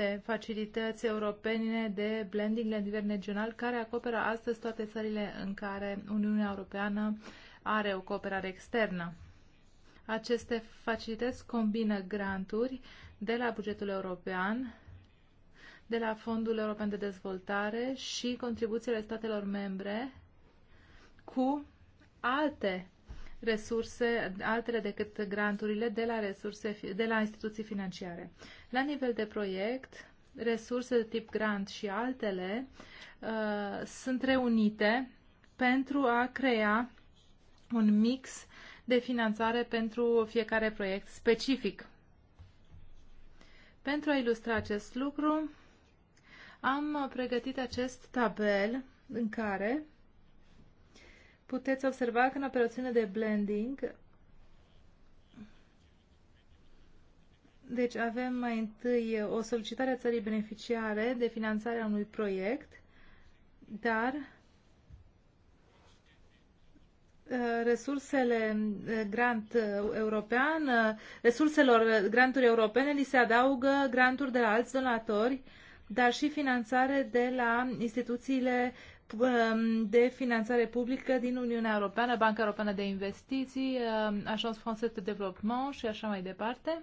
aceste facilități europene de blending la nivel regional, care acoperă astăzi toate țările în care Uniunea Europeană are o cooperare externă. Aceste facilități combină granturi de la bugetul european, de la Fondul European de Dezvoltare și contribuțiile statelor membre cu alte resurse altele decât granturile de la, resurse, de la instituții financiare. La nivel de proiect, resurse de tip grant și altele uh, sunt reunite pentru a crea un mix de finanțare pentru fiecare proiect specific. Pentru a ilustra acest lucru, am pregătit acest tabel în care puteți observa că în operațiune de blending, deci avem mai întâi o solicitare a țării beneficiare de finanțarea unui proiect, dar uh, resursele uh, grant uh, european, resurselor granturi europene li se adaugă granturi de la alți donatori, dar și finanțare de la instituțiile Um, de finanțare publică din Uniunea Europeană, Banca Europeană de Investiții, um, Agence Française de Développement și așa mai departe.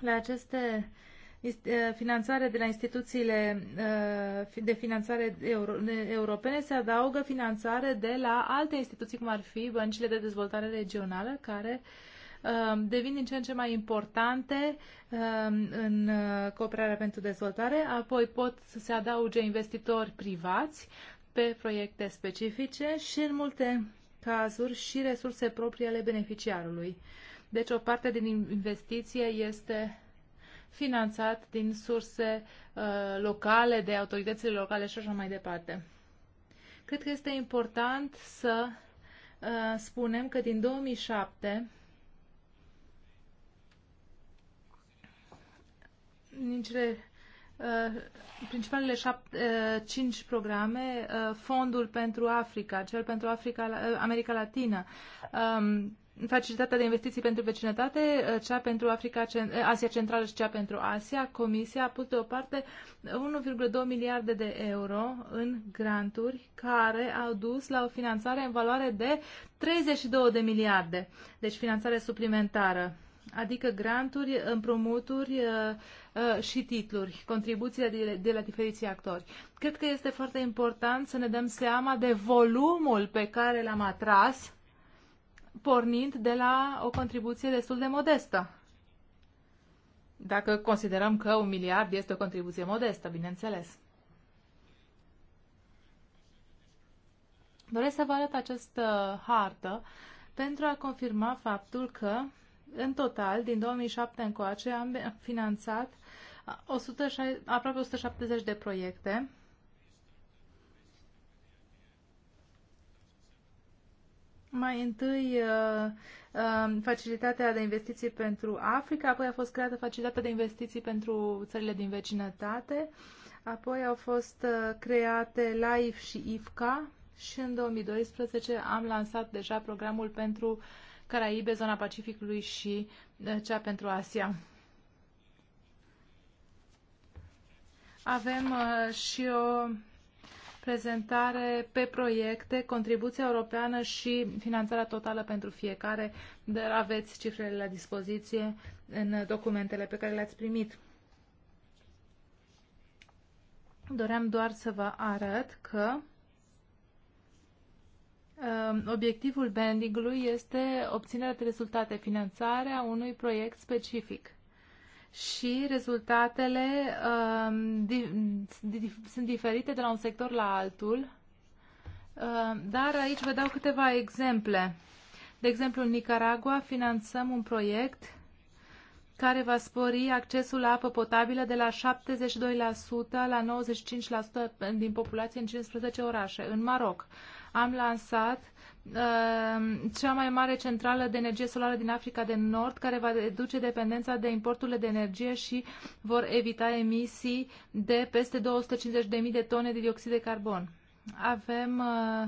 La aceste uh, finanțare de la instituțiile uh, de finanțare europene se adaugă finanțare de la alte instituții, cum ar fi băncile de dezvoltare regională, care uh, Um, devin din ce în ce mai importante um, în uh, cooperarea pentru dezvoltare, apoi pot să se adauge investitori privați pe proiecte specifice și în multe cazuri și resurse proprii ale beneficiarului. Deci o parte din investiție este finanțat din surse uh, locale, de autoritățile locale și așa mai departe. Cred că este important să uh, spunem că din 2007 din cele uh, principalele șapte, uh, cinci programe, uh, Fondul pentru Africa, cel pentru Africa, America Latină, um, Facilitatea de Investiții pentru Vecinătate, cea pentru Africa, Asia Centrală și cea pentru Asia, Comisia a pus deoparte 1,2 miliarde de euro în granturi care au dus la o finanțare în valoare de 32 de miliarde, deci finanțare suplimentară adică granturi, împrumuturi uh, uh, și titluri, contribuțiile de, de la diferiții actori. Cred că este foarte important să ne dăm seama de volumul pe care l-am atras pornind de la o contribuție destul de modestă. Dacă considerăm că un miliard este o contribuție modestă, bineînțeles. Doresc să vă arăt această hartă pentru a confirma faptul că în total, din 2007 încoace, am finanțat 160, aproape 170 de proiecte. Mai întâi, uh, um, facilitatea de investiții pentru Africa, apoi a fost creată facilitatea de investiții pentru țările din vecinătate, apoi au fost uh, create LIFE și IFCA și în 2012 am lansat deja programul pentru uh, Caraibe, zona Pacificului și eh, cea pentru Asia. Avem eh, și o prezentare pe proiecte, contribuția europeană și finanțarea totală pentru fiecare. Dar aveți cifrele la dispoziție în documentele pe care le-ați primit. Doream doar să vă arăt că Ehm, obiectivul bandingului este obținerea de rezultate, finanțarea unui proiect specific. Și rezultatele um, di, di, sunt diferite de la un sector la altul, um, dar aici vă dau câteva exemple. De exemplu, în Nicaragua finanțăm un proiect care va spori accesul la apă potabilă de la 72% la 95% din populație în 15 orașe. În Maroc am lansat uh, cea mai mare centrală de energie solară din Africa de Nord, care va reduce dependența de importurile de energie și vor evita emisii de peste 250.000 de tone de dioxid de carbon. Avem uh,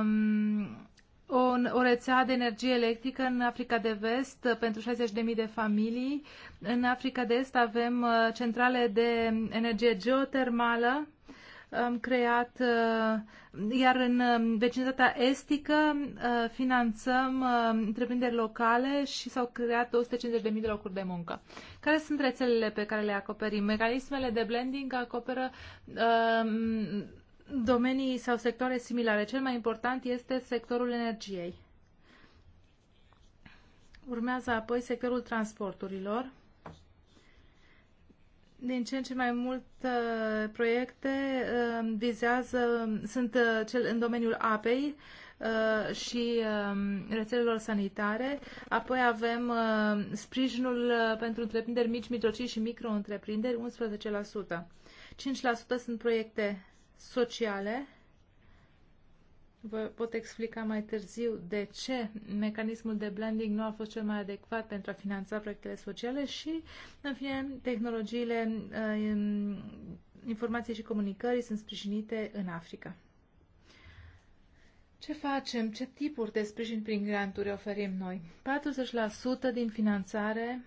um, o, o rețea de energie electrică în Africa de Vest uh, pentru 60.000 de familii. În Africa de Est avem uh, centrale de energie geotermală am creat, uh, iar în um, vecinătatea estică uh, finanțăm uh, întreprinderi locale și s-au creat 250.000 de locuri de muncă. Care sunt rețelele pe care le acoperim? Mecanismele de blending acoperă um, domenii sau sectoare similare. Cel mai important este sectorul energiei. Urmează apoi sectorul transporturilor din ce în ce mai mult uh, proiecte uh, vizează, uh, sunt cel în domeniul apei și um, rețelelor sanitare. Apoi avem sprijinul pentru întreprinderi mici, mijlocii și micro-întreprinderi, 11%. 5% sunt proiecte sociale Vă pot explica mai târziu de ce mecanismul de blending nu a fost cel mai adecvat pentru a finanța proiectele sociale și, în fine, tehnologiile uh, informației și comunicării sunt sprijinite în Africa. Ce facem? Ce tipuri de sprijin prin granturi oferim noi? 40% din finanțare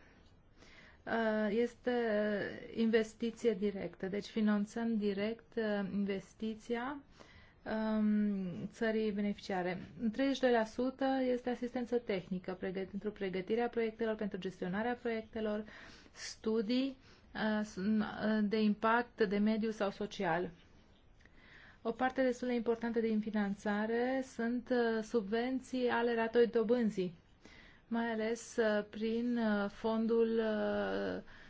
uh, este uh, investiție directă, deci finanțăm direct investiția Um, țării beneficiare. 32% este asistență tehnică pregăt- pentru pregătirea proiectelor, pentru gestionarea proiectelor, studii uh, de impact de mediu sau social. O parte destul de importantă din finanțare sunt uh, subvenții ale ratoi dobânzii, mai ales uh, prin fondul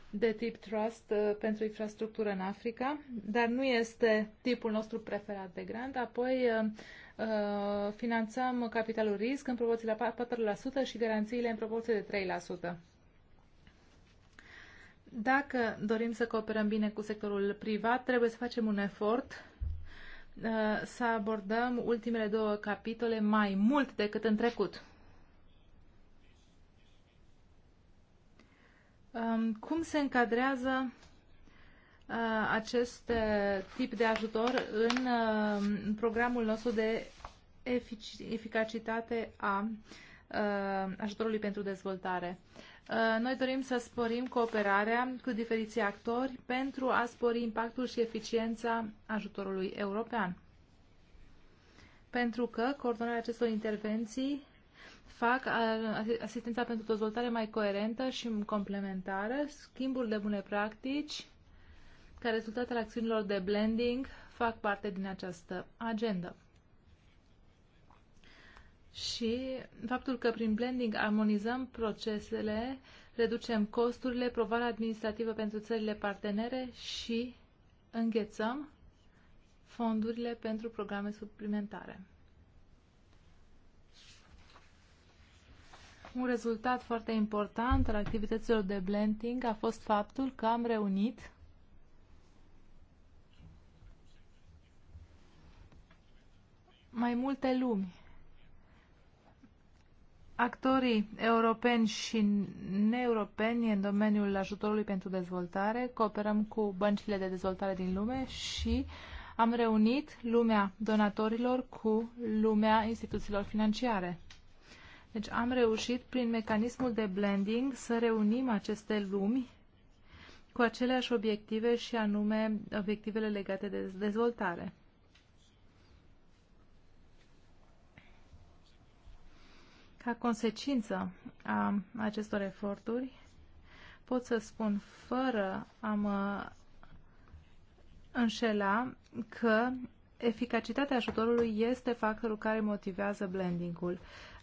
de tip trust uh, pentru infrastructură în Africa, dar nu este tipul nostru preferat de grant. Apoi uh, uh, finanțăm capitalul risc în proporție la 4% și garanțiile în proporție de 3%. Dacă dorim să cooperăm bine cu sectorul privat, trebuie să facem un efort să abordăm ultimele două capitole mai mult decât în trecut. Cum se încadrează uh, acest uh, tip de ajutor în uh, programul nostru de efic eficacitate a ajutorului pentru dezvoltare? Noi dorim să sporim cooperarea cu diferiții actori pentru a spori impactul și eficiența ajutorului european. Pentru că coordonarea acestor intervenții fac asistența pentru dezvoltare mai coerentă și complementară, schimburi de bune practici, ca rezultat al acțiunilor de blending, fac parte din această agendă. Și faptul că prin blending armonizăm procesele, reducem costurile, provarea administrativă pentru țările partenere și înghețăm fondurile pentru programe suplimentare. Un rezultat foarte important al activităților de blending a fost faptul că am reunit mai multe lumi. Actorii europeni și neeuropeni în domeniul ajutorului pentru dezvoltare, cooperăm cu băncile de dezvoltare din lume și am reunit lumea donatorilor cu lumea instituțiilor financiare. Deci am reușit prin mecanismul de blending să reunim aceste lumi cu aceleași obiective și anume obiectivele legate de dezvoltare. Ca consecință a acestor eforturi, pot să spun fără a mă înșela că eficacitatea ajutorului este factorul care motivează blending-ul.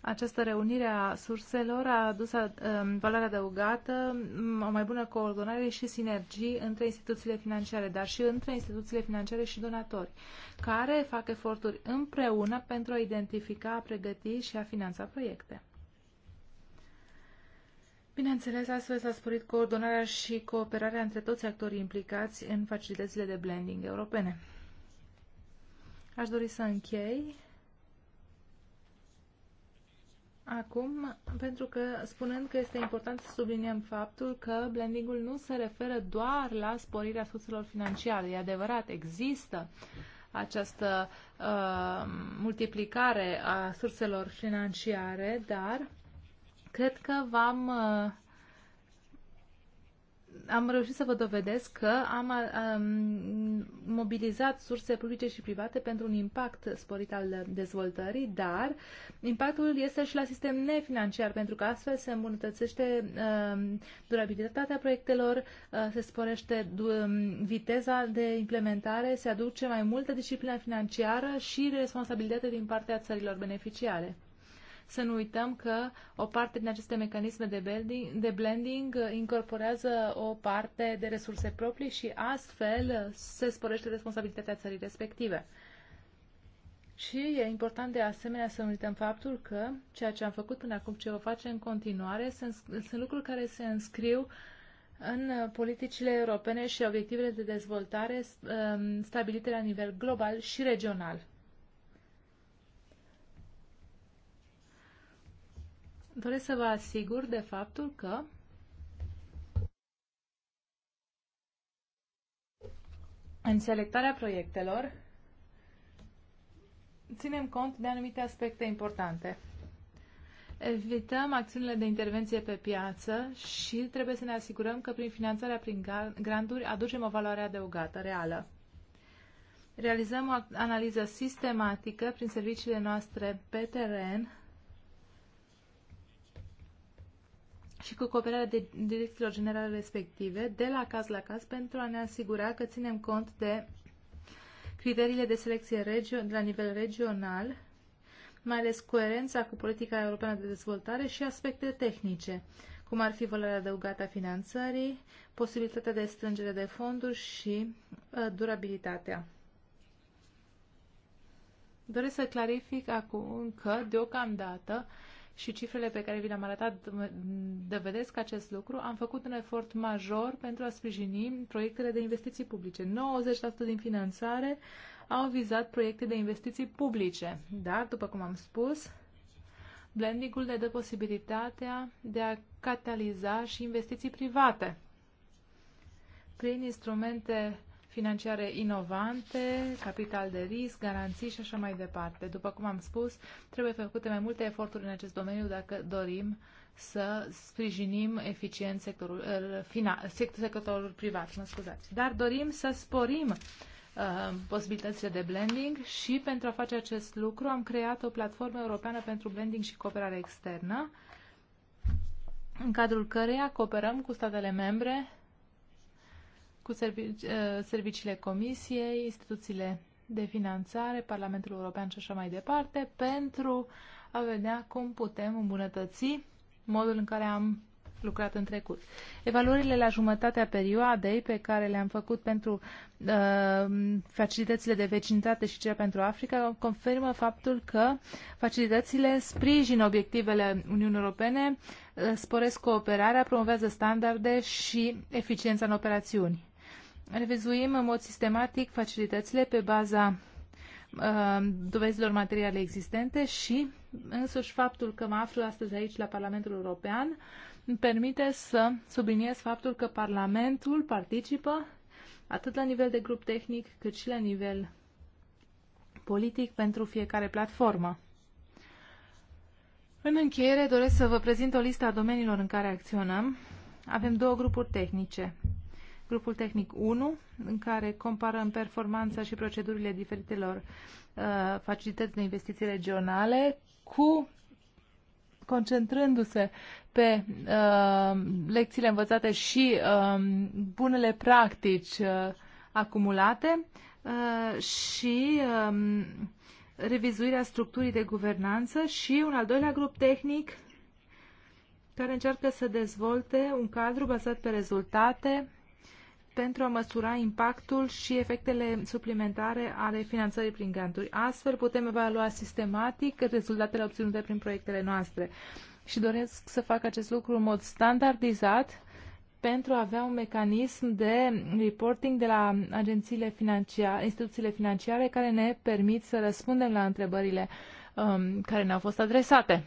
Această reunire a surselor a adus um, valoarea adăugată, o mai bună coordonare și sinergii între instituțiile financiare, dar și între instituțiile financiare și donatori, care fac eforturi împreună pentru a identifica, a pregăti și a finanța proiecte. Bineînțeles, astfel s-a sporit coordonarea și cooperarea între toți actorii implicați în facilitățile de blending europene. Aș dori să închei acum, pentru că spunând că este important să subliniem faptul că blendingul nu se referă doar la sporirea surselor financiare. E adevărat, există această uh, multiplicare a surselor financiare, dar cred că v-am uh, am reușit să vă dovedesc că am um, mobilizat surse publice și private pentru un impact sporit al dezvoltării, dar impactul este și la sistem nefinanciar, pentru că astfel se îmbunătățește um, durabilitatea proiectelor, uh, se sporește um, viteza de implementare, se aduce mai multă disciplină financiară și responsabilitate din partea țărilor beneficiare. Să nu uităm că o parte din aceste mecanisme de blending, de blending uh, incorporează o parte de resurse proprii și astfel uh, se sporește responsabilitatea țării respective. Și e important de asemenea să nu uităm faptul că ceea ce am făcut până acum, ce o face în continuare, sunt, sunt lucruri care se înscriu în uh, politicile europene și obiectivele de dezvoltare um, stabilite la nivel global și regional. doresc să vă asigur de faptul că în selectarea proiectelor ținem cont de anumite aspecte importante. Evităm acțiunile de intervenție pe piață și trebuie să ne asigurăm că prin finanțarea prin granturi aducem o valoare adăugată reală. Realizăm o analiză sistematică prin serviciile noastre pe teren și cu cooperarea de direcțiilor generale respective, de la caz la caz, pentru a ne asigura că ținem cont de criteriile de selecție regio- de la nivel regional, mai ales coerența cu politica europeană de dezvoltare și aspecte tehnice, cum ar fi valoarea adăugată a finanțării, posibilitatea de strângere de fonduri și uh, durabilitatea. Doresc să clarific acum că, deocamdată, uh, și cifrele pe care vi le-am arătat dovedesc acest lucru, am făcut un efort major pentru a sprijini proiectele de investiții publice. 90% din finanțare au vizat proiecte de investiții publice, dar, după cum am spus, blending-ul ne dă posibilitatea de a cataliza și investiții private prin instrumente financiare inovante, capital de risc, garanții și așa mai departe. După cum am spus, trebuie făcute mai multe eforturi în acest domeniu dacă dorim să sprijinim eficient sectorul, uh, fina, sectorul privat. Mă scuzați. Dar dorim să sporim uh, posibilitățile de blending și pentru a face acest lucru am creat o platformă europeană pentru blending și cooperare externă în cadrul căreia cooperăm cu statele membre cu servici, uh, serviciile Comisiei, instituțiile de finanțare, Parlamentul European și așa mai departe, pentru a vedea cum putem îmbunătăți modul în care am lucrat în trecut. Evaluările la jumătatea perioadei pe care le-am făcut pentru uh, facilitățile de vecinitate și cea pentru Africa confirmă faptul că facilitățile sprijină obiectivele Uniunii Europene, uh, sporesc cooperarea, promovează standarde și eficiența în operațiuni revizuim în mod sistematic facilitățile pe baza uh, dovezilor materiale existente și însuși faptul că mă aflu astăzi aici la Parlamentul European îmi permite să subliniez faptul că Parlamentul participă atât la nivel de grup tehnic cât și la nivel politic pentru fiecare platformă. În încheiere doresc să vă prezint o listă a domeniilor în care acționăm. Avem două grupuri tehnice grupul tehnic 1, în care comparăm performanța și procedurile diferitelor uh, facilități de investiții regionale cu concentrându-se pe uh, lecțiile învățate și uh, bunele practici uh, acumulate uh, și uh, revizuirea structurii de guvernanță și un al doilea grup tehnic care încearcă să dezvolte un cadru bazat pe rezultate pentru a măsura impactul și efectele suplimentare ale finanțării prin granturi. Astfel putem evalua sistematic rezultatele obținute prin proiectele noastre. Și doresc să fac acest lucru în mod standardizat pentru a avea un mecanism de reporting de la agențiile financiare, instituțiile financiare care ne permit să răspundem la întrebările um, care ne-au fost adresate.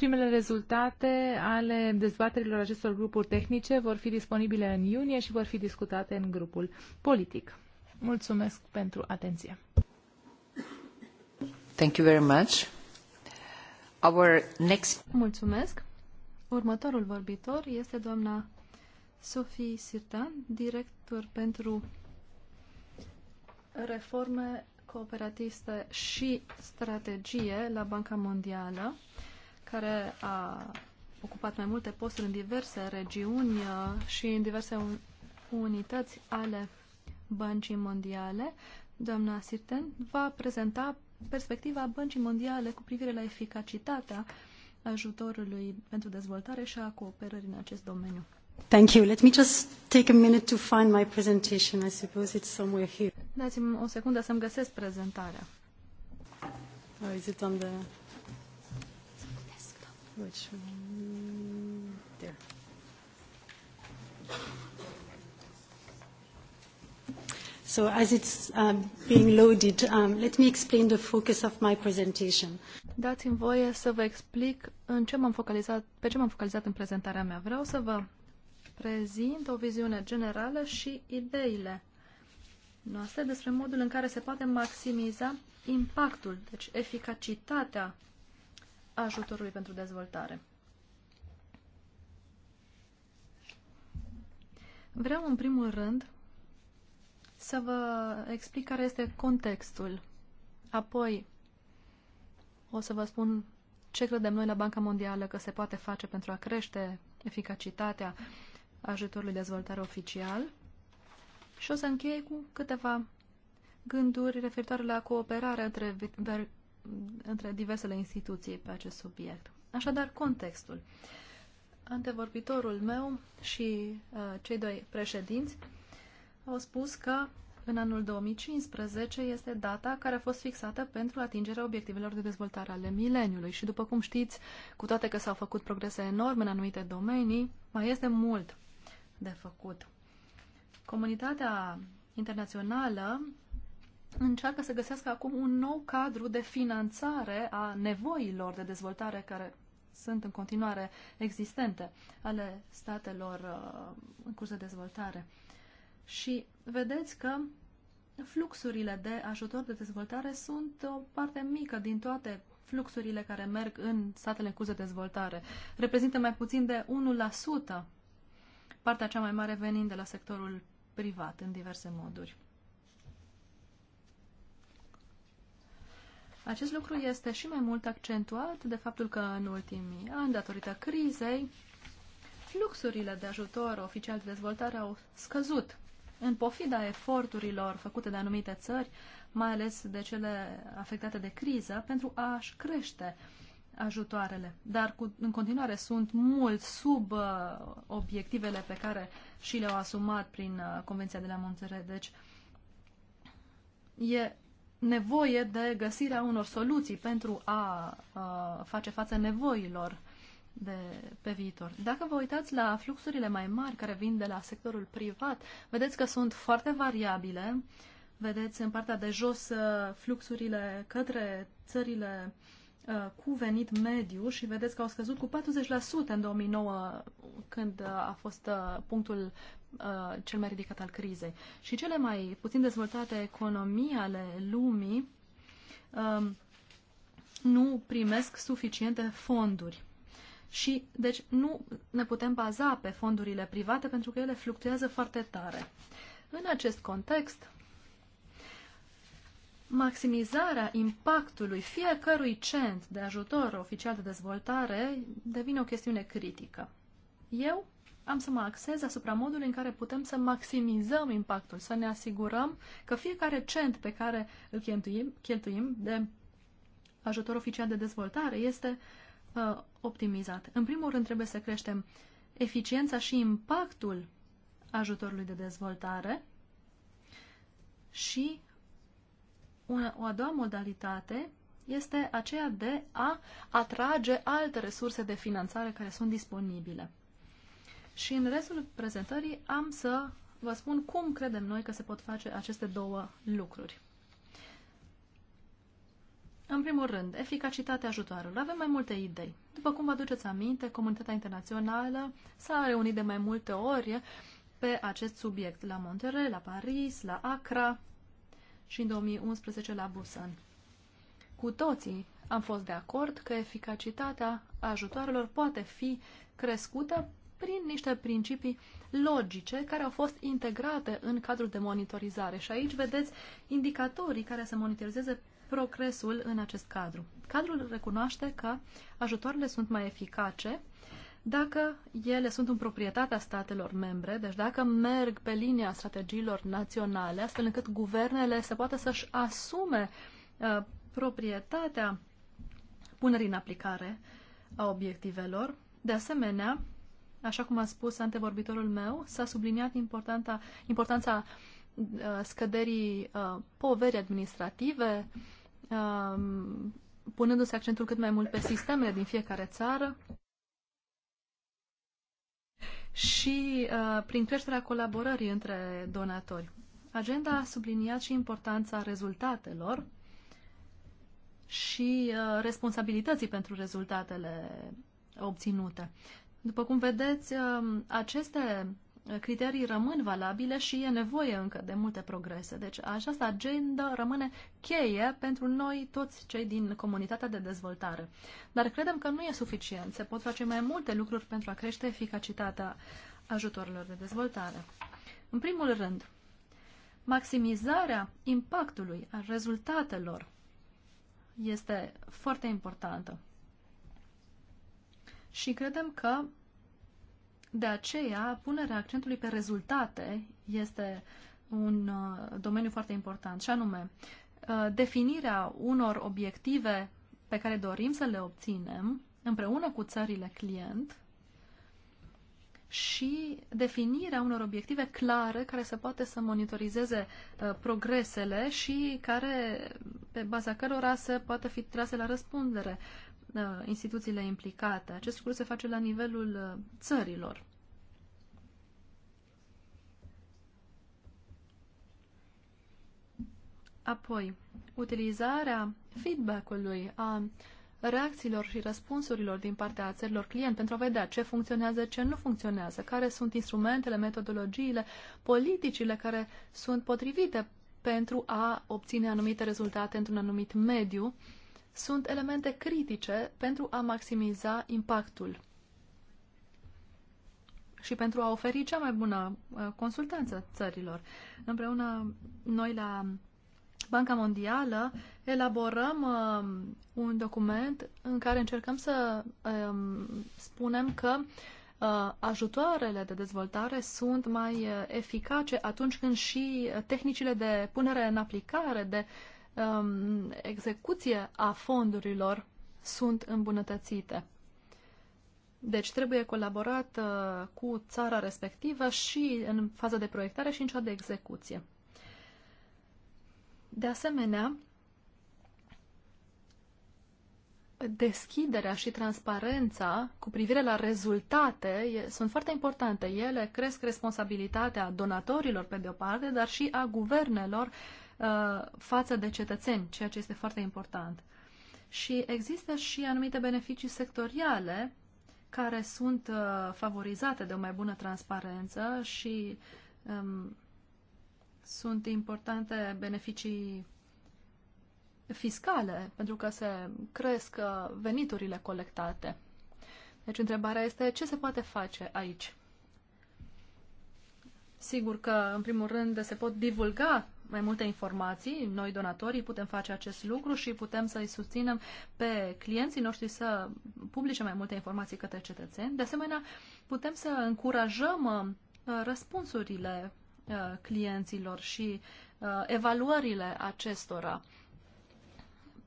Primele rezultate ale dezbaterilor acestor grupuri tehnice vor fi disponibile în iunie și vor fi discutate în grupul politic. Mulțumesc pentru atenție. Thank you very much. Our next... Mulțumesc. Următorul vorbitor este doamna Sophie Sirtan, director pentru reforme cooperatiste și strategie la Banca Mondială care a ocupat mai multe posturi în diverse regiuni uh, și în diverse unități ale Băncii Mondiale, doamna Sirten va prezenta perspectiva Băncii Mondiale cu privire la eficacitatea ajutorului pentru dezvoltare și a cooperării în acest domeniu. Thank you. Let me just take a minute to find my presentation. I suppose it's somewhere here. Dați-mi o secundă să-mi găsesc prezentarea. Oh, is it on the which So as it's um, being loaded, um, let me explain the focus of my presentation. Dați-mi voie să vă explic în ce m-am focalizat, pe ce m-am focalizat în prezentarea mea. Vreau să vă prezint o viziune generală și ideile noastre despre modul în care se poate maximiza impactul, deci eficacitatea ajutorului pentru dezvoltare. Vreau, în primul rând, să vă explic care este contextul. Apoi o să vă spun ce credem noi la Banca Mondială că se poate face pentru a crește eficacitatea ajutorului de dezvoltare oficial. Și o să închei cu câteva gânduri referitoare la cooperarea între între diversele instituții pe acest subiect. Așadar, contextul. Antevorbitorul meu și uh, cei doi președinți au spus că în anul 2015 este data care a fost fixată pentru atingerea obiectivelor de dezvoltare ale mileniului și după cum știți, cu toate că s-au făcut progrese enorme în anumite domenii, mai este mult de făcut. Comunitatea internațională încearcă să găsească acum un nou cadru de finanțare a nevoilor de dezvoltare care sunt în continuare existente ale statelor uh, în curs de dezvoltare. Și vedeți că fluxurile de ajutor de dezvoltare sunt o parte mică din toate fluxurile care merg în statele în curs de dezvoltare. Reprezintă mai puțin de 1%, partea cea mai mare venind de la sectorul privat în diverse moduri. Acest lucru este și mai mult accentuat de faptul că în ultimii ani, datorită crizei, fluxurile de ajutor oficial de dezvoltare au scăzut în pofida eforturilor făcute de anumite țări, mai ales de cele afectate de criză, pentru a-și crește ajutoarele. Dar cu, în continuare sunt mult sub uh, obiectivele pe care și le-au asumat prin uh, Convenția de la Monterey. Deci e nevoie de găsirea unor soluții pentru a, uh, face față nevoilor de, pe viitor. Dacă vă uitați la fluxurile mai mari care vin de la sectorul privat, vedeți că sunt foarte variabile. Vedeți în partea de jos uh, fluxurile către țările uh, cu venit mediu și vedeți că au scăzut cu 40% în 2009 când uh, a fost punctul Uh, cel mai ridicat al crizei. Și cele mai puțin dezvoltate economii ale lumii um, nu primesc suficiente fonduri. Și, deci, nu ne putem baza pe fondurile private pentru că ele fluctuează foarte tare. În acest context, maximizarea impactului fiecărui cent de ajutor oficial de dezvoltare devine o chestiune critică. Eu am să mă axez asupra modului în care putem să maximizăm impactul, să ne asigurăm că fiecare cent pe care îl cheltuim, cheltuim de ajutor oficial de dezvoltare este uh, optimizat. În primul rând trebuie să creștem eficiența și impactul ajutorului de dezvoltare și una, o a doua modalitate este aceea de a atrage alte resurse de finanțare care sunt disponibile. Și în restul prezentării am să vă spun cum credem noi că se pot face aceste două lucruri. În primul rând, eficacitatea ajutoarelor. Avem mai multe idei. După cum vă aduceți aminte, comunitatea internațională s-a reunit de mai multe ori pe acest subiect la Monterrey, la Paris, la Accra și în 2011 la Busan. Cu toții am fost de acord că eficacitatea ajutoarelor poate fi crescută prin niște principii logice care au fost integrate în cadrul de monitorizare. Și aici vedeți indicatorii care se monitorizează progresul în acest cadru. Cadrul recunoaște că ajutoarele sunt mai eficace dacă ele sunt în proprietatea statelor membre, deci dacă merg pe linia strategiilor naționale, astfel încât guvernele să poată să-și asume uh, proprietatea punerii în aplicare a obiectivelor. De asemenea, așa cum a spus antevorbitorul meu, s-a subliniat importanța, importanța uh, scăderii uh, poverii administrative, um, punându-se accentul cât mai mult pe sistemele din fiecare țară și uh, prin creșterea colaborării între donatori. Agenda a subliniat și importanța rezultatelor și responsabilității pentru rezultatele obținute. După cum vedeți, um, aceste criterii rămân valabile și e nevoie încă de multe progrese. Deci această agenda rămâne cheie pentru noi toți cei din comunitatea de dezvoltare. Dar credem că nu e suficient. Se pot face mai multe lucruri pentru a crește eficacitatea ajutorilor de dezvoltare. În primul rând, maximizarea impactului a rezultatelor este foarte importantă și credem că de aceea punerea accentului pe rezultate este un uh, domeniu foarte important și anume uh, definirea unor obiective pe care dorim să le obținem împreună cu țările client și definirea unor obiective clare care se poate să monitorizeze uh, progresele și care, pe baza cărora se poate fi trase la răspundere. Uh, instituțiile implicate. Acest lucru se face la nivelul uh, țărilor. Apoi, utilizarea feedback-ului a reacțiilor și răspunsurilor din partea țărilor client pentru a vedea ce funcționează, ce nu funcționează, care sunt instrumentele, metodologiile, politicile care sunt potrivite pentru a obține anumite rezultate într-un anumit mediu sunt elemente critice pentru a maximiza impactul și pentru a oferi cea mai bună uh, consultanță țărilor. Împreună noi la Banca Mondială elaborăm uh, un document în care încercăm să um, spunem că uh, ajutoarele de dezvoltare sunt mai eficace atunci când și tehnicile de punere în aplicare, de um, execuție a fondurilor sunt îmbunătățite. Deci trebuie colaborat uh, cu țara respectivă și în faza de proiectare și în cea de execuție. De asemenea, deschiderea și transparența cu privire la rezultate sunt foarte importante. Ele cresc responsabilitatea donatorilor pe de o parte, dar și a guvernelor Uh, față de cetățeni, ceea ce este foarte important. Și există și anumite beneficii sectoriale care sunt uh, favorizate de o mai bună transparență și um, sunt importante beneficii fiscale, pentru că se cresc uh, veniturile colectate. Deci întrebarea este ce se poate face aici? Sigur că, în primul rând, se pot divulga mai multe informații, noi donatorii putem face acest lucru și putem să-i susținem pe clienții noștri să publice mai multe informații către cetățeni. De asemenea, putem să încurajăm uh, răspunsurile uh, clienților și uh, evaluările acestora,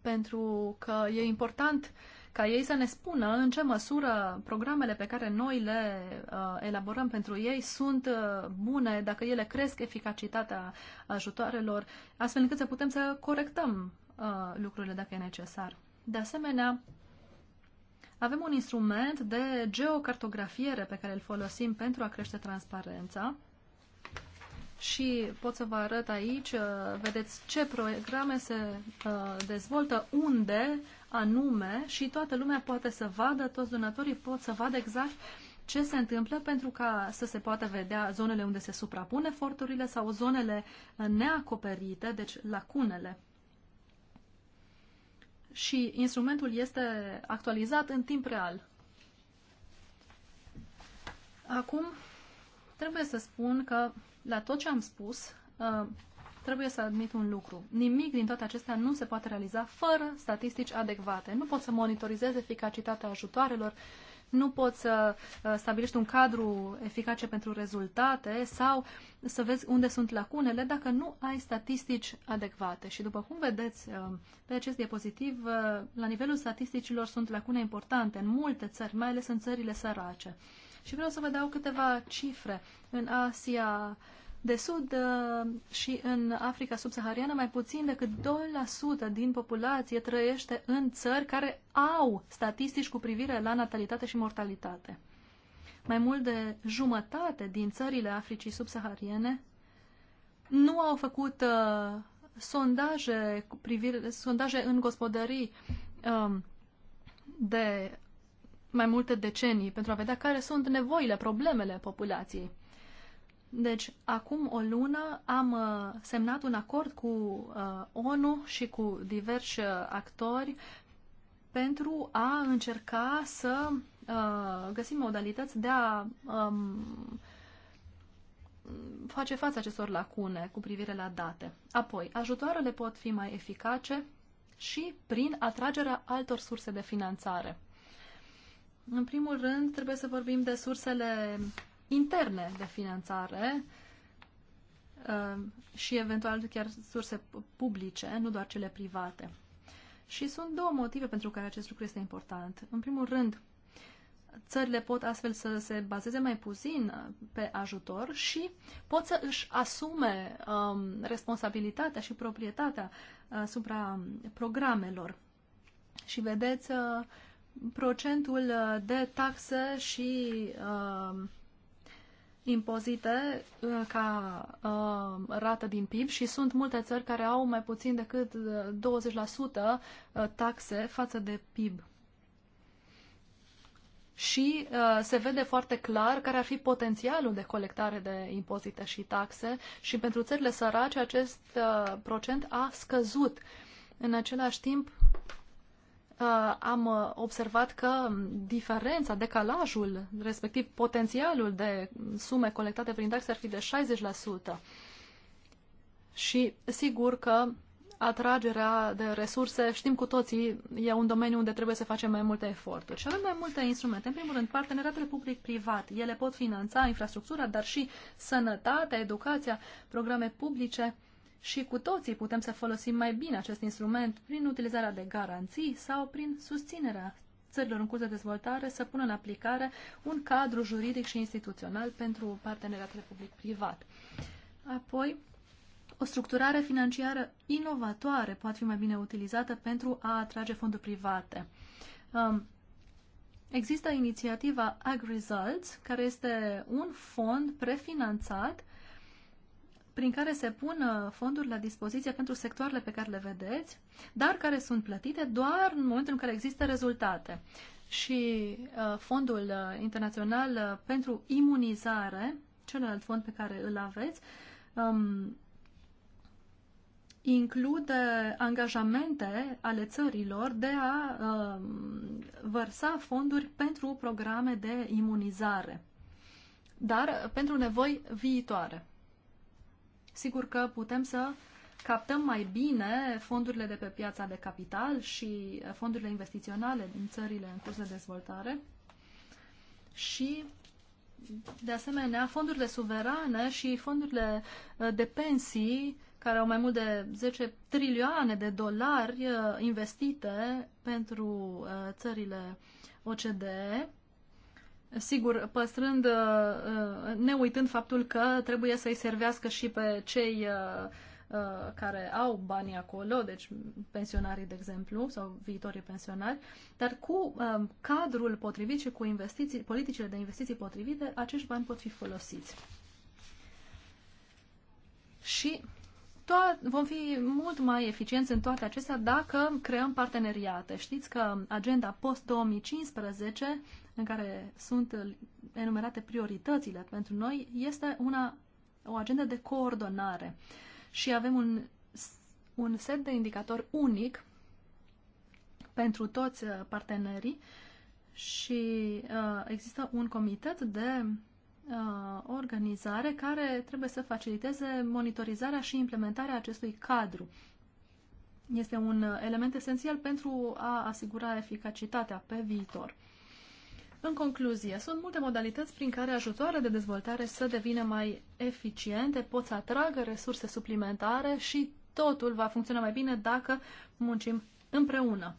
pentru că e important uh, ca ei să ne spună în ce măsură programele pe care noi le uh, elaborăm pentru ei sunt uh, bune, dacă ele cresc eficacitatea ajutoarelor, astfel încât să putem să corectăm uh, lucrurile dacă e necesar. De asemenea, avem un instrument de geocartografiere pe care îl folosim pentru a crește transparența. Și pot să vă arăt aici, uh, vedeți ce programe se uh, dezvoltă, unde, anume și toată lumea poate să vadă, toți donatorii pot să vadă exact ce se întâmplă pentru ca să se poată vedea zonele unde se suprapun eforturile sau zonele neacoperite, deci lacunele. Și instrumentul este actualizat în timp real. Acum, trebuie să spun că la tot ce am spus, uh, trebuie să admit un lucru. Nimic din toate acestea nu se poate realiza fără statistici adecvate. Nu poți să monitorizezi eficacitatea ajutoarelor, nu poți să uh, stabilești un cadru eficace pentru rezultate sau să vezi unde sunt lacunele dacă nu ai statistici adecvate. Și după cum vedeți uh, pe acest diapozitiv, uh, la nivelul statisticilor sunt lacune importante în multe țări, mai ales în țările sărace. Și vreau să vă dau câteva cifre. În Asia, de Sud uh, și în Africa subsahariană, mai puțin decât 2% din populație trăiește în țări care au statistici cu privire la natalitate și mortalitate. Mai mult de jumătate din țările Africii subsahariene nu au făcut uh, sondaje, cu privire, sondaje în gospodării um, de mai multe decenii pentru a vedea care sunt nevoile, problemele populației. Deci, acum o lună am uh, semnat un acord cu uh, ONU și cu diversi uh, actori pentru a încerca să găsim modalități de a um, face față acestor lacune cu privire la date. Apoi, ajutoarele pot fi mai eficace și prin atragerea altor surse de finanțare. În primul rând, trebuie să vorbim de sursele interne de finanțare uh, și eventual chiar surse publice, nu doar cele private. Și sunt două motive pentru care acest lucru este important. În primul rând, țările pot astfel să se bazeze mai puțin uh, pe ajutor și pot să își asume um, responsabilitatea și proprietatea uh, asupra um, programelor. Și vedeți uh, procentul de taxe și uh, impozite uh, ca uh, rată din PIB și sunt multe țări care au mai puțin decât 20% uh, uh, taxe față de PIB. Și uh, se vede foarte clar care ar fi potențialul de colectare de impozite și taxe și pentru țările sărace acest uh, procent a scăzut. În același timp, Uh, am uh, observat că diferența, decalajul, respectiv potențialul de sume colectate prin taxe ar fi de 60%. Și sigur că atragerea de resurse, știm cu toții, e un domeniu unde trebuie să facem mai multe eforturi. Și avem mai multe instrumente. În primul rând, parteneriatele public-privat. Ele pot finanța infrastructura, dar și sănătatea, educația, programe publice. Uh, și cu toții putem să folosim mai bine acest instrument prin utilizarea de garanții sau prin susținerea țărilor în curs de dezvoltare să pună în aplicare un cadru juridic și instituțional pentru parteneriatele public-privat. Apoi, o structurare financiară inovatoare poate fi mai bine utilizată pentru a atrage fonduri private. Um, există inițiativa AgResults, care este un fond prefinanțat prin care se pun uh, fonduri la dispoziție pentru sectoarele pe care le vedeți, dar care sunt plătite doar în momentul în care există rezultate. Și uh, Fondul uh, Internațional pentru Imunizare, celălalt fond pe care îl aveți, um, include angajamente ale țărilor de a um, vărsa fonduri pentru programe de imunizare, dar pentru nevoi viitoare. Sigur că putem să captăm mai bine fondurile de pe piața de capital și fondurile investiționale din țările în curs de dezvoltare și, de asemenea, fondurile suverane și fondurile uh, de pensii care au mai mult de 10 trilioane de dolari uh, investite pentru uh, țările OCDE sigur, păstrând, uh, ne uitând faptul că trebuie să-i servească și pe cei uh, uh, care au banii acolo, deci pensionarii, de exemplu, sau viitorii pensionari, dar cu cadrul potrivit și cu investiții, politicile de investiții potrivite, acești bani pot fi folosiți. Și to- vom fi mult mai eficienți în toate acestea dacă creăm parteneriate. Știți că agenda post-2015, în care sunt enumerate prioritățile pentru noi, este una, o agendă de coordonare. Și avem un, un set de indicatori unic pentru toți uh, partenerii și uh, există un comitet de uh, organizare care trebuie să faciliteze monitorizarea și implementarea acestui cadru. Este un element esențial pentru a asigura eficacitatea pe viitor. În concluzie, sunt multe modalități prin care ajutoare de dezvoltare să devină mai eficiente, pot să atragă resurse suplimentare și totul va funcționa mai bine dacă muncim împreună.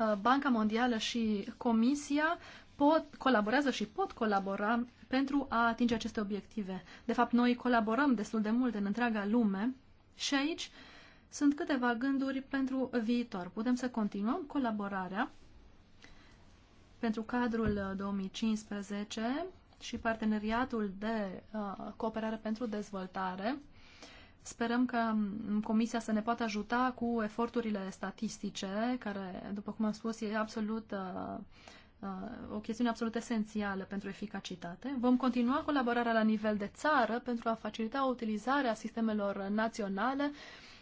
Uh, Banca Mondială și Comisia pot, colaborează și pot colabora pentru a atinge aceste obiective. De fapt, noi colaborăm destul de mult în întreaga lume și aici sunt câteva gânduri pentru viitor. Putem să continuăm colaborarea pentru cadrul 2015 uh, și parteneriatul de uh, cooperare pentru dezvoltare. Sperăm că um, Comisia să ne poată ajuta cu eforturile statistice, care, după cum am spus, e absolut uh, Uh, o chestiune absolut esențială pentru eficacitate. Vom continua colaborarea la nivel de țară pentru a facilita utilizarea sistemelor naționale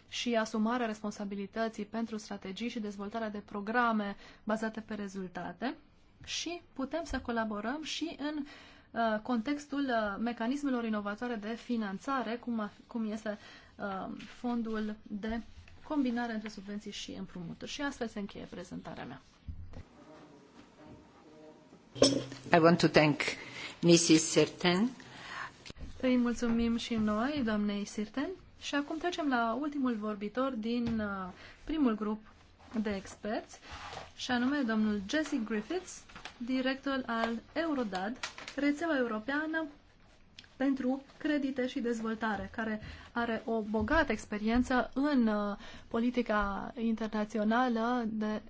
și asumarea responsabilității pentru strategii și dezvoltarea de programe bazate pe rezultate și putem să colaborăm și în uh, contextul uh, mecanismelor inovatoare de finanțare, cum, cum este fondul de combinare între subvenții și împrumuturi. Și astfel se încheie prezentarea mea. I want to thank Mrs. Sirten. Îi mulțumim și noi, doamnei Sirten. Și acum trecem la ultimul vorbitor din uh, primul grup de experți, și anume domnul Jesse Griffiths, director al Eurodad, rețeaua europeană pentru credite și dezvoltare, care are o bogată experiență în uh, politica internațională de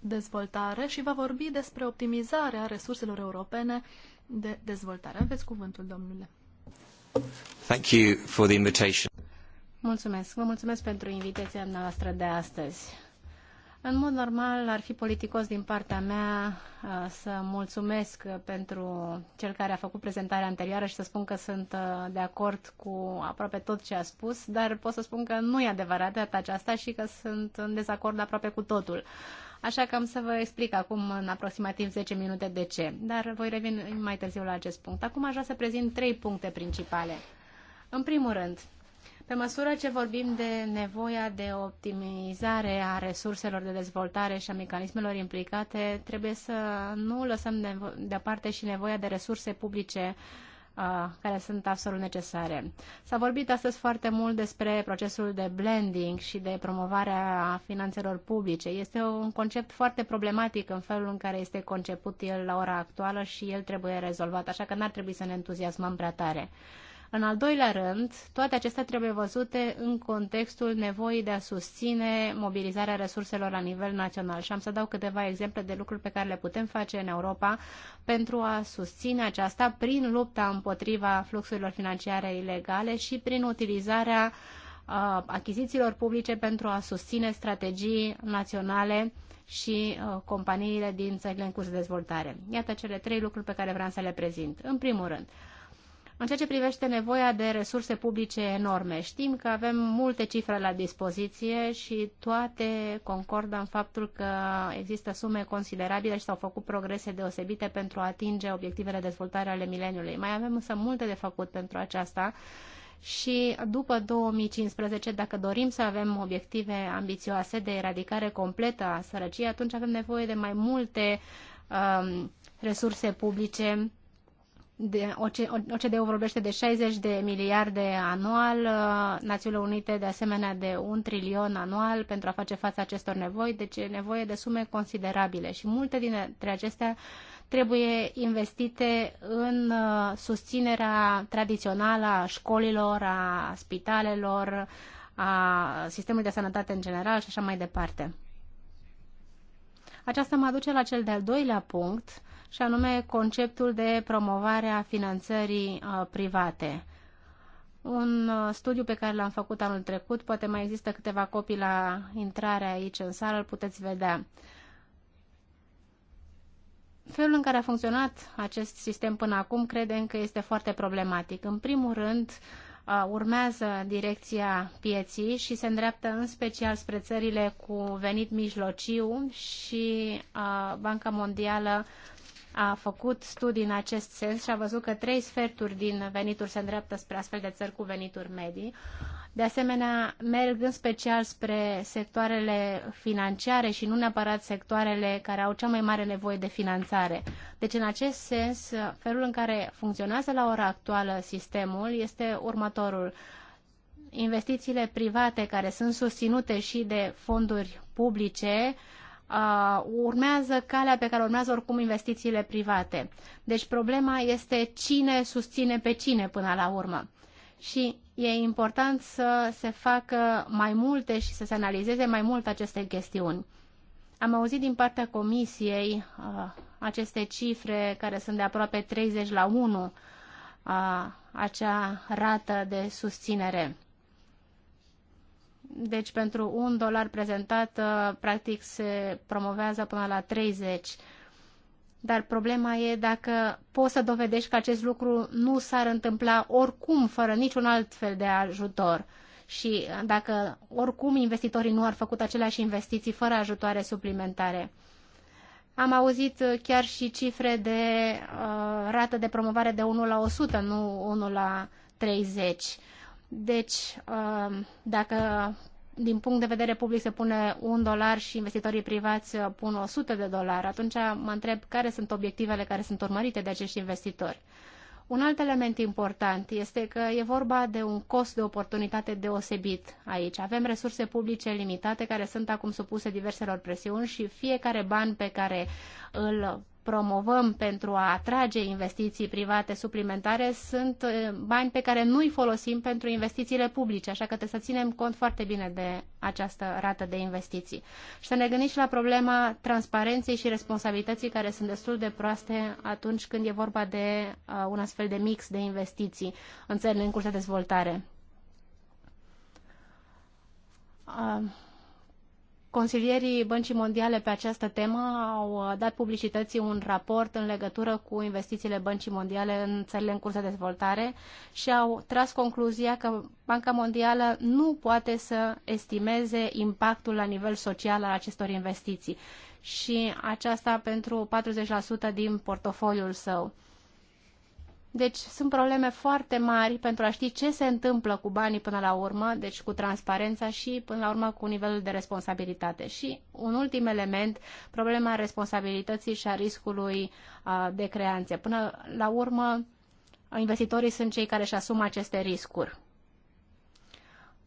dezvoltare și va vorbi despre optimizarea resurselor europene de dezvoltare. Aveți cuvântul, domnule. Thank you for the invitation. Mulțumesc. Vă mulțumesc pentru invitația noastră de astăzi. În mod normal, ar fi politicos din partea mea uh, să mulțumesc pentru cel care a făcut prezentarea anterioară și să spun că sunt uh, de acord cu aproape tot ce a spus, dar pot să spun că nu e adevărat data aceasta și că sunt în dezacord aproape cu totul. Uh, Așa că am să vă explic acum în aproximativ 10 minute de ce, dar voi reveni mai târziu la acest punct. Acum aș vrea să prezint trei puncte principale. În primul rând, pe măsură ce vorbim de nevoia de optimizare a resurselor de dezvoltare și a mecanismelor implicate, trebuie să nu lăsăm deoparte și nevoia de resurse publice uh, care sunt absolut necesare. S-a vorbit astăzi foarte mult despre procesul de blending și de promovarea finanțelor publice. Este un concept foarte problematic în felul în care este conceput el la ora actuală și el trebuie rezolvat, așa că n-ar trebui să ne entuziasmăm prea tare. Uh, în al doilea rând, toate acestea trebuie văzute în contextul nevoii de a susține mobilizarea resurselor la nivel național. Și am să dau câteva exemple de lucruri pe care le putem face în Europa pentru a susține aceasta prin lupta împotriva fluxurilor financiare ilegale și prin utilizarea uh, achizițiilor publice pentru a susține strategii naționale și uh, companiile din țările în curs de dezvoltare. Iată cele trei lucruri pe care vreau să le prezint. În primul rând, uh, în ceea ce privește nevoia de resurse publice enorme, știm că avem multe cifre la dispoziție și toate concordă în faptul că există sume considerabile și s-au făcut progrese deosebite pentru a atinge obiectivele de dezvoltare ale mileniului. Mai avem însă multe de făcut pentru aceasta și după 2015, dacă dorim să avem obiective ambițioase de eradicare completă a sărăciei, atunci avem nevoie de mai multe um, resurse publice de, OCDE vorbește de 60 de miliarde anual, uh, Națiunile Unite de asemenea de un trilion anual pentru a face față acestor nevoi, deci e nevoie de sume considerabile și multe dintre acestea trebuie investite în uh, susținerea tradițională a școlilor, a spitalelor, a sistemului de sănătate în general și așa mai departe. Aceasta mă aduce la cel de-al doilea punct, și anume conceptul de promovare a finanțării uh, private. Un uh, studiu pe care l-am făcut anul trecut, poate mai există câteva copii la intrare aici în sală, îl puteți vedea. Felul în care a funcționat acest sistem până acum credem că este foarte problematic. În primul rând, uh, urmează direcția pieții și se îndreaptă în special spre țările cu venit mijlociu și Banca Mondială a făcut studii în acest sens și a văzut că trei sferturi din venituri se îndreaptă spre astfel de țări cu venituri medii. De asemenea, merg în special spre sectoarele financiare și nu neapărat sectoarele care au cea mai mare nevoie de finanțare. Deci, în acest sens, felul în care funcționează la ora actuală sistemul este următorul investițiile private care sunt susținute și de fonduri publice uh, urmează calea pe care urmează oricum investițiile private. Deci problema este cine susține pe cine până la urmă. Și e important să se facă mai multe și să se analizeze mai mult aceste chestiuni. Am auzit din partea comisiei uh, aceste cifre care sunt de aproape 30 la 1 uh, acea rată de susținere. Deci pentru un dolar prezentat, uh, practic se promovează până la 30. Dar problema e dacă poți să dovedești că acest lucru nu s-ar întâmpla oricum, fără niciun alt fel de ajutor. Și dacă oricum investitorii nu ar făcut aceleași investiții fără ajutoare suplimentare. Am auzit uh, chiar și cifre de uh, rată de promovare de 1 la 100, nu 1 la 30. Deci, um, dacă din punct de vedere public se pune un dolar și investitorii privați uh, pun 100 de dolari, atunci mă întreb care sunt obiectivele care sunt urmărite de acești investitori. Un alt element important este că e vorba de un cost de oportunitate deosebit aici. Avem resurse publice limitate care sunt acum supuse diverselor presiuni și fiecare ban pe care îl promovăm pentru a atrage investiții private suplimentare sunt bani pe care nu îi folosim pentru investițiile publice, așa că trebuie să ținem cont foarte bine de această rată de investiții. Și să ne gândim și la problema transparenței și responsabilității care sunt destul de proaste atunci când e vorba de uh, un astfel de mix de investiții în țările în curs de dezvoltare. Uh Consilierii Băncii Mondiale pe această temă au uh, dat publicității un raport în legătură cu investițiile Băncii Mondiale în țările în curs de dezvoltare și au tras concluzia că Banca Mondială nu poate să estimeze impactul la nivel social al acestor investiții și aceasta pentru 40% din portofoliul său. Deci sunt probleme foarte mari pentru a ști ce se întâmplă cu banii până la urmă, deci cu transparența și până la urmă cu nivelul de responsabilitate. Și un ultim element, problema responsabilității și a riscului uh, de creanțe. Până la urmă, investitorii sunt cei care își asumă aceste riscuri.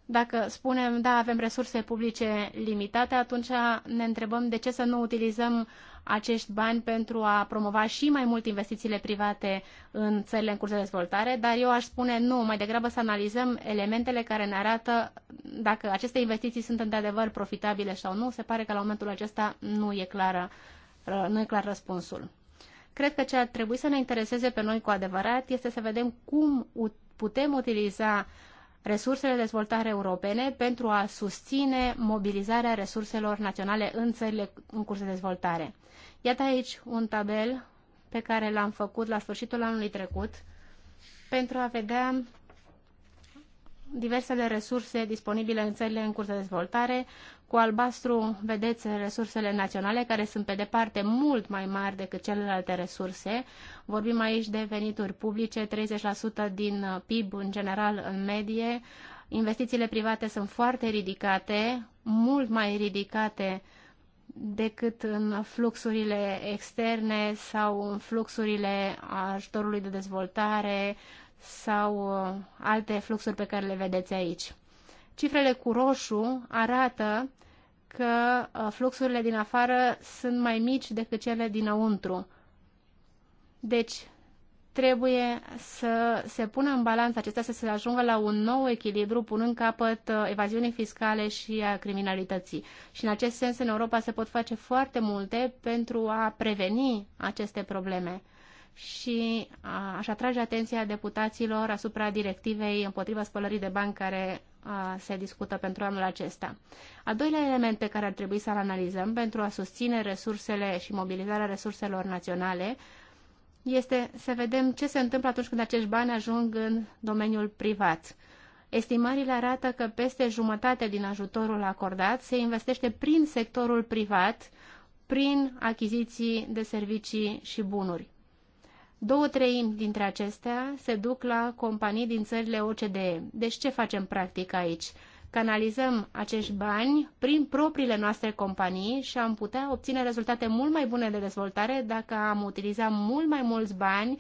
Dacă spunem, da, avem resurse publice limitate, atunci ne întrebăm de ce să nu utilizăm acești bani pentru a promova și mai mult investițiile private în țările în curs de dezvoltare, dar eu aș spune nu, mai degrabă să analizăm elementele care ne arată dacă aceste investiții sunt într-adevăr profitabile sau nu. Se pare că la momentul acesta nu e, clară, uh, nu e clar răspunsul. Cred că ce ar trebui să ne intereseze pe noi cu adevărat este să vedem cum putem utiliza resursele de dezvoltare europene pentru a susține mobilizarea resurselor naționale în țările în curs de dezvoltare. Iată aici un tabel pe care l-am făcut la sfârșitul anului trecut pentru a vedea diversele resurse disponibile în țările în curs de dezvoltare. Cu albastru vedeți resursele naționale, care sunt pe departe mult mai mari decât celelalte resurse. Vorbim aici de venituri publice, 30% din PIB în general în medie. Investițiile private sunt foarte ridicate, mult mai ridicate decât în fluxurile externe sau în fluxurile ajutorului de dezvoltare, sau uh, alte fluxuri pe care le vedeți aici. Cifrele cu roșu arată că uh, fluxurile din afară sunt mai mici decât cele dinăuntru. Deci, trebuie să se pună în balanță acestea, să se ajungă la un nou echilibru, punând capăt uh, evaziunii fiscale și a criminalității. Și în acest sens, în Europa se pot face foarte multe pentru a preveni aceste probleme și aș atrage atenția deputaților asupra directivei împotriva spălării de bani care se discută pentru anul acesta. Al doilea element pe care ar trebui să-l analizăm pentru a susține resursele și mobilizarea resurselor naționale este să vedem ce se întâmplă atunci când acești bani ajung în domeniul privat. Estimările arată că peste jumătate din ajutorul acordat se investește prin sectorul privat, prin achiziții de servicii și bunuri. Două treimi dintre acestea se duc la companii din țările OCDE. Deci ce facem practic aici? Canalizăm acești bani prin propriile noastre companii și am putea obține rezultate mult mai bune de dezvoltare dacă am utiliza mult mai mulți bani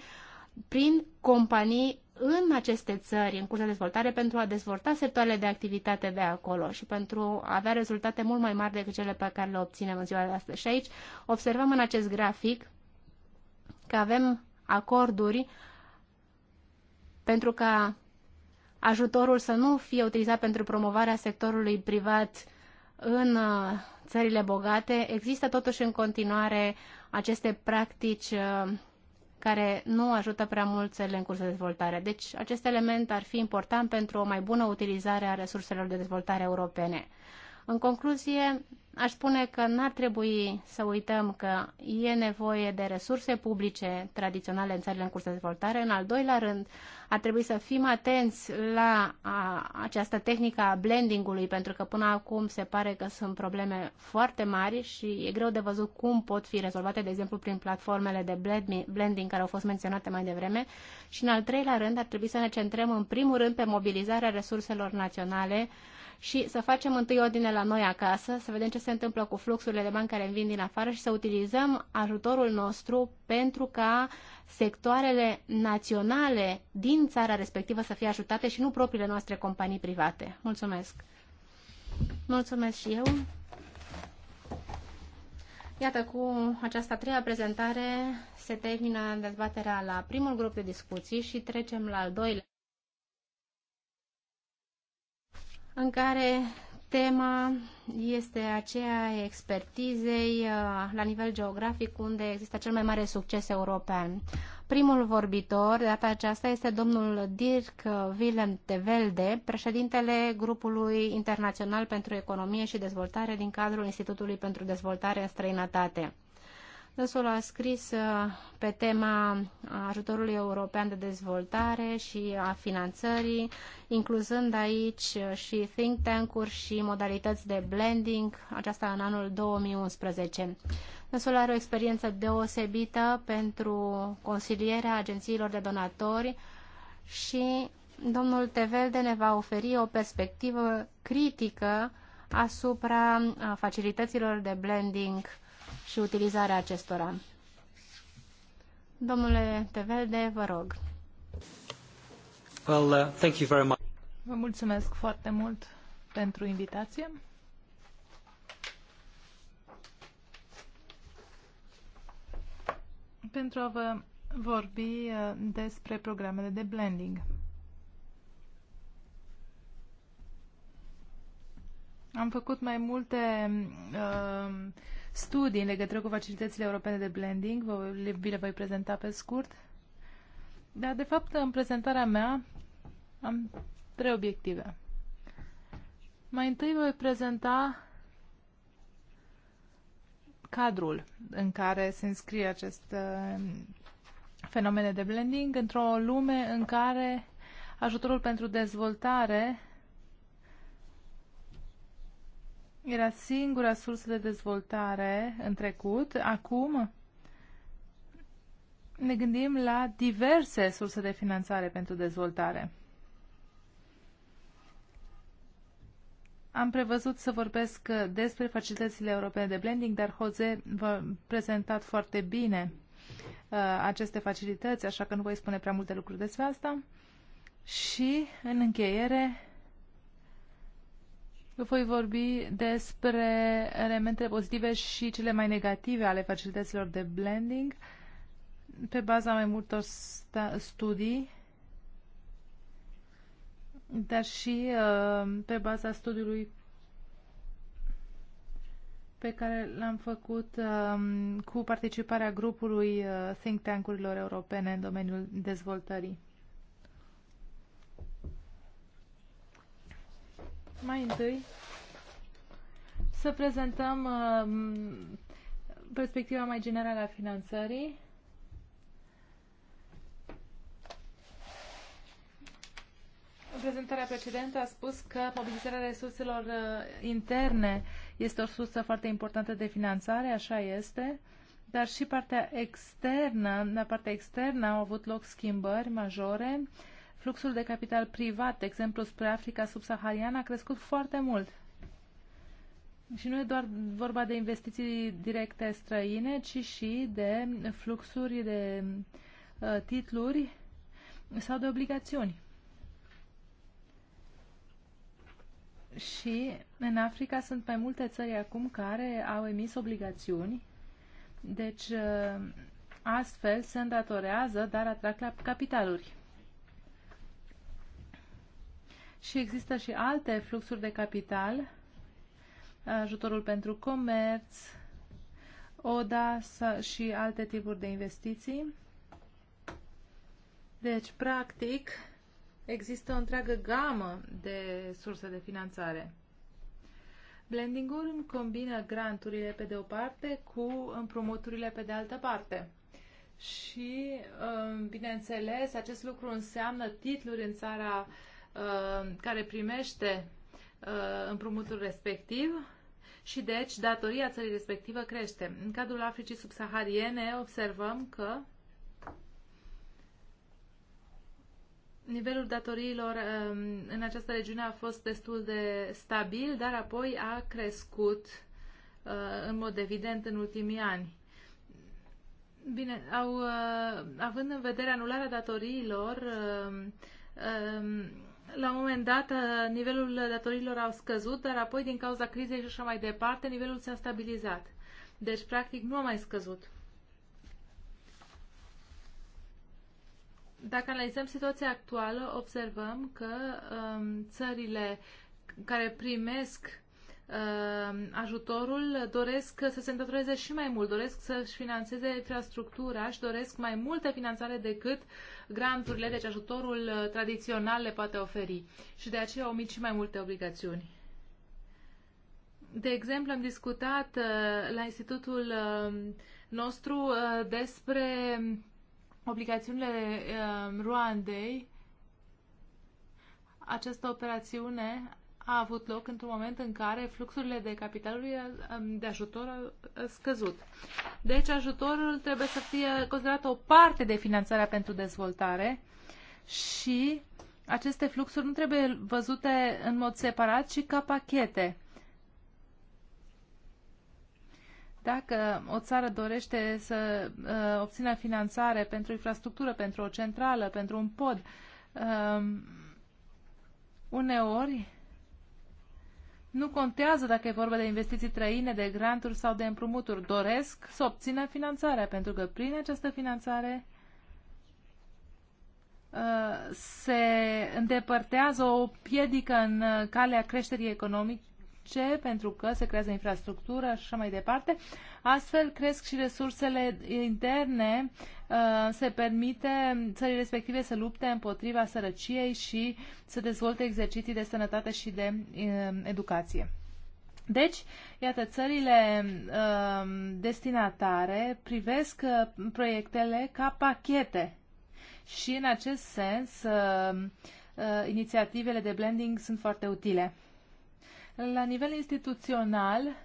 prin companii în aceste țări în curs de dezvoltare pentru a dezvolta sectoarele de activitate de acolo și pentru a avea rezultate mult mai mari decât cele pe care le obținem în ziua de astăzi. Și aici observăm în acest grafic că avem acorduri pentru ca ajutorul să nu fie utilizat pentru promovarea sectorului privat în uh, țările bogate, există totuși în continuare aceste practici uh, care nu ajută prea mult țările în curs de dezvoltare. Deci acest element ar fi important pentru o mai bună utilizare a resurselor de dezvoltare europene. În concluzie, aș spune că n-ar trebui să uităm că e nevoie de resurse publice tradiționale în țările în curs de dezvoltare. În al doilea rând, ar trebui să fim atenți la a, această tehnică a blendingului, pentru că până acum se pare că sunt probleme foarte mari și e greu de văzut cum pot fi rezolvate, de exemplu, prin platformele de blending care au fost menționate mai devreme. Și în al treilea rând, ar trebui să ne centrăm în primul rând pe mobilizarea resurselor naționale, și să facem întâi ordine la noi acasă, să vedem ce se întâmplă cu fluxurile de bani care vin din afară și să utilizăm ajutorul nostru pentru ca sectoarele naționale din țara respectivă să fie ajutate și nu propriile noastre companii private. Mulțumesc! Mulțumesc și eu! Iată, cu această treia prezentare se termină dezbaterea la primul grup de discuții și trecem la al doilea. în care tema este aceea expertizei uh, la nivel geografic unde există cel mai mare succes european. Primul vorbitor de data aceasta este domnul Dirk Willem de Velde, președintele grupului internațional pentru economie și dezvoltare din cadrul Institutului pentru Dezvoltare în Străinătate. Dânsul a scris uh, pe tema ajutorului european de dezvoltare și a finanțării, incluzând aici uh, și think tank-uri și modalități de blending, aceasta în anul 2011. Dânsul are o experiență deosebită pentru consilierea agențiilor de donatori și domnul Tevelde ne va oferi o perspectivă critică asupra uh, facilităților de blending și utilizarea acestora. Domnule Tevelde, vă rog. Well, uh, thank you very much. Vă mulțumesc foarte mult pentru invitație. Pentru a vă vorbi uh, despre programele de blending. Am făcut mai multe uh, studii în legătură cu facilitățile europene de blending, vă, le, vi le voi prezenta pe scurt. Dar, de fapt, în prezentarea mea am trei obiective. Mai întâi voi prezenta cadrul în care se înscrie acest uh, fenomene de blending într-o lume în care ajutorul pentru dezvoltare era singura sursă de dezvoltare în trecut. Acum ne gândim la diverse surse de finanțare pentru dezvoltare. Am prevăzut să vorbesc despre facilitățile europene de blending, dar Jose v-a prezentat foarte bine uh, aceste facilități, așa că nu voi spune prea multe lucruri despre asta. Și, în încheiere, voi vorbi despre elementele pozitive și cele mai negative ale facilităților de blending pe baza mai multor studii, dar și uh, pe baza studiului pe care l-am făcut uh, cu participarea grupului uh, think tank-urilor europene în domeniul dezvoltării. mai întâi să prezentăm uh, perspectiva mai generală a finanțării. În prezentarea precedentă a spus că mobilizarea resurselor uh, interne este o sursă foarte importantă de finanțare, așa este, dar și partea externă, la partea externă au avut loc schimbări majore. Uh, Fluxul de capital privat, de exemplu, spre Africa subsahariană, a crescut foarte mult. Și nu e doar vorba de investiții directe străine, ci și de fluxuri de uh, titluri sau de obligațiuni. Și în Africa sunt mai multe țări acum care au emis obligațiuni, deci uh, astfel se îndatorează, dar atrag la capitaluri și există și alte fluxuri de capital, ajutorul pentru comerț, ODA și alte tipuri de investiții. Deci, practic, există o întreagă gamă de surse de finanțare. Blendingul combină granturile pe de o parte cu împrumuturile pe de altă parte. Și, um, bineînțeles, acest lucru înseamnă titluri în țara uh, Uh, care primește uh, împrumutul respectiv și deci datoria țării respectivă crește. În cadrul Africii subsahariene observăm că nivelul datoriilor um, în această regiune a fost destul de stabil, dar apoi a crescut uh, în mod evident în ultimii ani. Bine, au, având în vedere anularea datoriilor, um, la un moment dat uh, nivelul datorilor au scăzut, dar apoi din cauza crizei și așa mai departe, nivelul s-a stabilizat. Deci, practic, nu a mai scăzut. Dacă analizăm situația actuală, observăm că um, țările care primesc Ehm, ajutorul, doresc să se îndatoreze și mai mult, doresc să-și financeze infrastructura și doresc mai multă finanțare decât granturile, deci ajutorul eh, tradițional le poate oferi. Și de aceea omit și mai multe obligațiuni. De exemplu, am discutat eh, la institutul ehm, nostru eh, despre obligațiunile ehm, Ruandei. Această operațiune a avut loc într-un moment în care fluxurile de capitalului um, de ajutor au uh, scăzut. Deci ajutorul trebuie să fie considerat o parte de finanțarea pentru dezvoltare și aceste fluxuri nu trebuie văzute în mod separat, ci ca pachete. Dacă o țară dorește să uh, obțină finanțare pentru infrastructură, pentru o centrală, pentru un pod, uh, uneori nu contează dacă e vorba de investiții trăine, de granturi sau de împrumuturi. Doresc să obțină finanțarea, pentru că prin această finanțare uh, se îndepărtează o piedică în uh, calea creșterii economice ce? Pentru că se creează infrastructură și așa mai departe. Astfel cresc și resursele interne, uh, se permite țării respective să lupte împotriva sărăciei și să dezvolte exerciții de sănătate și de uh, educație. Deci, iată, țările uh, destinatare privesc uh, proiectele ca pachete și, în acest sens, uh, uh, inițiativele de blending sunt foarte utile. La nivel instituțional,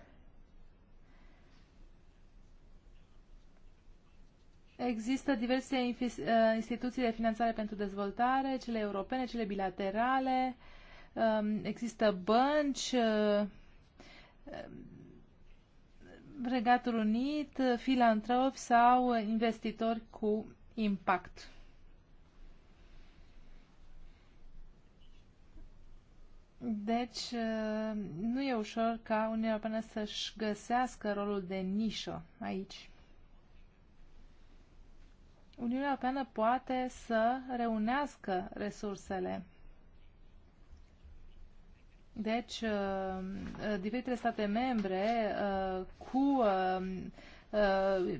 Există diverse uh, instituții de finanțare pentru dezvoltare, cele europene, cele bilaterale, um, există bănci, uh, Regatul Unit, filantropi sau investitori cu impact. Deci, uh, nu e ușor ca Uniunea Europeană să-și găsească rolul de nișă aici. Uniunea Europeană poate să reunească resursele. Deci, uh, diferitele state membre uh, cu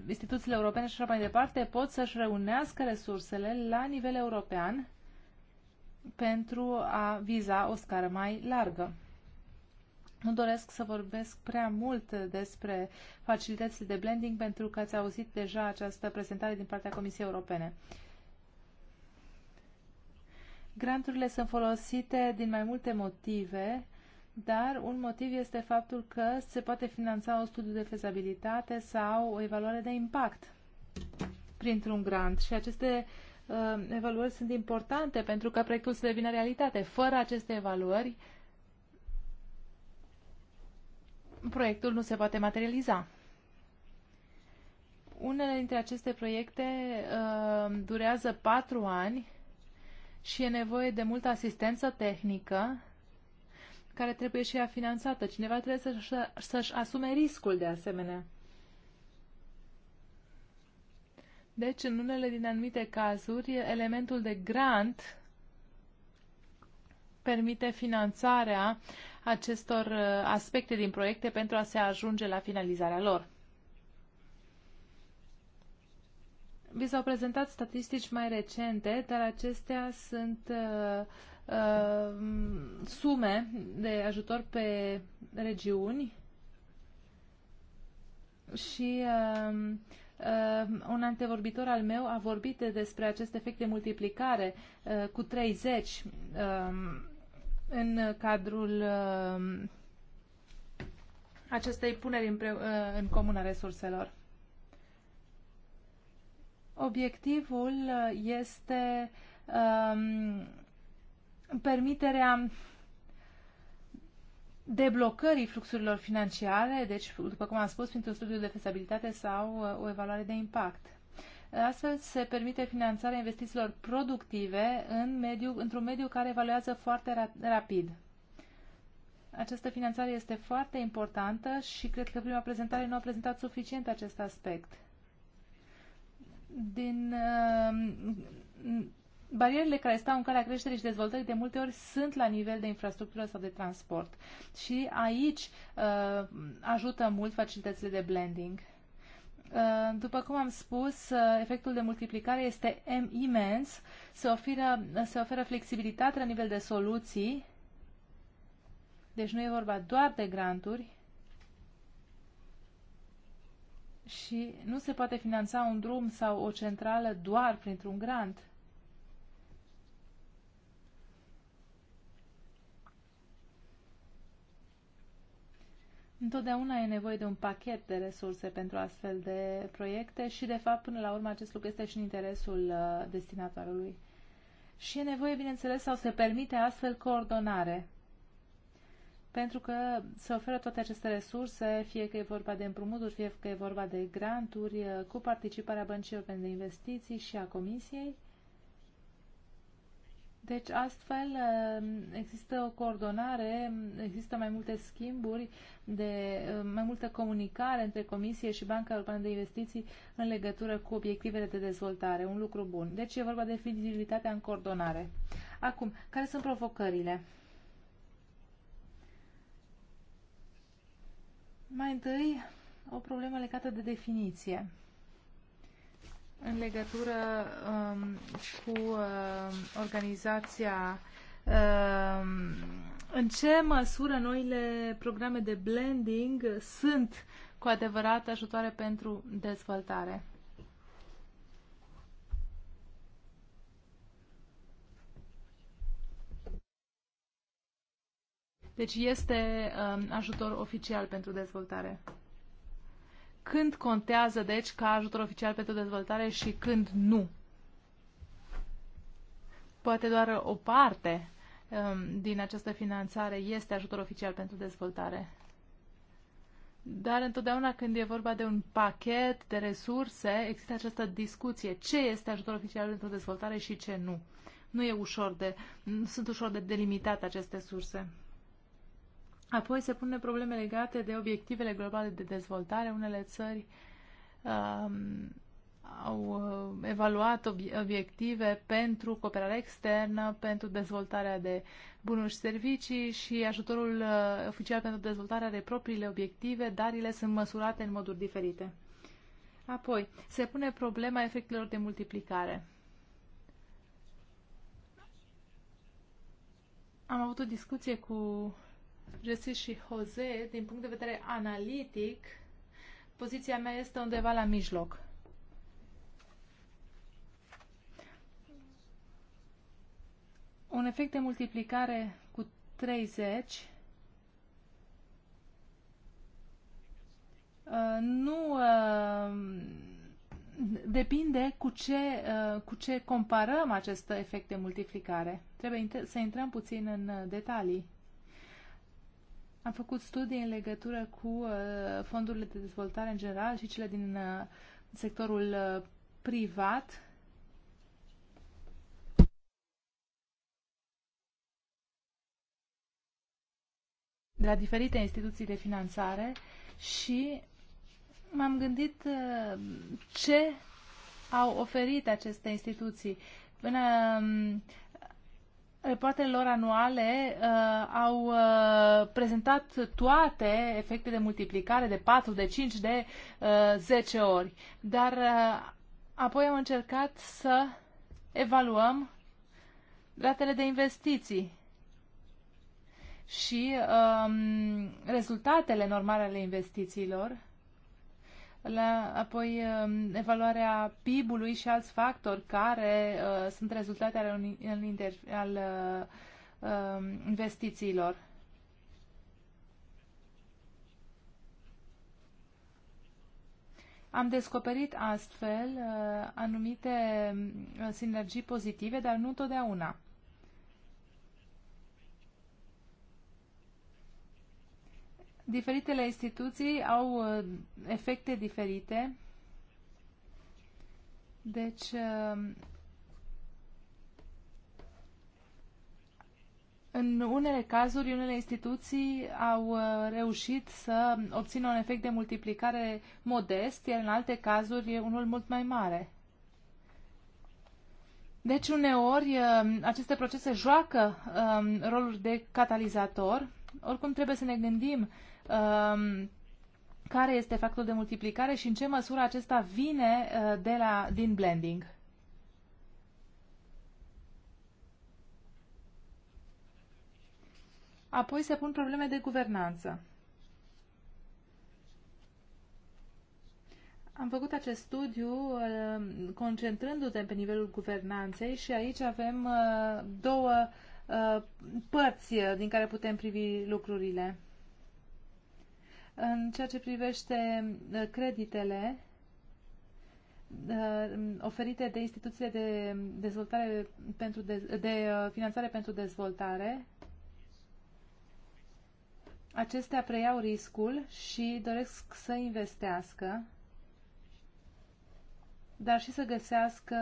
instituțiile europene și așa mai departe pot să-și reunească resursele la nivel european pentru a viza o scară mai largă. Nu doresc să vorbesc prea mult despre facilitățile de blending pentru că ați auzit deja această prezentare din partea Comisiei Europene. Granturile sunt folosite din mai multe motive, dar un motiv este faptul că se poate finanța un studiu de fezabilitate sau o evaluare de impact printr-un grant și aceste uh, Uh, evaluări sunt importante pentru că proiectul să devină realitate. Fără aceste evaluări, proiectul nu se poate materializa. Unele dintre aceste proiecte uh, durează patru ani și e nevoie de multă asistență tehnică care trebuie și ea finanțată. Cineva trebuie să-și, să, asume riscul de asemenea. Deci, în unele din anumite cazuri, elementul de grant permite finanțarea acestor uh, aspecte din proiecte pentru a se ajunge la finalizarea lor. Vi s-au prezentat statistici mai recente, dar acestea sunt uh, uh, sume de ajutor pe regiuni și uh, Uh, un antevorbitor al meu a vorbit despre acest efect de multiplicare uh, cu 30 uh, în cadrul acestei puneri în, pre, în comun a resurselor. Obiectivul este uh, permiterea deblocării fluxurilor financiare, deci, după cum am spus, printr-un studiu de fezabilitate sau uh, o evaluare de impact. Astfel se permite finanțarea investițiilor productive în mediu, într-un mediu care evaluează foarte ra- rapid. Această finanțare este foarte importantă și cred că prima prezentare nu a prezentat suficient acest aspect. Din uh, Barierele care stau în calea creșterii și dezvoltării de multe ori sunt la nivel de infrastructură sau de transport. Și aici uh, ajută mult facilitățile de blending. Uh, după cum am spus, uh, efectul de multiplicare este imens, se oferă, se oferă flexibilitate la nivel de soluții, deci nu e vorba doar de granturi, și nu se poate finanța un drum sau o centrală doar printr-un grant. Întotdeauna e nevoie de un pachet de resurse pentru astfel de proiecte și, de fapt, până la urmă, acest lucru este și în interesul uh, destinatorului. Și e nevoie, bineînțeles, sau se permite astfel coordonare. Pentru că se oferă toate aceste resurse, fie că e vorba de împrumuturi, fie că e vorba de granturi, uh, cu participarea băncii de investiții și a comisiei, deci astfel uh, există o coordonare, există mai multe schimburi, de uh, mai multă comunicare între Comisie și Banca Europeană de Investiții în legătură cu obiectivele de dezvoltare. Un lucru bun. Deci e vorba de fidelitatea în coordonare. Acum, care sunt provocările? Mai întâi, o problemă legată de definiție în legătură um, cu uh, organizația um, în ce măsură noile programe de blending sunt cu adevărat ajutoare pentru dezvoltare? Deci este um, ajutor oficial pentru dezvoltare când contează, deci, ca ajutor oficial pentru dezvoltare și când nu. Poate doar o parte um, din această finanțare este ajutor oficial pentru dezvoltare. Dar întotdeauna când e vorba de un pachet de resurse, există această discuție. Ce este ajutor oficial pentru dezvoltare și ce nu? Nu e ușor de, sunt ușor de delimitat aceste surse. Apoi se pune probleme legate de obiectivele globale de dezvoltare. Unele țări um, au uh, evaluat obiective pentru cooperare externă, pentru dezvoltarea de bunuri și servicii și ajutorul uh, oficial pentru dezvoltarea are de propriile obiective, dar ele sunt măsurate în moduri diferite. Apoi, se pune problema efectelor de multiplicare. Am avut o discuție cu Jesse și Jose, din punct de vedere analitic, poziția mea este undeva la mijloc. Un efect de multiplicare cu 30 uh, nu uh, depinde cu ce, uh, cu ce comparăm acest efect de multiplicare. Trebuie să intrăm puțin în detalii. Am făcut studii în legătură cu uh, fondurile de dezvoltare în general și cele din uh, sectorul uh, privat. de la diferite instituții de finanțare și m-am gândit ce au oferit aceste instituții. Până um, reportele lor anuale uh, au uh, prezentat toate efectele de multiplicare de 4, de 5, de uh, 10 ori. Dar uh, apoi am încercat să evaluăm ratele de investiții și uh, rezultatele normale ale investițiilor la, apoi um, evaluarea PIB-ului și alți factori care uh, sunt rezultate ale, al, al uh, um, investițiilor. Am descoperit astfel uh, anumite uh, sinergii pozitive, dar nu totdeauna. Diferitele instituții au uh, efecte diferite. Deci, uh, în unele cazuri, unele instituții au uh, reușit să obțină un efect de multiplicare modest, iar în alte cazuri e unul mult mai mare. Deci, uneori, aceste procese joacă um, roluri de catalizator. Oricum, trebuie să ne gândim um, care este factorul de multiplicare și în ce măsură acesta vine uh, de la, din blending. Apoi se pun probleme de guvernanță. Am făcut acest studiu uh, concentrându-te pe nivelul guvernanței și aici avem uh, două uh, părți din care putem privi lucrurile. În ceea ce privește uh, creditele uh, oferite de instituțiile de, dezvoltare pentru de, de uh, finanțare pentru dezvoltare, acestea preiau riscul și doresc să investească, dar și să găsească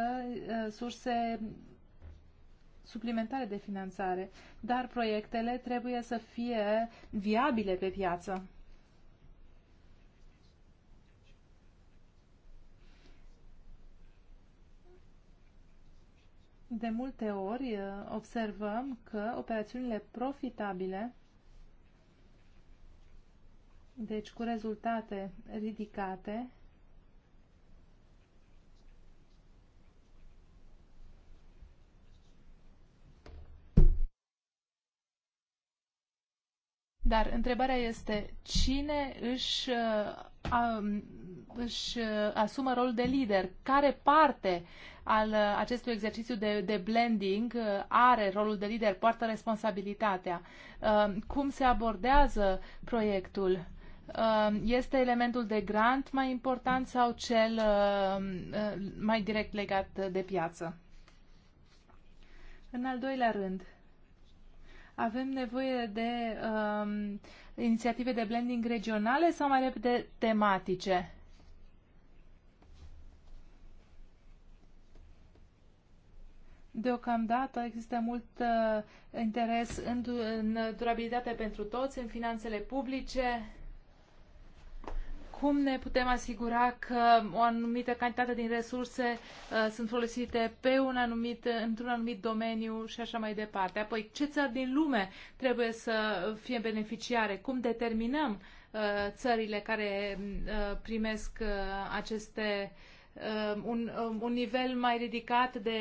surse suplimentare de finanțare. Dar proiectele trebuie să fie viabile pe piață. De multe ori uh, observăm că operațiunile profitabile, deci cu rezultate ridicate, Dar întrebarea este cine își, uh, a, își uh, asumă rolul de lider? Care parte al uh, acestui exercițiu de, de blending uh, are rolul de lider, poartă responsabilitatea. Uh, cum se abordează proiectul? Este elementul de grant mai important sau cel mai direct legat de piață? În al doilea rând, avem nevoie de um, inițiative de blending regionale sau mai repede tematice? Deocamdată există mult uh, interes în, în durabilitate pentru toți, în finanțele publice. Cum ne putem asigura că o anumită cantitate din resurse uh, sunt folosite pe un anumit, într-un anumit domeniu și așa mai departe? Apoi, ce țări din lume trebuie să fie beneficiare? Cum determinăm uh, țările care uh, primesc uh, aceste uh, Um, un, um, un nivel mai ridicat de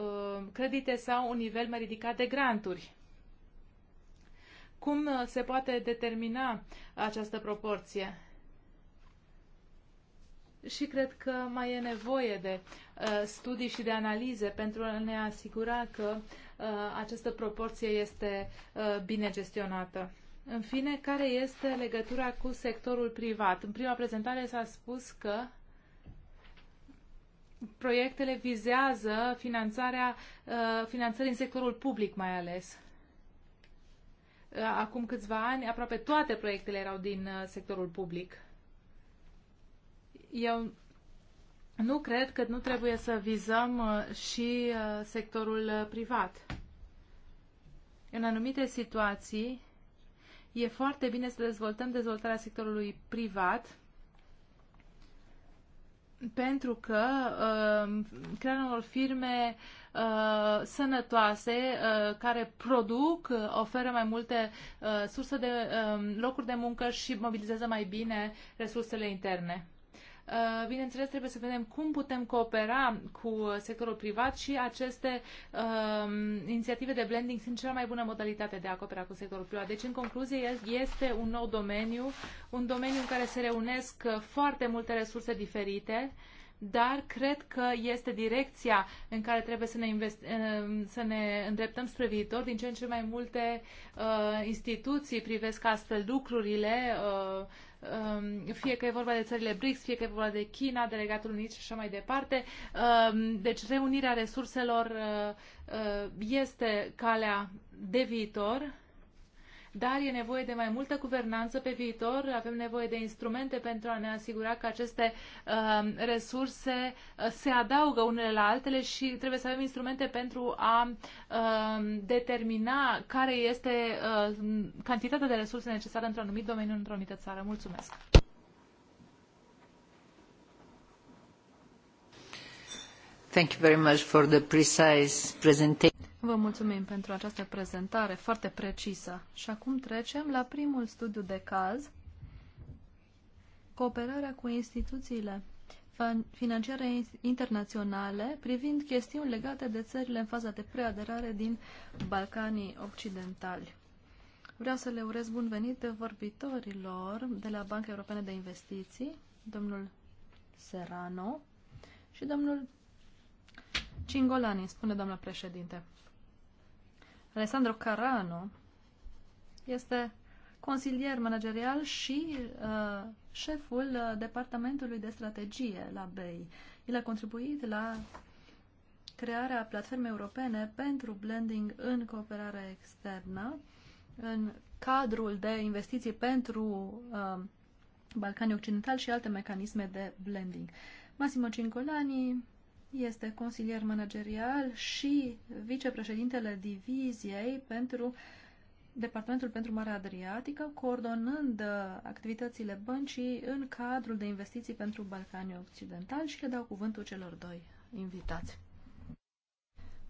um, credite sau un nivel mai ridicat de granturi. Cum uh, se poate determina această proporție? Și cred că mai e nevoie de uh, studii și de analize pentru a ne asigura că uh, această proporție este uh, bine gestionată. În fine, care este legătura cu sectorul privat? În prima prezentare s-a spus că uh, proiectele vizează finanțarea, uh, finanțării în sectorul public mai ales. Uh, acum câțiva ani, aproape toate proiectele erau din uh, sectorul public. Eu nu cred că nu trebuie să vizăm și sectorul privat. În anumite situații, e foarte bine să dezvoltăm dezvoltarea sectorului privat, pentru că uh, crearea unor firme uh, sănătoase uh, care produc, uh, oferă mai multe uh, surse de uh, locuri de muncă și mobilizează mai bine resursele interne. Uh, bineînțeles, trebuie să vedem cum putem coopera cu sectorul privat și aceste um, inițiative de blending sunt cea mai bună modalitate de a coopera cu sectorul privat. Deci, în concluzie, este un nou domeniu, un domeniu în care se reunesc foarte multe resurse diferite dar cred că este direcția în care trebuie să ne, invest- să ne îndreptăm spre viitor. Din ce în ce mai multe uh, instituții privesc astfel lucrurile. Uh, Um, fie că e vorba de țările BRICS, fie că e vorba de China, de Regatul Unit și așa mai departe. Um, deci reunirea resurselor uh, uh, este calea de viitor dar e nevoie de mai multă guvernanță pe viitor, avem nevoie de instrumente pentru a ne asigura că aceste uh, resurse uh, se adaugă unele la altele și trebuie să avem instrumente pentru a uh, determina care este cantitatea de resurse necesară într-un anumit domeniu, într-o anumită țară. Mulțumesc! Thank you very much for the precise presentation. Vă mulțumim pentru această prezentare foarte precisă. Și acum trecem la primul studiu de caz, cooperarea cu instituțiile financiare internaționale privind chestiuni legate de țările în faza de preaderare din Balcanii Occidentali. Vreau să le urez bun venit pe vorbitorilor de la Banca Europeană de Investiții, domnul Serrano și domnul Cingolani, spune doamna președinte. Alessandro Carano este consilier managerial și uh, șeful uh, departamentului de strategie la BEI. El a contribuit la crearea platformei europene pentru blending în cooperare externă, în cadrul de investiții pentru uh, Balcanii Occidentali și alte mecanisme de blending. Massimo Cincolani este consilier managerial și vicepreședintele diviziei pentru Departamentul pentru Marea Adriatică, coordonând uh, activitățile băncii în cadrul de investiții pentru Balcanii occidentali și le dau cuvântul celor doi invitați.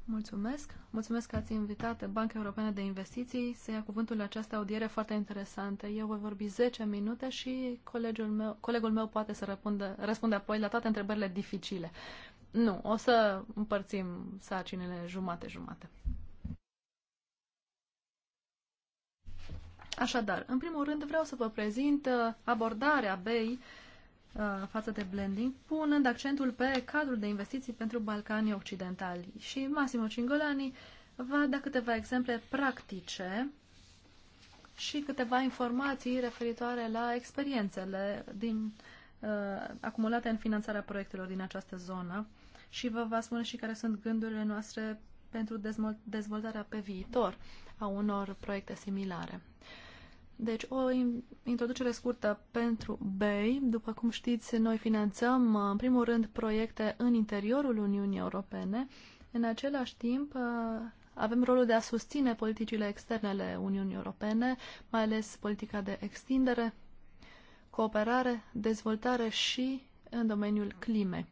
Mulțumesc! Mulțumesc că ați invitat Banca Europeană de Investiții să ia cuvântul la această audiere foarte interesantă. Eu voi vorbi 10 minute și colegul meu, colegul meu poate să răspundă, răspunde apoi la toate întrebările dificile. Nu, o să împărțim sarcinile jumate-jumate. Așadar, în primul rând vreau să vă prezint uh, abordarea BEI uh, față de blending, punând accentul pe cadrul de investiții pentru Balcanii Occidentali. Și Massimo Cingolani va da câteva exemple practice și câteva informații referitoare la experiențele din, uh, acumulate în finanțarea proiectelor din această zonă și vă va spune și care sunt gândurile noastre pentru dezvoltarea pe viitor a unor proiecte similare. Deci, o introducere scurtă pentru BEI. După cum știți, noi finanțăm, uh, în primul rând, proiecte în interiorul Uniunii Europene. În același timp, uh, avem rolul de a susține politicile externe ale Uniunii Europene, mai ales politica de extindere, cooperare, dezvoltare și în domeniul climei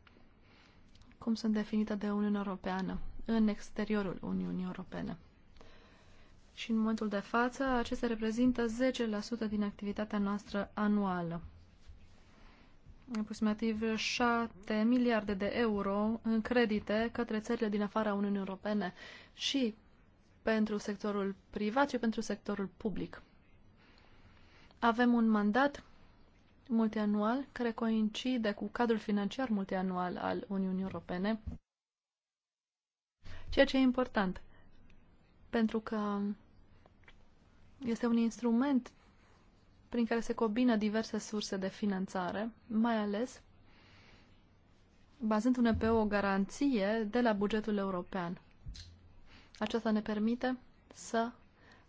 cum sunt definite de Uniunea Europeană, în exteriorul Uniunii Europene. Și în momentul de față, acestea reprezintă 10% din activitatea noastră anuală. Aproximativ 7 miliarde de euro în credite către țările din afara Uniunii Europene și pentru sectorul privat și pentru sectorul public. Avem un mandat multianual care coincide cu cadrul financiar multianual al Uniunii Europene, ceea ce e important, pentru că este un instrument prin care se combină diverse surse de finanțare, mai ales bazându-ne pe o garanție de la bugetul european. Aceasta ne permite să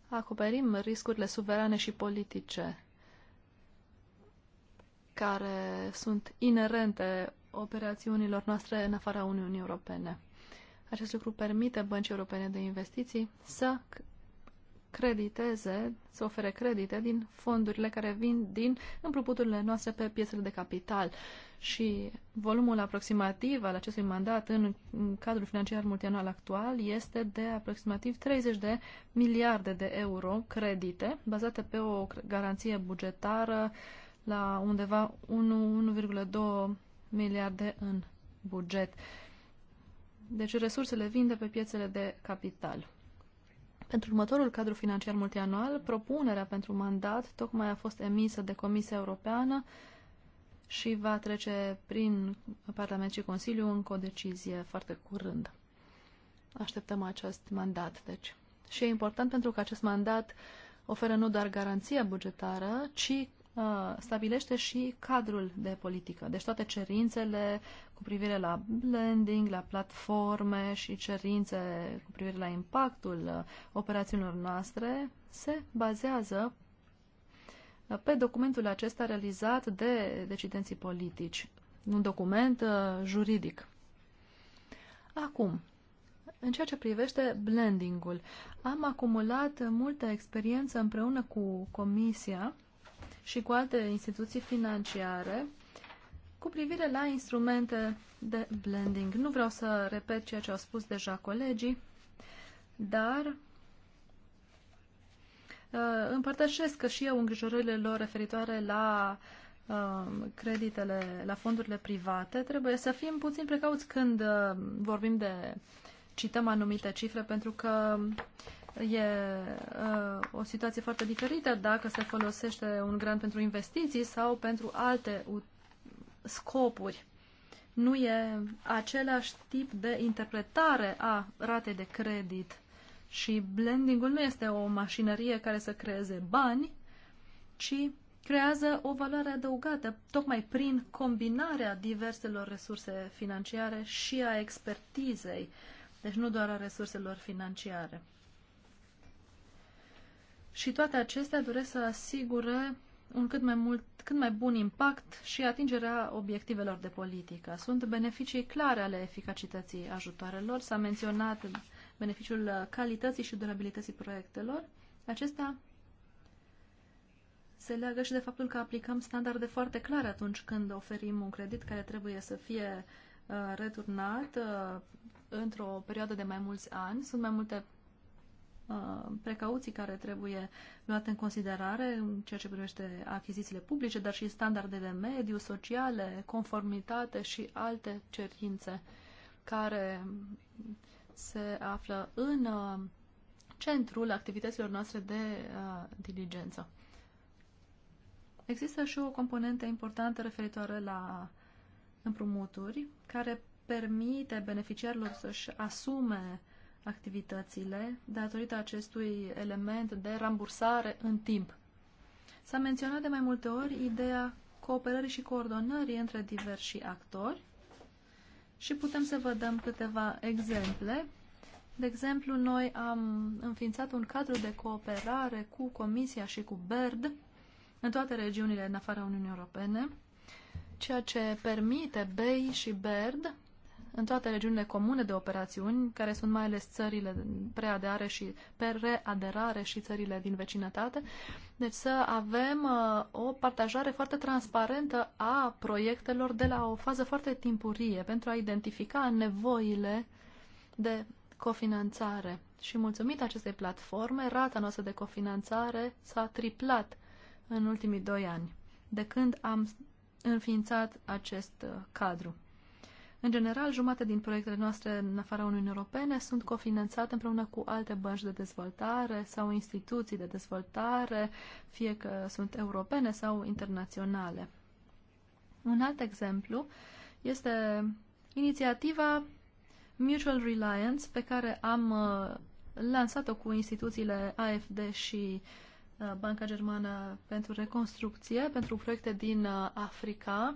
acoperim riscurile suverane și politice care sunt inerente operațiunilor noastre în afara Uniunii Europene. Acest lucru permite băncii europene de investiții să crediteze, să ofere credite din fondurile care vin din împrumuturile noastre pe piețele de capital. Și volumul aproximativ al acestui mandat în cadrul financiar multianual actual este de aproximativ 30 de miliarde de euro credite, bazate pe o garanție bugetară uh, la undeva 1,2 miliarde în buget. Deci resursele vin de pe piețele de capital. Pentru următorul cadru financiar multianual, propunerea pentru mandat tocmai a fost emisă de Comisia Europeană și va trece prin Parlament și Consiliu în codecizie foarte curând. Așteptăm acest mandat, deci. Și e important pentru că acest mandat oferă nu doar garanția bugetară, ci Uh, stabilește și cadrul de politică. Deci toate cerințele cu privire la blending, la platforme și cerințe cu privire la impactul uh, operațiunilor noastre se bazează uh, pe documentul acesta realizat de decidenții politici. Un document juridic. Acum, în ceea ce privește blending-ul, am acumulat multă experiență împreună cu Comisia și cu alte instituții financiare cu privire la instrumente de blending. Nu vreau să repet ceea ce au spus deja colegii, dar uh, împărtășesc și eu îngrijorările lor referitoare la um, creditele, la fondurile private. Trebuie să fim puțin precauți când uh, vorbim de cităm anumite cifre, pentru că uh, E uh, o situație foarte diferită dacă se folosește un grant pentru investiții sau pentru alte scopuri. Nu e același tip de interpretare a ratei de credit și blendingul nu este o mașinărie care să creeze bani, ci creează o valoare adăugată, tocmai prin combinarea diverselor resurse financiare și a expertizei, deci nu doar a resurselor financiare. Și toate acestea doresc să asigure un cât mai, mult, cât mai bun impact și atingerea obiectivelor de politică. Sunt beneficii clare ale eficacității ajutoarelor. S-a menționat beneficiul calității și durabilității proiectelor. Acestea se leagă și de faptul că aplicăm standarde foarte clare atunci când oferim un credit care trebuie să fie uh, returnat uh, într-o perioadă de mai mulți ani. Sunt mai multe Uh, precauții care trebuie luate în considerare în ceea ce privește achizițiile publice, dar și standarde de mediu, sociale, conformitate și alte cerințe care se află în uh, centrul activităților noastre de uh, diligență. Există și o componentă importantă referitoare la împrumuturi, care permite beneficiarilor să-și asume activitățile datorită acestui element de rambursare în timp. S-a menționat de mai multe ori ideea cooperării și coordonării între diversi actori și putem să vă dăm câteva exemple. De exemplu, noi am înființat un cadru de cooperare cu Comisia și cu BERD în toate regiunile în afara Uniunii Europene, ceea ce permite BEI și BERD în toate regiunile comune de operațiuni, care sunt mai ales țările preaderare și readerare și țările din vecinătate. Deci să avem uh, o partajare foarte transparentă a proiectelor de la o fază foarte timpurie pentru a identifica nevoile de cofinanțare. Și mulțumit acestei platforme, rata noastră de cofinanțare s-a triplat în ultimii doi ani, de când am înființat acest uh, cadru. În general, jumate din proiectele noastre în afara Uniunii Europene sunt cofinanțate împreună cu alte bănci de dezvoltare sau instituții de dezvoltare, fie că sunt europene sau internaționale. Un alt exemplu este inițiativa Mutual Reliance pe care am uh, lansat-o cu instituțiile AFD și uh, Banca Germană pentru Reconstrucție, pentru proiecte din uh, Africa,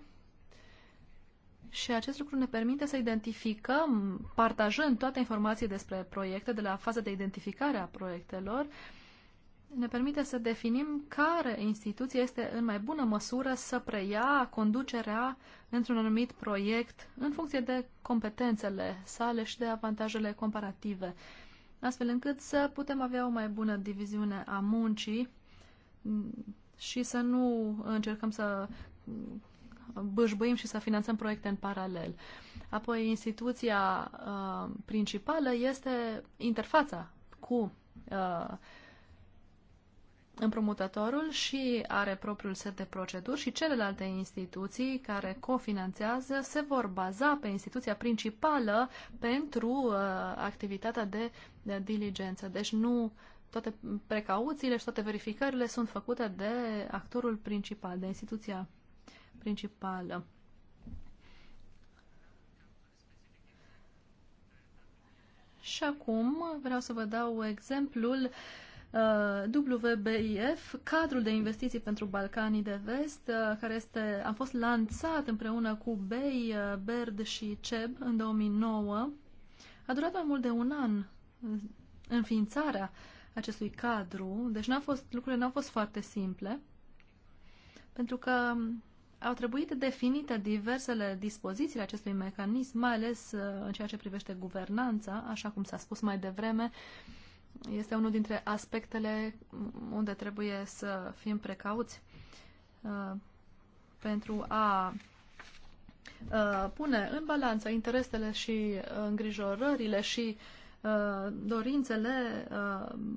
și acest lucru ne permite să identificăm, partajând toate informații despre proiecte, de la faza de identificare a proiectelor, ne permite să definim care instituție este în mai bună măsură să preia conducerea într-un anumit proiect în funcție de competențele sale și de avantajele comparative, astfel încât să putem avea o mai bună diviziune a muncii și să nu încercăm să bâșbâim și să finanțăm proiecte în paralel. Apoi, instituția uh, principală este interfața cu uh, împrumutătorul și are propriul set de proceduri și celelalte instituții care cofinanțează se vor baza pe instituția principală pentru uh, activitatea de, de diligență. Deci nu toate precauțiile și toate verificările sunt făcute de actorul principal, de instituția principală. Și acum vreau să vă dau exemplul uh, WBIF, cadrul de investiții pentru Balcanii de Vest, uh, care este, a fost lansat împreună cu BEI, uh, BERD și CEB în 2009. A durat mai mult de un an uh, înființarea acestui cadru, deci n-a fost, lucrurile n-au fost foarte simple, pentru că um, au trebuit definite diversele dispozițiile acestui mecanism, mai ales uh, în ceea ce privește guvernanța, așa cum s-a spus mai devreme, este unul dintre aspectele unde trebuie să fim precauți uh, pentru a uh, pune în balanță interesele și îngrijorările și uh, dorințele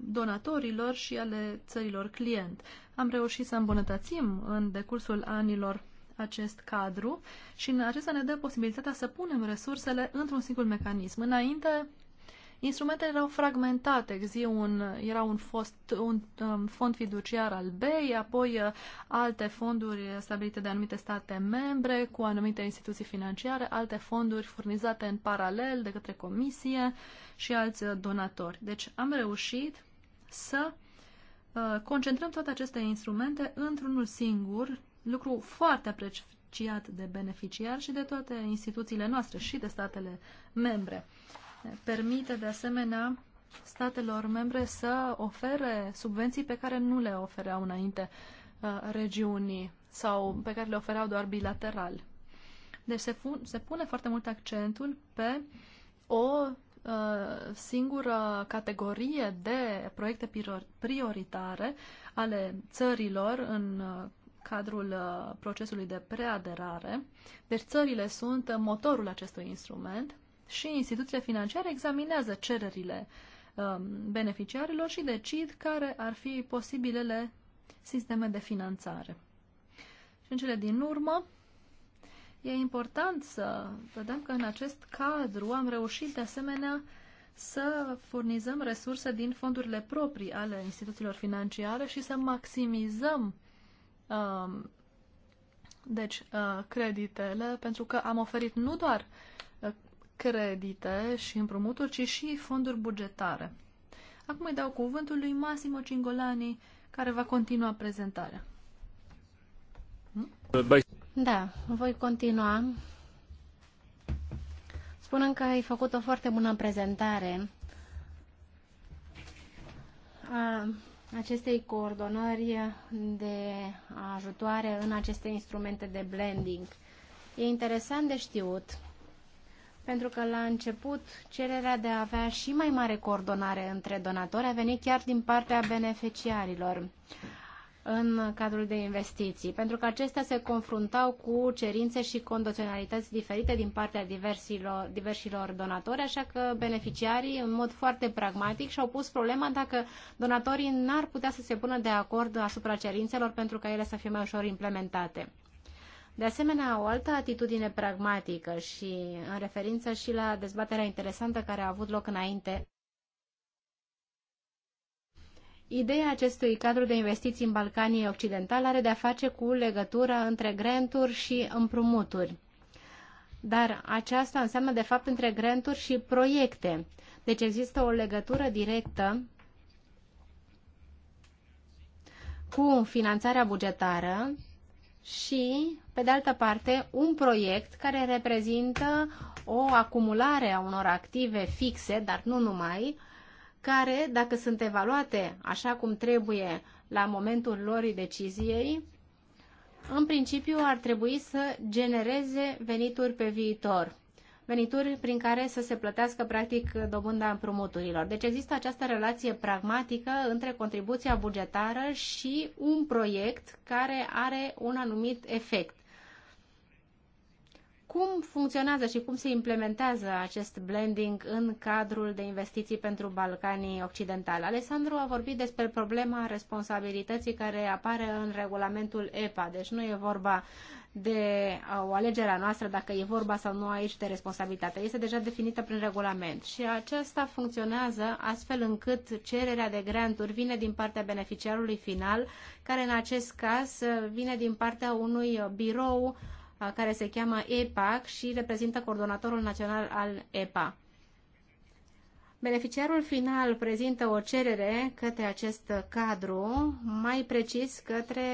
donatorilor și ale țărilor client. Am reușit să îmbunătățim în decursul anilor acest cadru și în acesta ne dă posibilitatea să punem resursele într-un singur mecanism. Înainte, instrumentele erau fragmentate. Exia un, era un, fost, un um, fond fiduciar al BEI, apoi uh, alte fonduri stabilite de anumite state membre cu anumite instituții financiare, alte fonduri furnizate în paralel de către comisie și alți uh, donatori. Deci am reușit să uh, concentrăm toate aceste instrumente într-unul singur, lucru foarte apreciat de beneficiari și de toate instituțiile noastre și de statele membre. Permite de asemenea statelor membre să ofere subvenții pe care nu le ofereau înainte uh, regiunii sau pe care le ofereau doar bilateral. Deci se, se pune foarte mult accentul pe o uh, singură categorie de proiecte prioritare ale țărilor în uh, cadrul uh, procesului de preaderare. Deci țările sunt uh, motorul acestui instrument și instituțiile financiare examinează cererile um, beneficiarilor și decid care ar fi posibilele sisteme de finanțare. Și în cele din urmă, e important să vedem că în acest cadru am reușit de asemenea să furnizăm resurse din fondurile proprii ale instituțiilor financiare și să maximizăm Um, deci, uh, creditele, pentru că am oferit nu doar uh, credite și împrumuturi, ci și fonduri bugetare. Acum îi dau cuvântul lui Massimo Cingolani, care va continua prezentarea. Hm? Da, voi continua. Spunând că ai făcut o foarte bună prezentare a acestei coordonări de ajutoare în aceste instrumente de blending. E interesant de știut, pentru că la început cererea de a avea și mai mare coordonare între donatori a venit chiar din partea beneficiarilor în cadrul de investiții, pentru că acestea se confruntau cu cerințe și condiționalități diferite din partea diversilor, diversilor donatori, așa că beneficiarii, în mod foarte pragmatic, și-au pus problema dacă donatorii n-ar putea să se pună de acord asupra cerințelor pentru ca ele să fie mai ușor implementate. De asemenea, o altă atitudine pragmatică și în referință și la dezbaterea interesantă care a avut loc înainte Ideea acestui cadru de investiții în Balcanii Occidentali are de-a face cu legătura între granturi și împrumuturi. Dar aceasta înseamnă, de fapt, între granturi și proiecte. Deci există o legătură directă cu finanțarea bugetară și, pe de altă parte, un proiect care reprezintă o acumulare a unor active fixe, dar nu numai, care, dacă sunt evaluate așa cum trebuie la momentul lor deciziei, în principiu ar trebui să genereze venituri pe viitor venituri prin care să se plătească practic dobânda împrumuturilor. Deci există această relație pragmatică între contribuția bugetară și un proiect care are un anumit efect. Cum funcționează și cum se implementează acest blending în cadrul de investiții pentru Balcanii Occidentali? Alessandru a vorbit despre problema responsabilității care apare în regulamentul EPA, deci nu e vorba de o alegere a noastră dacă e vorba sau nu aici de responsabilitate. Este deja definită prin regulament și aceasta funcționează astfel încât cererea de granturi vine din partea beneficiarului final, care în acest caz vine din partea unui birou care se cheamă EPAC și reprezintă coordonatorul național al EPA. Beneficiarul final prezintă o cerere către acest cadru, mai precis către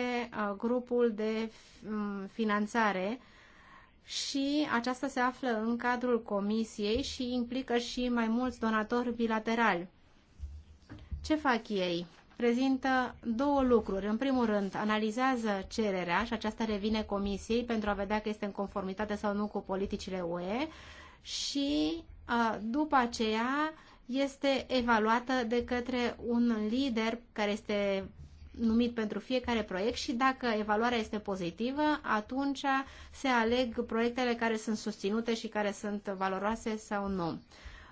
grupul de finanțare și aceasta se află în cadrul comisiei și implică și mai mulți donatori bilaterali. Ce fac ei? prezintă două lucruri. În primul rând, analizează cererea și aceasta revine comisiei pentru a vedea că este în conformitate sau nu cu politicile UE și după aceea este evaluată de către un lider care este numit pentru fiecare proiect și dacă evaluarea este pozitivă, atunci se aleg proiectele care sunt susținute și care sunt valoroase sau nu.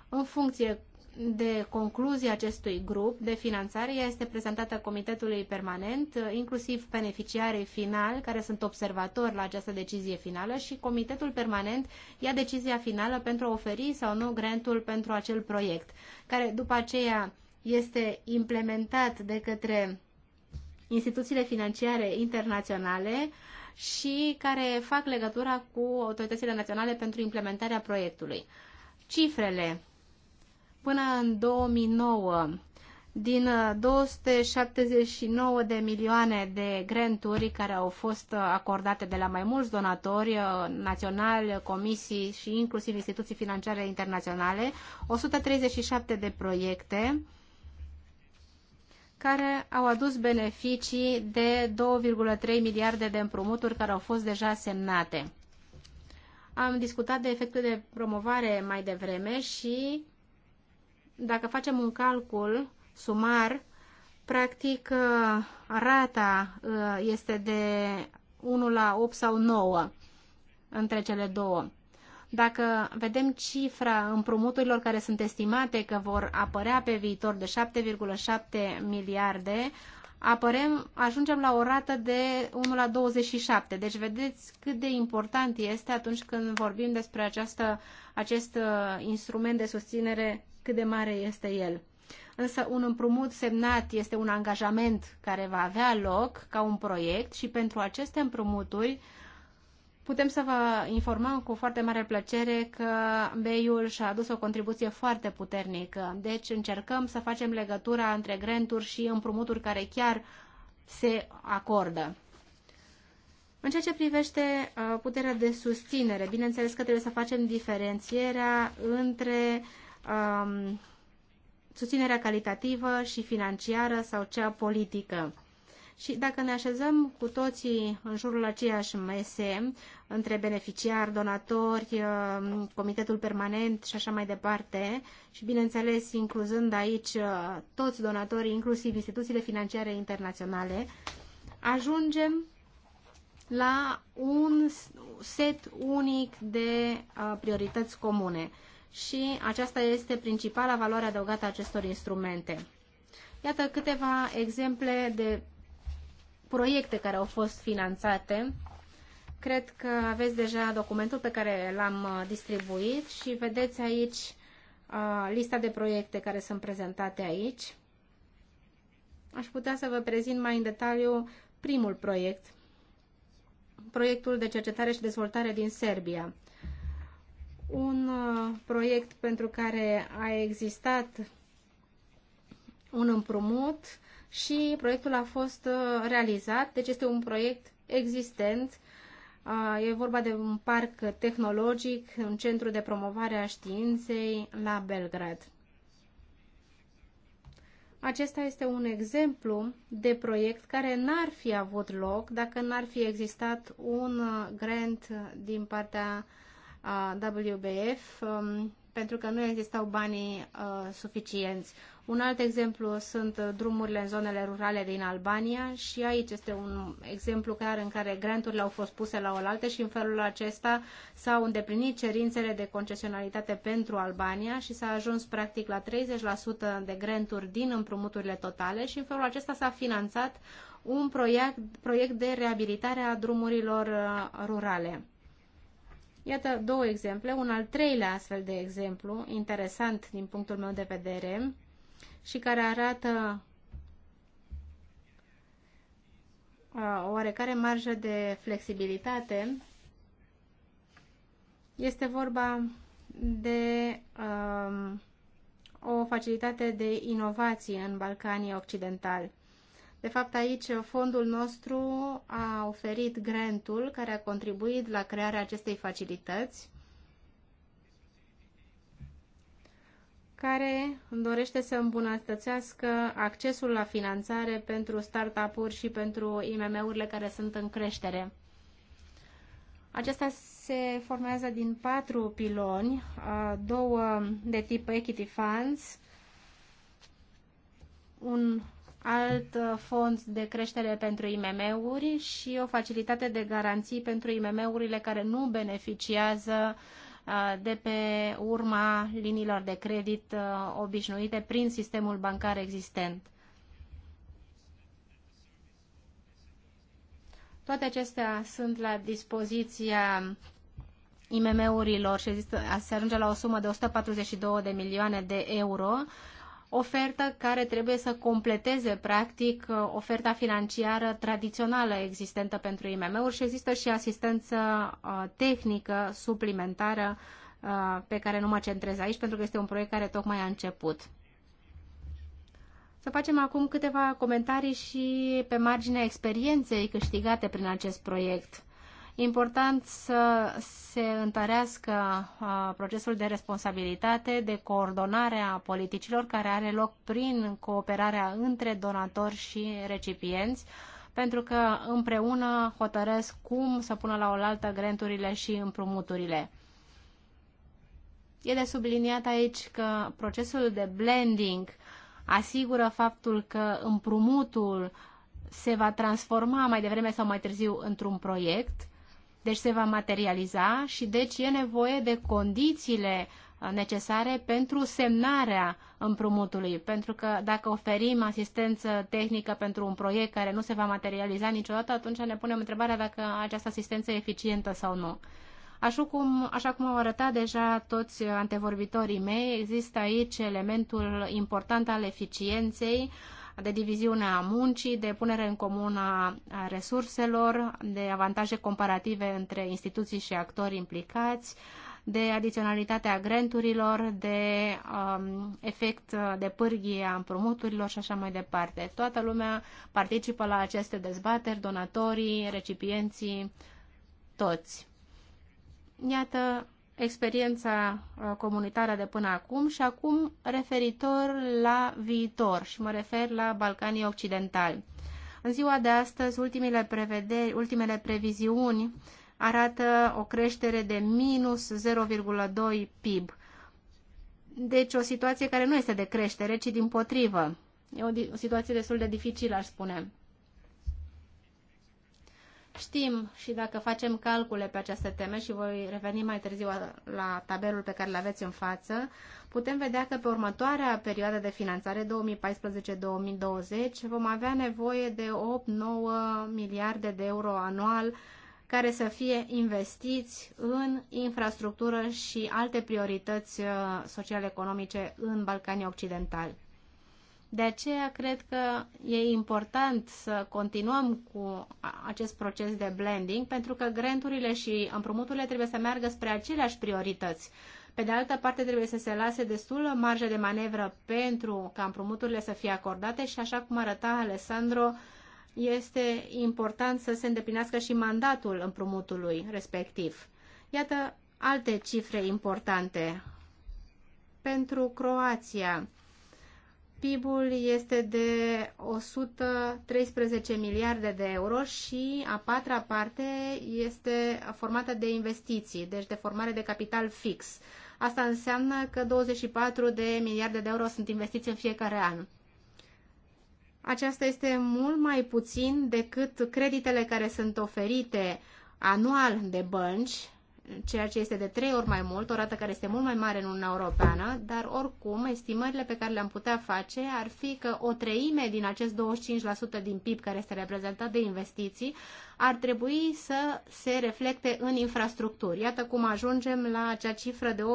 În funcție de concluzie acestui grup de finanțare ea este prezentată Comitetului Permanent, inclusiv beneficiarii finali care sunt observatori la această decizie finală și Comitetul Permanent ia decizia finală pentru a oferi sau nu grantul pentru acel proiect, care după aceea este implementat de către instituțiile financiare internaționale și care fac legătura cu autoritățile naționale pentru implementarea proiectului. Cifrele până în 2009 din 279 uh, de milioane de granturi care au fost uh, acordate de la mai mulți donatori uh, naționali, comisii și inclusiv instituții financiare internaționale, 137 de proiecte care au adus beneficii de 2,3 miliarde de împrumuturi care au fost deja semnate. Am discutat de efectul de promovare mai devreme și dacă facem un calcul sumar, practic uh, rata uh, este de 1 la 8 sau 9 între cele două. Dacă vedem cifra împrumuturilor care sunt estimate că vor apărea pe viitor de 7,7 miliarde, apărem, ajungem la o rată de 1 la 27. Deci vedeți cât de important este atunci când vorbim despre această, acest uh, instrument de susținere cât de mare este el. Însă un împrumut semnat este un angajament care va avea loc ca un proiect și pentru aceste împrumuturi putem să vă informăm cu foarte mare plăcere că BEI-ul și-a adus o contribuție foarte puternică. Deci încercăm să facem legătura între granturi și împrumuturi care chiar se acordă. În ceea ce privește uh, puterea de susținere, bineînțeles că trebuie să facem diferențierea între uh, um, susținerea calitativă și financiară sau cea politică. Și dacă ne așezăm cu toții în jurul aceeași mese, între beneficiari, donatori, um, comitetul permanent și așa mai departe, și bineînțeles incluzând aici uh, toți donatorii, inclusiv instituțiile financiare internaționale, ajungem la un set unic de uh, priorități comune și aceasta este principala valoare adăugată a acestor instrumente. Iată câteva exemple de proiecte care au fost finanțate. Cred că aveți deja documentul pe care l-am uh, distribuit și vedeți aici uh, lista de proiecte care sunt prezentate aici. Aș putea să vă prezint mai în detaliu primul proiect, proiectul de cercetare și dezvoltare din Serbia un uh, proiect pentru care a existat un împrumut și proiectul a fost uh, realizat, deci este un proiect existent. Uh, e vorba de un parc tehnologic, un centru de promovare a științei la Belgrad. Acesta este un exemplu de proiect care n-ar fi avut loc dacă n-ar fi existat un grant din partea uh, a WBF um, pentru că nu existau banii uh, suficienți. Un alt exemplu sunt drumurile în zonele rurale din Albania și aici este un exemplu clar în care granturile au fost puse la oaltă și în felul acesta s-au îndeplinit cerințele de concesionalitate pentru Albania și s-a ajuns practic la 30% de granturi din împrumuturile totale și în felul acesta s-a finanțat un proiect, proiect de reabilitare a drumurilor uh, rurale. Iată două exemple, un al treilea astfel de exemplu, interesant din punctul meu de vedere, și care arată o uh, oarecare marjă de flexibilitate. Este vorba de um, o facilitate de inovație în Balcanii Occidentali. De fapt, aici fondul nostru a oferit grantul care a contribuit la crearea acestei facilități, care dorește să îmbunătățească accesul la finanțare pentru startup-uri și pentru IMM-urile care sunt în creștere. Acesta se formează din patru piloni, două de tip equity funds, un alt uh, fond de creștere pentru IMM-uri și o facilitate de garanții pentru IMM-urile care nu beneficiază uh, de pe urma liniilor de credit uh, obișnuite prin sistemul bancar existent. Toate acestea sunt la dispoziția IMM-urilor și se ajunge la o sumă de 142 de milioane de euro ofertă care trebuie să completeze practic oferta financiară tradițională existentă pentru IMM-uri și există și asistență uh, tehnică suplimentară uh, pe care nu mă centrez aici pentru că este un proiect care tocmai a început. Să facem acum câteva comentarii și pe marginea experienței câștigate prin acest proiect important să se întărească uh, procesul de responsabilitate, de coordonare a politicilor care are loc prin cooperarea între donatori și recipienți, pentru că împreună hotărăsc cum să pună la oaltă granturile și împrumuturile. E de subliniat aici că procesul de blending asigură faptul că împrumutul se va transforma mai devreme sau mai târziu într-un proiect deci se va materializa și deci e nevoie de condițiile uh, necesare pentru semnarea împrumutului, pentru că dacă oferim asistență tehnică pentru un proiect care nu se va materializa niciodată, atunci ne punem întrebarea dacă această asistență e eficientă sau nu. Așa cum, așa cum au arătat deja toți antevorbitorii mei, există aici elementul important al eficienței, uh, de diviziune a muncii, de punere în comun a resurselor, de avantaje comparative între instituții și actori implicați, de adiționalitatea granturilor, de um, efect de pârghie a împrumuturilor și așa mai departe. Toată lumea participă la aceste dezbateri, donatorii, recipienții, toți. Iată experiența uh, comunitară de până acum și acum referitor la viitor și mă refer la Balcanii Occidentali. În ziua de astăzi, ultimele, prevederi, ultimele previziuni arată o creștere de minus 0,2 PIB. Deci o situație care nu este de creștere, ci din potrivă. E o, o situație destul de dificilă, aș spune. Știm și dacă facem calcule pe aceste teme și voi reveni mai târziu la tabelul pe care îl aveți în față, putem vedea că pe următoarea perioadă de finanțare, 2014-2020, vom avea nevoie de 8-9 miliarde de euro anual care să fie investiți în infrastructură și alte priorități uh, social-economice în Balcanii Occidentali. De aceea cred că e important să continuăm cu acest proces de blending, pentru că granturile și împrumuturile trebuie să meargă spre aceleași priorități. Pe de altă parte, trebuie să se lase destulă marjă de manevră pentru ca împrumuturile să fie acordate și, așa cum arăta Alessandro, este important să se îndeplinească și mandatul împrumutului respectiv. Iată alte cifre importante. Pentru Croația, PIB-ul este de 113 miliarde de euro și a patra parte este formată de investiții, deci de formare de capital fix. Asta înseamnă că 24 de miliarde de euro sunt investiți în fiecare an. Aceasta este mult mai puțin decât creditele care sunt oferite anual de bănci ceea ce este de trei ori mai mult, o rată care este mult mai mare în Uniunea Europeană, dar oricum estimările pe care le-am putea face ar fi că o treime din acest 25% din PIB care este reprezentat de investiții ar trebui să se reflecte în infrastructuri. Iată cum ajungem la acea cifră de 8-9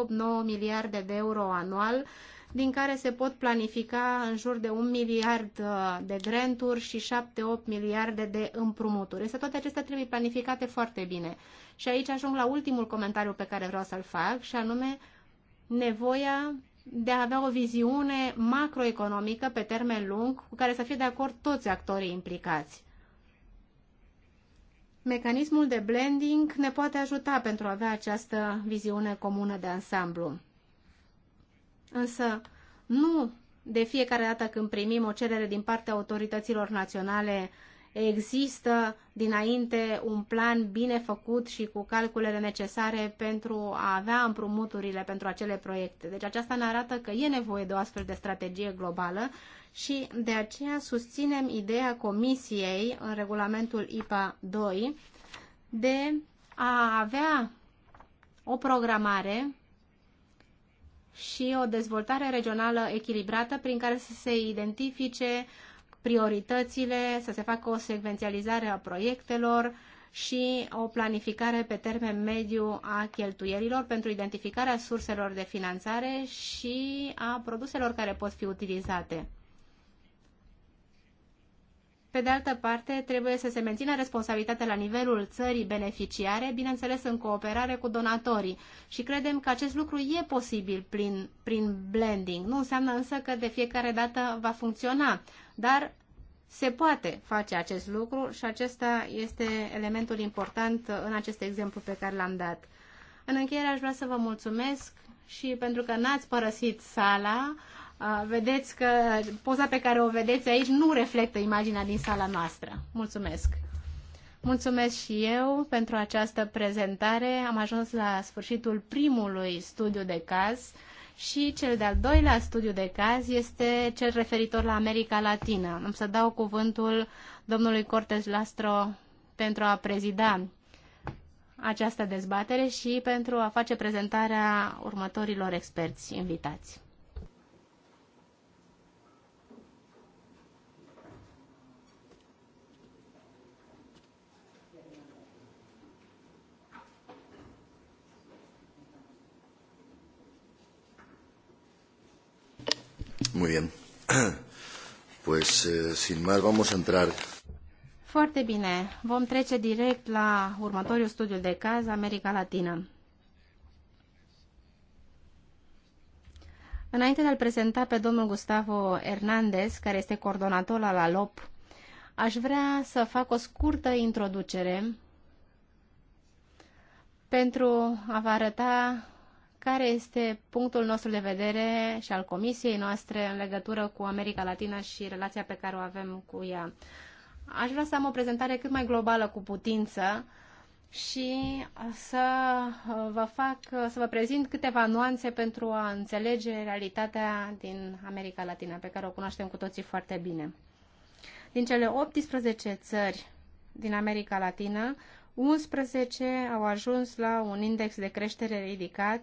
miliarde de euro anual din care se pot planifica în jur de un miliard uh, de granturi și 7-8 miliarde de împrumuturi. Însă toate acestea trebuie planificate foarte bine. Și aici ajung la ultimul comentariu pe care vreau să-l fac, și anume nevoia de a avea o viziune macroeconomică pe termen lung cu care să fie de acord toți actorii implicați. Mecanismul de blending ne poate ajuta pentru a avea această viziune comună de ansamblu. Însă nu de fiecare dată când primim o cerere din partea autorităților naționale există dinainte un plan bine făcut și cu calculele necesare pentru a avea împrumuturile pentru acele proiecte. Deci aceasta ne arată că e nevoie de o astfel de strategie globală și de aceea susținem ideea Comisiei în regulamentul IPA 2 de a avea o programare și o dezvoltare regională echilibrată prin care să se identifice prioritățile, să se facă o secvențializare a proiectelor și o planificare pe termen mediu a cheltuielilor pentru identificarea surselor de finanțare și a produselor care pot fi utilizate. Pe de altă parte, trebuie să se mențină responsabilitatea la nivelul țării beneficiare, bineînțeles în cooperare cu donatorii. Și credem că acest lucru e posibil prin, prin blending. Nu înseamnă însă că de fiecare dată va funcționa, dar se poate face acest lucru și acesta este elementul important în acest exemplu pe care l-am dat. În încheiere aș vrea să vă mulțumesc și pentru că n-ați părăsit sala, vedeți că poza pe care o vedeți aici nu reflectă imaginea din sala noastră. Mulțumesc! Mulțumesc și eu pentru această prezentare. Am ajuns la sfârșitul primului studiu de caz și cel de-al doilea studiu de caz este cel referitor la America Latină. Am să dau cuvântul domnului Cortez Lastro pentru a prezida această dezbatere și pentru a face prezentarea următorilor experți invitați. Muy bien. Pues, eh, sin más, vamos a entrar. Foarte bine. Vom trece direct la următorul studiu de caz, America Latină. Înainte de a-l prezenta pe domnul Gustavo Hernandez, care este coordonator al ALOP, aș vrea să fac o scurtă introducere pentru a vă arăta care este punctul nostru de vedere și al comisiei noastre în legătură cu America Latina și relația pe care o avem cu ea. Aș vrea să am o prezentare cât mai globală cu putință și să uh, vă fac, uh, să vă prezint câteva nuanțe pentru a înțelege realitatea din America Latina, pe care o cunoaștem cu toții foarte bine. Din cele 18 țări din America Latină, 11 au ajuns la un index de creștere ridicat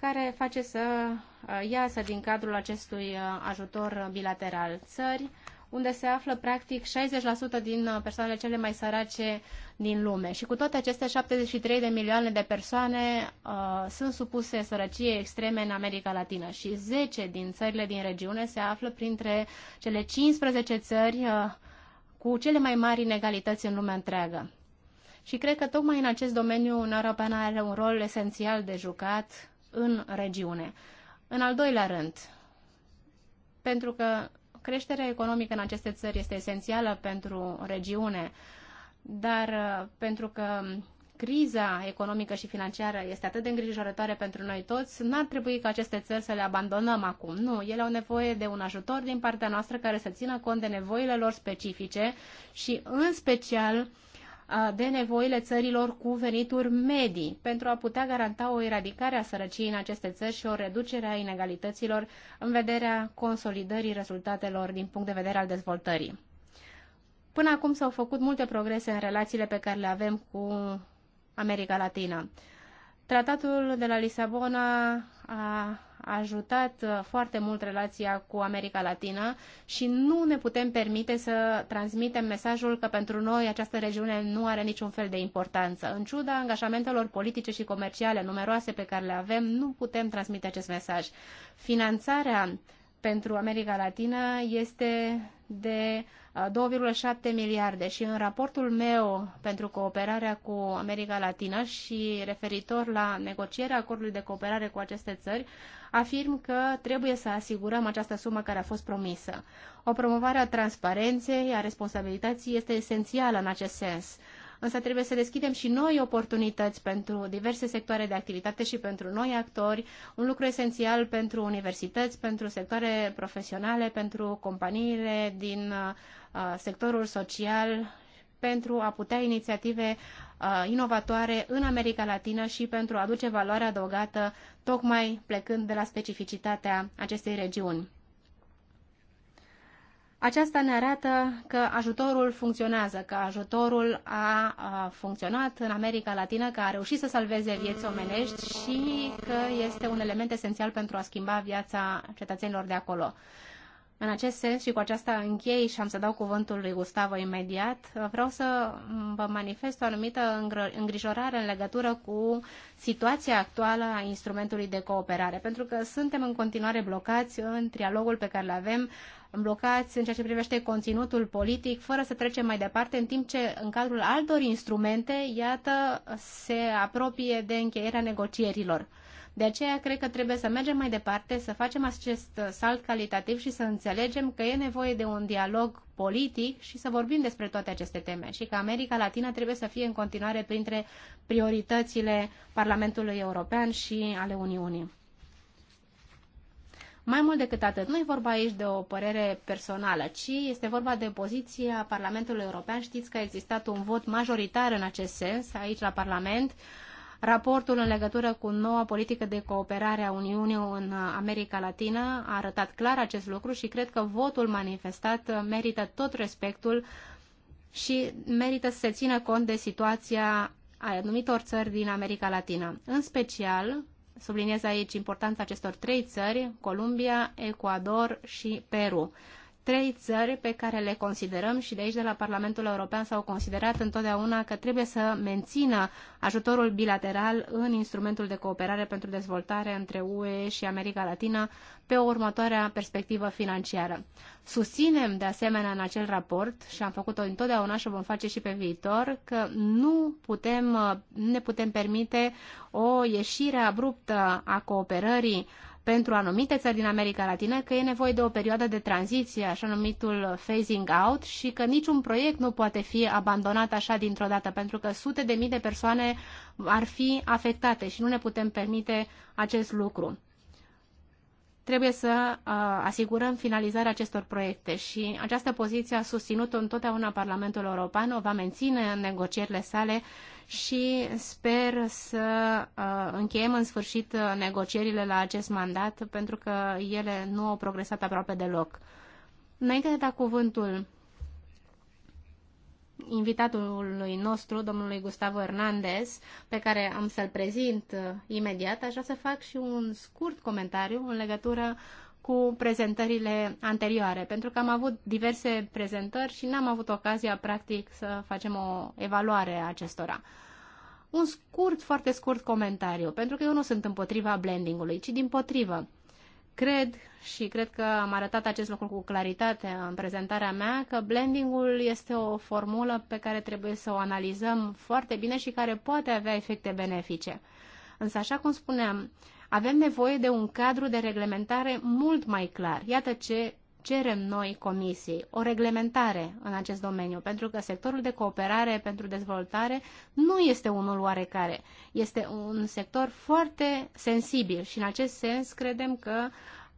care face să uh, iasă din cadrul acestui uh, ajutor bilateral. Țări unde se află practic 60% din uh, persoanele cele mai sărace din lume. Și cu toate acestea, 73 de milioane de persoane uh, sunt supuse sărăciei extreme în America Latină și 10 din țările din regiune se află printre cele 15 țări uh, cu cele mai mari inegalități în lumea întreagă. Și cred că tocmai în acest domeniu Uniunea Europeană are un rol esențial de jucat în regiune. În al doilea rând, pentru că creșterea economică în aceste țări este esențială pentru regiune, dar uh, pentru că criza economică și financiară este atât de îngrijorătoare pentru noi toți, n-ar trebui ca aceste țări să le abandonăm acum. Nu, ele au nevoie de un ajutor din partea noastră care să țină cont de nevoile lor specifice și, în special, de nevoile țărilor cu venituri medii pentru a putea garanta o eradicare a sărăciei în aceste țări și o reducere a inegalităților în vederea consolidării rezultatelor din punct de vedere al dezvoltării. Până acum s-au făcut multe progrese în relațiile pe care le avem cu America Latină. Tratatul de la Lisabona a ajutat uh, foarte mult relația cu America Latină și nu ne putem permite să transmitem mesajul că pentru noi această regiune nu are niciun fel de importanță. În ciuda angajamentelor politice și comerciale numeroase pe care le avem, nu putem transmite acest mesaj. Finanțarea pentru America Latină este de 2,7 uh, miliarde și în raportul meu pentru cooperarea cu America Latină și referitor la negocierea acordului de cooperare cu aceste țări, afirm că trebuie să asigurăm această sumă care a fost promisă. O promovare a transparenței, a responsabilității este esențială în acest sens însă trebuie să deschidem și noi oportunități pentru diverse sectoare de activitate și pentru noi actori, un lucru esențial pentru universități, pentru sectoare profesionale, pentru companiile din uh, sectorul social pentru a putea inițiative uh, inovatoare în America Latină și pentru a aduce valoare adăugată tocmai plecând de la specificitatea acestei regiuni. Aceasta ne arată că ajutorul funcționează, că ajutorul a, a funcționat în America Latină, că a reușit să salveze vieți omenești și că este un element esențial pentru a schimba viața cetățenilor de acolo. În acest sens și cu aceasta închei și am să dau cuvântul lui Gustavo imediat, vreau să vă manifest o anumită îngrijorare în legătură cu situația actuală a instrumentului de cooperare, pentru că suntem în continuare blocați în trialogul pe care îl avem blocați în ceea ce privește conținutul politic, fără să trecem mai departe, în timp ce în cadrul altor instrumente, iată, se apropie de încheierea negocierilor. De aceea cred că trebuie să mergem mai departe, să facem acest salt calitativ și să înțelegem că e nevoie de un dialog politic și să vorbim despre toate aceste teme și că America Latina trebuie să fie în continuare printre prioritățile Parlamentului European și ale Uniunii. Mai mult decât atât, nu e vorba aici de o părere personală, ci este vorba de poziția Parlamentului European. Știți că a existat un vot majoritar în acest sens aici la Parlament. Raportul în legătură cu noua politică de cooperare a Uniunii în America Latină a arătat clar acest lucru și cred că votul manifestat merită tot respectul și merită să se țină cont de situația anumitor țări din America Latină. În special, Subliniez aici importanța acestor trei țări, Columbia, Ecuador și Peru trei țări pe care le considerăm și de aici de la Parlamentul European s-au considerat întotdeauna că trebuie să mențină ajutorul bilateral în instrumentul de cooperare pentru dezvoltare între UE și America Latină pe o următoarea perspectivă financiară. Susținem de asemenea în acel raport și am făcut-o întotdeauna și o vom face și pe viitor că nu putem, ne putem permite o ieșire abruptă a cooperării pentru anumite țări din America Latină că e nevoie de o perioadă de tranziție, așa numitul phasing out, și că niciun proiect nu poate fi abandonat așa dintr-o dată, pentru că sute de mii de persoane ar fi afectate și nu ne putem permite acest lucru. Trebuie să uh, asigurăm finalizarea acestor proiecte și această poziție a susținut-o întotdeauna Parlamentul European, o va menține în negocierile sale și sper să uh, încheiem în sfârșit negocierile la acest mandat, pentru că ele nu au progresat aproape deloc. Înainte de a da cuvântul invitatului nostru, domnului Gustavo Hernandez, pe care am să-l prezint uh, imediat, aș vrea să fac și un scurt comentariu în legătură cu prezentările anterioare, pentru că am avut diverse prezentări și n-am avut ocazia, practic, să facem o evaluare a acestora. Un scurt, foarte scurt comentariu, pentru că eu nu sunt împotriva blendingului, ci din potrivă. Cred și cred că am arătat acest lucru cu claritate în prezentarea mea, că blendingul este o formulă pe care trebuie să o analizăm foarte bine și care poate avea efecte benefice. Însă, așa cum spuneam, avem nevoie de un cadru de reglementare mult mai clar. Iată ce cerem noi comisiei o reglementare în acest domeniu, pentru că sectorul de cooperare pentru dezvoltare nu este unul oarecare. Este un sector foarte sensibil și în acest sens credem că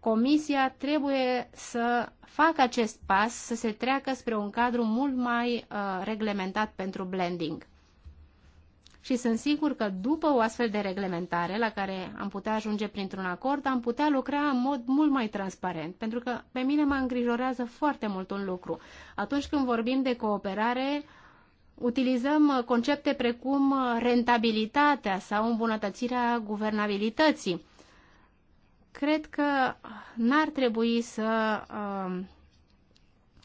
Comisia trebuie să facă acest pas, să se treacă spre un cadru mult mai uh, reglementat pentru blending și sunt sigur că după o astfel de reglementare la care am putea ajunge printr-un acord, am putea lucra în mod mult mai transparent, pentru că pe mine mă îngrijorează foarte mult un lucru. Atunci când vorbim de cooperare, utilizăm concepte precum rentabilitatea sau îmbunătățirea guvernabilității. Cred că n-ar trebui să uh,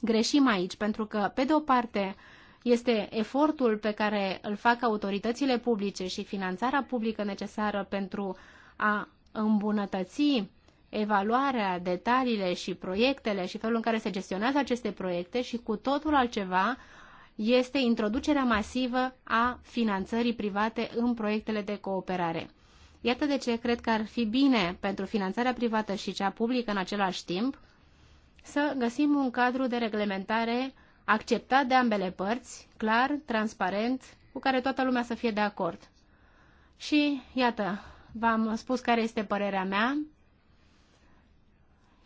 greșim aici, pentru că, pe de o parte, uh, este efortul pe care îl fac autoritățile publice și finanțarea publică necesară pentru a îmbunătăți evaluarea, detaliile și proiectele și felul în care se gestionează aceste proiecte și cu totul altceva este introducerea masivă a finanțării private în proiectele de cooperare. Iată de ce cred că ar fi bine pentru finanțarea privată și cea publică în același timp să găsim un cadru de reglementare acceptat de ambele părți, clar, transparent, cu care toată lumea să fie de acord. Și iată, v-am spus care este părerea mea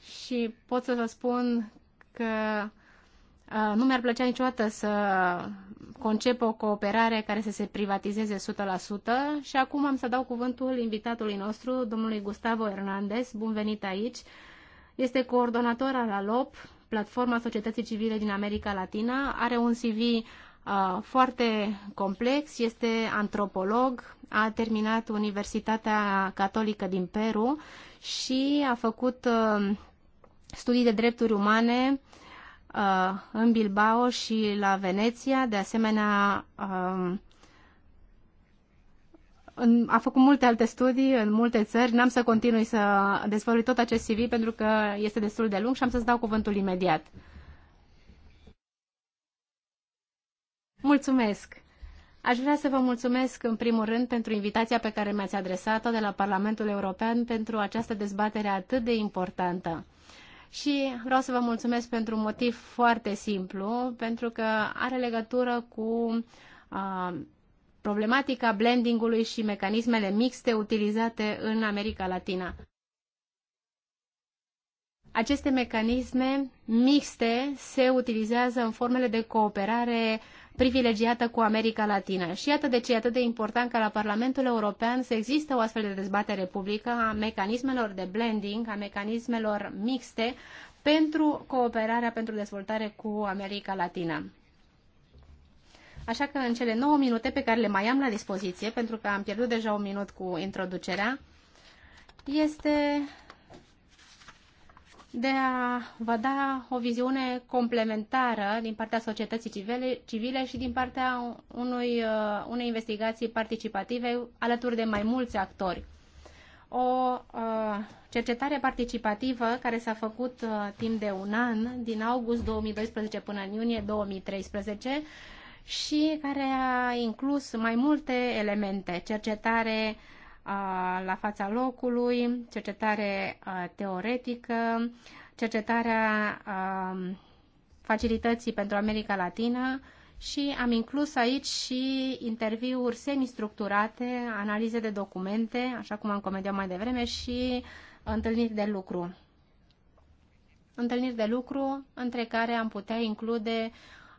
și pot să vă spun că uh, nu mi-ar plăcea niciodată să concep o cooperare care să se privatizeze 100% și acum am să dau cuvântul invitatului nostru, domnului Gustavo Hernandez. Bun venit aici! Este coordonator al ALOP, Platforma Societății Civile din America Latina. Are un CV uh, foarte complex, este antropolog, a terminat Universitatea Catolică din Peru și a făcut uh, studii de drepturi umane uh, în Bilbao și la Veneția, de asemenea uh, a făcut multe alte studii în multe țări. N-am să continui să dezvălui tot acest CV pentru că este destul de lung și am să-ți dau cuvântul imediat. Mulțumesc! Aș vrea să vă mulțumesc în primul rând pentru invitația pe care mi-ați adresat-o de la Parlamentul European pentru această dezbatere atât de importantă. Și vreau să vă mulțumesc pentru un motiv foarte simplu, pentru că are legătură cu uh, problematica blendingului și mecanismele mixte utilizate în America Latina. Aceste mecanisme mixte se utilizează în formele de cooperare privilegiată cu America Latină. Și iată de ce e atât de important ca la Parlamentul European să există o astfel de dezbatere publică a mecanismelor de blending, a mecanismelor mixte pentru cooperarea pentru dezvoltare cu America Latină. Așa că în cele 9 minute pe care le mai am la dispoziție, pentru că am pierdut deja un minut cu introducerea, este de a vă da o viziune complementară din partea societății civile, civile și din partea unui, uh, unei investigații participative alături de mai mulți actori. O uh, cercetare participativă care s-a făcut uh, timp de un an, din august 2012 până în iunie 2013, și care a inclus mai multe elemente, cercetare la fața locului, cercetare teoretică, cercetarea facilității pentru America Latină și am inclus aici și interviuri semistructurate, analize de documente, așa cum am comediat mai devreme, și întâlniri de lucru. Întâlniri de lucru între care am putea include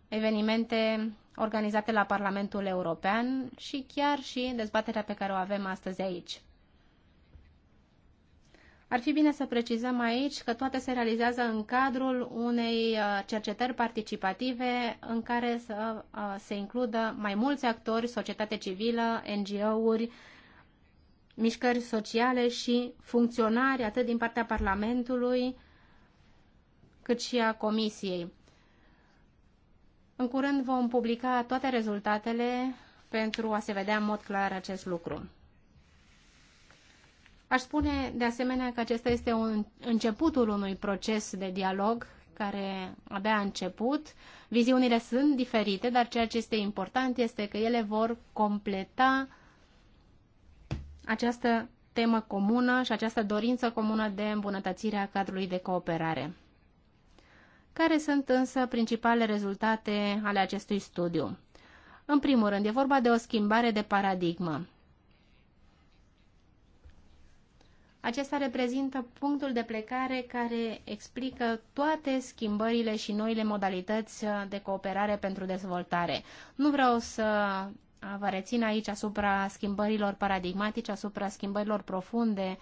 evenimente organizate la Parlamentul European și chiar și dezbaterea pe care o avem astăzi aici. Ar fi bine să precizăm aici că toate se realizează în cadrul unei uh, cercetări participative în care să uh, se includă mai mulți actori, societate civilă, NGO-uri, mișcări sociale și funcționari atât din partea Parlamentului cât și a Comisiei. În curând vom publica toate rezultatele pentru a se vedea în mod clar acest lucru. Aș spune de asemenea că acesta este un începutul unui proces de dialog care abia a început. Viziunile sunt diferite, dar ceea ce este important este că ele vor completa această temă comună și această dorință comună de îmbunătățire a cadrului de cooperare. Care sunt însă principale rezultate ale acestui studiu? În primul rând, e vorba de o schimbare de paradigmă. Acesta reprezintă punctul de plecare care explică toate schimbările și noile modalități de cooperare pentru dezvoltare. Nu vreau să vă rețin aici asupra schimbărilor paradigmatice, asupra schimbărilor profunde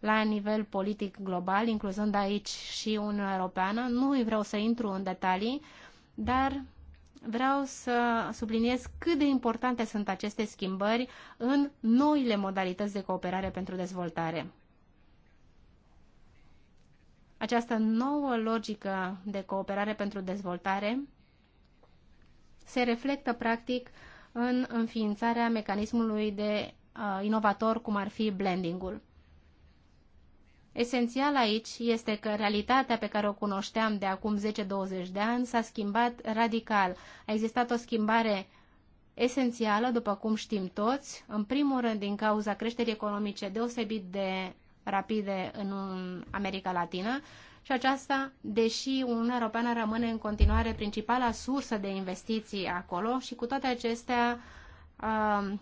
la nivel politic global, incluzând aici și Uniunea Europeană. Nu vreau să intru în detalii, dar vreau să subliniez cât de importante sunt aceste schimbări în noile modalități de cooperare pentru dezvoltare. Această nouă logică de cooperare pentru dezvoltare se reflectă practic în înființarea mecanismului de uh, inovator cum ar fi blendingul. Esențial aici este că realitatea pe care o cunoșteam de acum 10-20 de ani s-a schimbat radical. A existat o schimbare esențială, după cum știm toți, în primul rând din cauza creșterii economice deosebit de rapide în America Latină și aceasta, deși Uniunea Europeană rămâne în continuare principala sursă de investiții acolo și cu toate acestea um,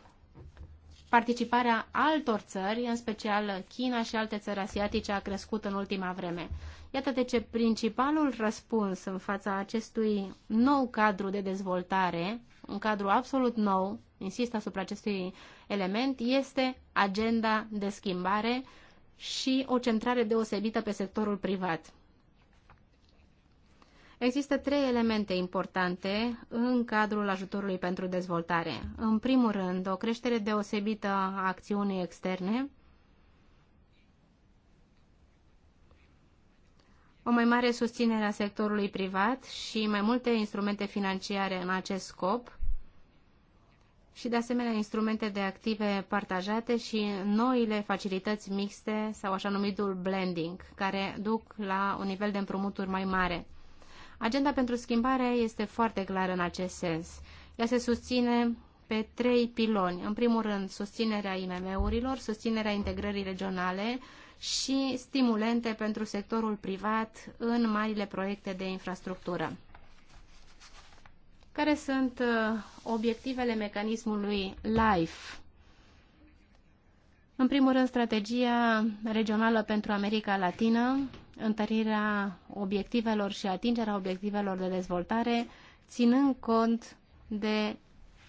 participarea altor țări, în special China și alte țări asiatice, a crescut în ultima vreme. Iată de ce principalul răspuns în fața acestui nou cadru de dezvoltare, un cadru absolut nou, insist asupra acestui element, este agenda de schimbare și o centrare deosebită pe sectorul privat. Există trei elemente importante în cadrul ajutorului pentru dezvoltare. În primul rând, o creștere deosebită a acțiunii externe, o mai mare susținere a sectorului privat și mai multe instrumente financiare în acest scop și, de asemenea, instrumente de active partajate și noile facilități mixte sau așa numitul blending, care duc la un nivel de împrumuturi mai mare. Agenda pentru schimbare este foarte clară în acest sens. Ea se susține pe trei piloni. În primul rând, susținerea IMM-urilor, susținerea integrării regionale și stimulente pentru sectorul privat în marile proiecte de infrastructură. Care sunt uh, obiectivele mecanismului LIFE? În primul rând, strategia regională pentru America Latină, întărirea obiectivelor și atingerea obiectivelor de dezvoltare, ținând cont de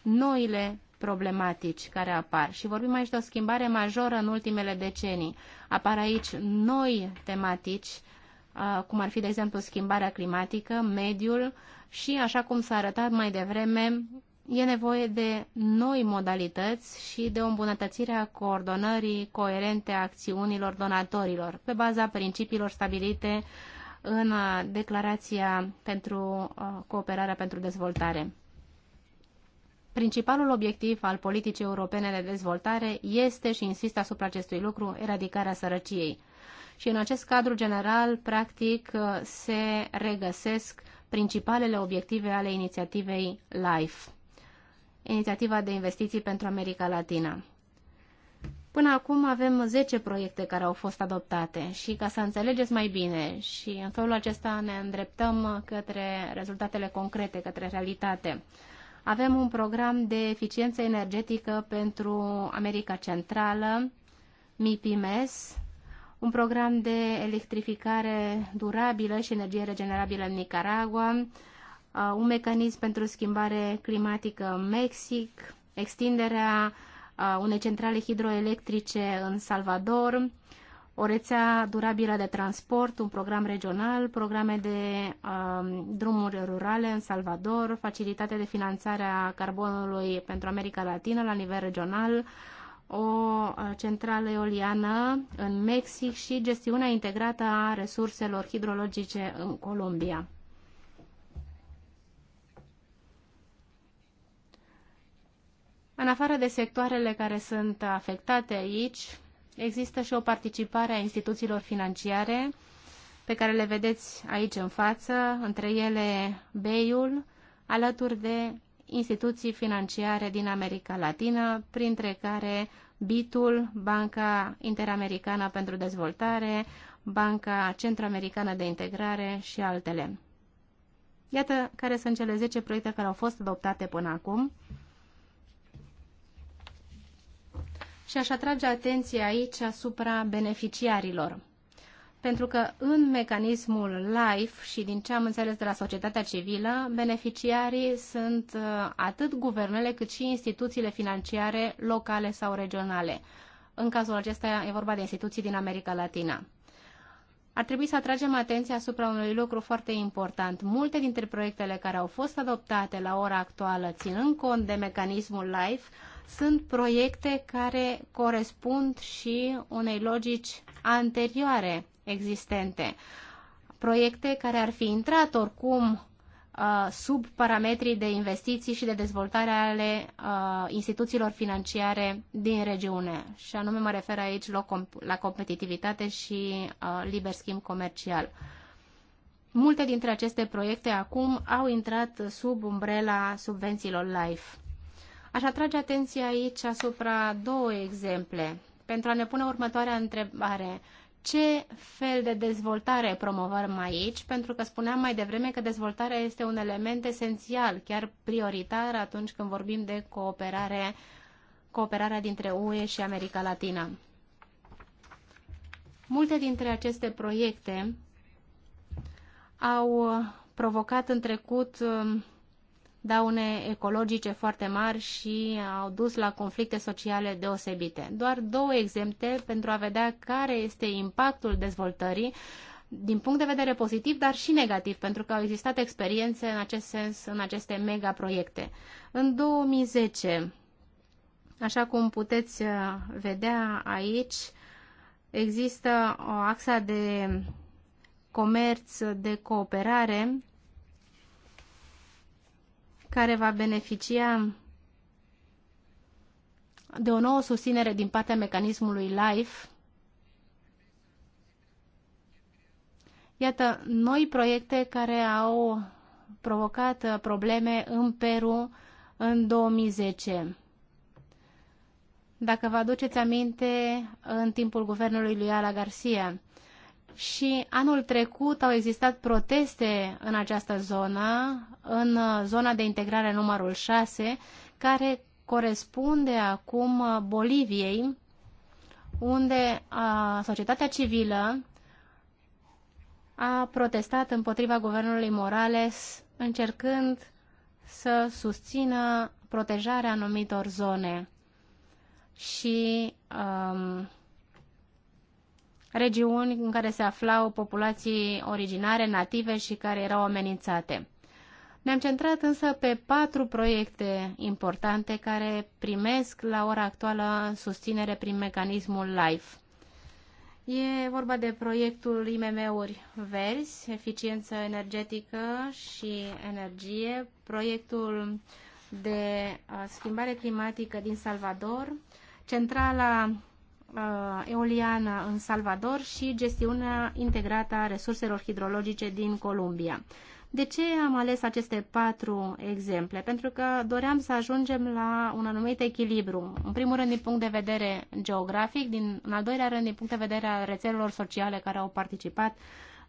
noile problematici care apar. Și vorbim aici de o schimbare majoră în ultimele decenii. Apar aici noi tematici, cum ar fi, de exemplu, schimbarea climatică, mediul și, așa cum s-a arătat mai devreme, e nevoie de noi modalități și de o îmbunătățire a coordonării coerente a acțiunilor donatorilor, pe baza principiilor stabilite în uh, declarația pentru uh, cooperarea pentru dezvoltare. Principalul obiectiv al politicii europene de dezvoltare este, și insist asupra acestui lucru, eradicarea sărăciei. Și în acest cadru general, practic, uh, se regăsesc principalele obiective ale inițiativei LIFE inițiativa de investiții pentru America Latina. Până acum avem 10 proiecte care au fost adoptate și ca să înțelegeți mai bine și în felul acesta ne îndreptăm către rezultatele concrete, către realitate. Avem un program de eficiență energetică pentru America Centrală, MIPIMES, un program de electrificare durabilă și energie regenerabilă în Nicaragua, un mecanism pentru schimbare climatică în Mexic, extinderea unei centrale hidroelectrice în Salvador, o rețea durabilă de transport, un program regional, programe de uh, drumuri rurale în Salvador, facilitate de finanțare a carbonului pentru America Latină la nivel regional, o centrală eoliană în Mexic și gestiunea integrată a resurselor hidrologice în Columbia. În afară de sectoarele care sunt afectate aici, există și o participare a instituțiilor financiare pe care le vedeți aici în față, între ele BEI-ul, alături de instituții financiare din America Latină, printre care BIT-ul, Banca Interamericană pentru Dezvoltare, Banca Centroamericană de Integrare și altele. Iată care sunt cele 10 proiecte care au fost adoptate până acum Și aș atrage atenția aici asupra beneficiarilor. Pentru că în mecanismul LIFE și din ce am înțeles de la societatea civilă, beneficiarii sunt uh, atât guvernele cât și instituțiile financiare locale sau regionale. În cazul acesta e vorba de instituții din America Latina. Ar trebui să atragem atenția asupra unui lucru foarte important. Multe dintre proiectele care au fost adoptate la ora actuală, ținând cont de mecanismul LIFE, sunt proiecte care corespund și unei logici anterioare existente. Proiecte care ar fi intrat oricum uh, sub parametrii de investiții și de dezvoltare ale uh, instituțiilor financiare din regiune. Și anume mă refer aici la competitivitate și uh, liber schimb comercial. Multe dintre aceste proiecte acum au intrat sub umbrela subvențiilor LIFE. Aș atrage atenția aici asupra două exemple pentru a ne pune următoarea întrebare. Ce fel de dezvoltare promovăm aici? Pentru că spuneam mai devreme că dezvoltarea este un element esențial, chiar prioritar atunci când vorbim de cooperare, cooperarea dintre UE și America Latină. Multe dintre aceste proiecte au provocat în trecut um, daune ecologice foarte mari și au dus la conflicte sociale deosebite. Doar două exemple pentru a vedea care este impactul dezvoltării din punct de vedere pozitiv, dar și negativ, pentru că au existat experiențe în acest sens în aceste megaproiecte. În 2010, așa cum puteți uh, vedea aici, există o axa de comerț, de cooperare care va beneficia de o nouă susținere din partea mecanismului LIFE. Iată, noi proiecte care au provocat uh, probleme în Peru în 2010. Dacă vă aduceți aminte, în timpul guvernului lui Ala Garcia, și anul trecut au existat proteste în această zonă, în zona de integrare numărul 6, care corespunde acum Boliviei, unde a, societatea civilă a protestat împotriva guvernului Morales, încercând să susțină protejarea anumitor zone. Și um, regiuni în care se aflau populații originare, native și care erau amenințate. Ne-am centrat însă pe patru proiecte importante care primesc la ora actuală susținere prin mecanismul LIFE. E vorba de proiectul IMM-uri verzi, eficiență energetică și energie, proiectul de schimbare climatică din Salvador, centrala Uh, eoliana în Salvador și gestiunea integrată a resurselor hidrologice din Columbia. De ce am ales aceste patru exemple? Pentru că doream să ajungem la un anumit echilibru. În primul rând, din punct de vedere geografic, din, în al doilea rând, din punct de vedere al rețelelor sociale care au participat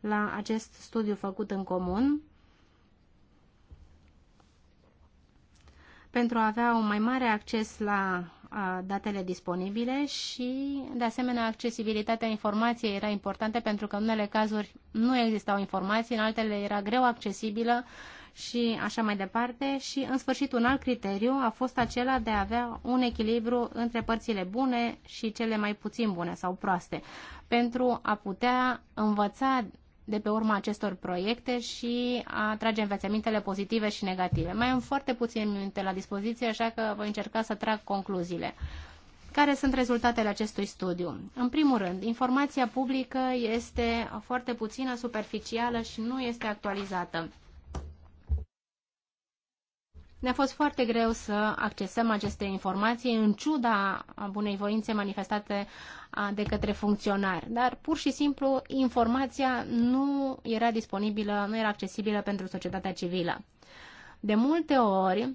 la acest studiu făcut în comun, pentru a avea un mai mare acces la datele disponibile și, de asemenea, accesibilitatea informației era importantă pentru că în unele cazuri nu existau informații, în altele era greu accesibilă și așa mai departe. Și, în sfârșit, un alt criteriu a fost acela de a avea un echilibru între părțile bune și cele mai puțin bune sau proaste, pentru a putea învăța de pe urma acestor proiecte și a trage învățămintele pozitive și negative. Mai am foarte puțin minute la dispoziție, așa că voi încerca să trag concluziile. Care sunt rezultatele acestui studiu? În primul rând, informația publică este foarte puțină, superficială și nu este actualizată. Ne-a fost foarte greu să accesăm aceste informații în ciuda bunei voințe manifestate de către funcționari, dar pur și simplu informația nu era disponibilă, nu era accesibilă pentru societatea civilă. De multe ori,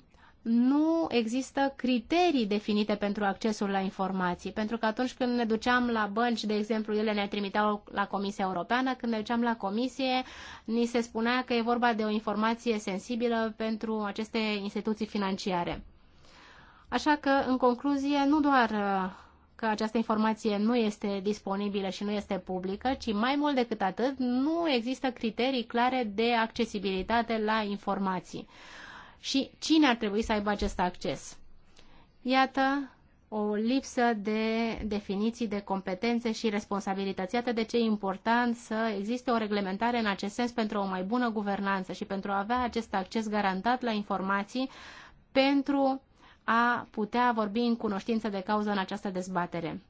nu există criterii definite pentru accesul la informații, pentru că atunci când ne duceam la bănci, de exemplu, ele ne trimiteau la Comisia Europeană, când ne duceam la Comisie, ni se spunea că e vorba de o informație sensibilă pentru aceste instituții financiare. Așa că, în concluzie, nu doar uh, că această informație nu este disponibilă și nu este publică, ci mai mult decât atât, nu există criterii clare de accesibilitate la informații și cine ar trebui să aibă acest acces. Iată o lipsă de definiții de competențe și responsabilități. Iată de ce e important să existe o reglementare în acest sens pentru o mai bună guvernanță și pentru a avea acest acces garantat la informații pentru a putea vorbi în cunoștință de cauză în această dezbatere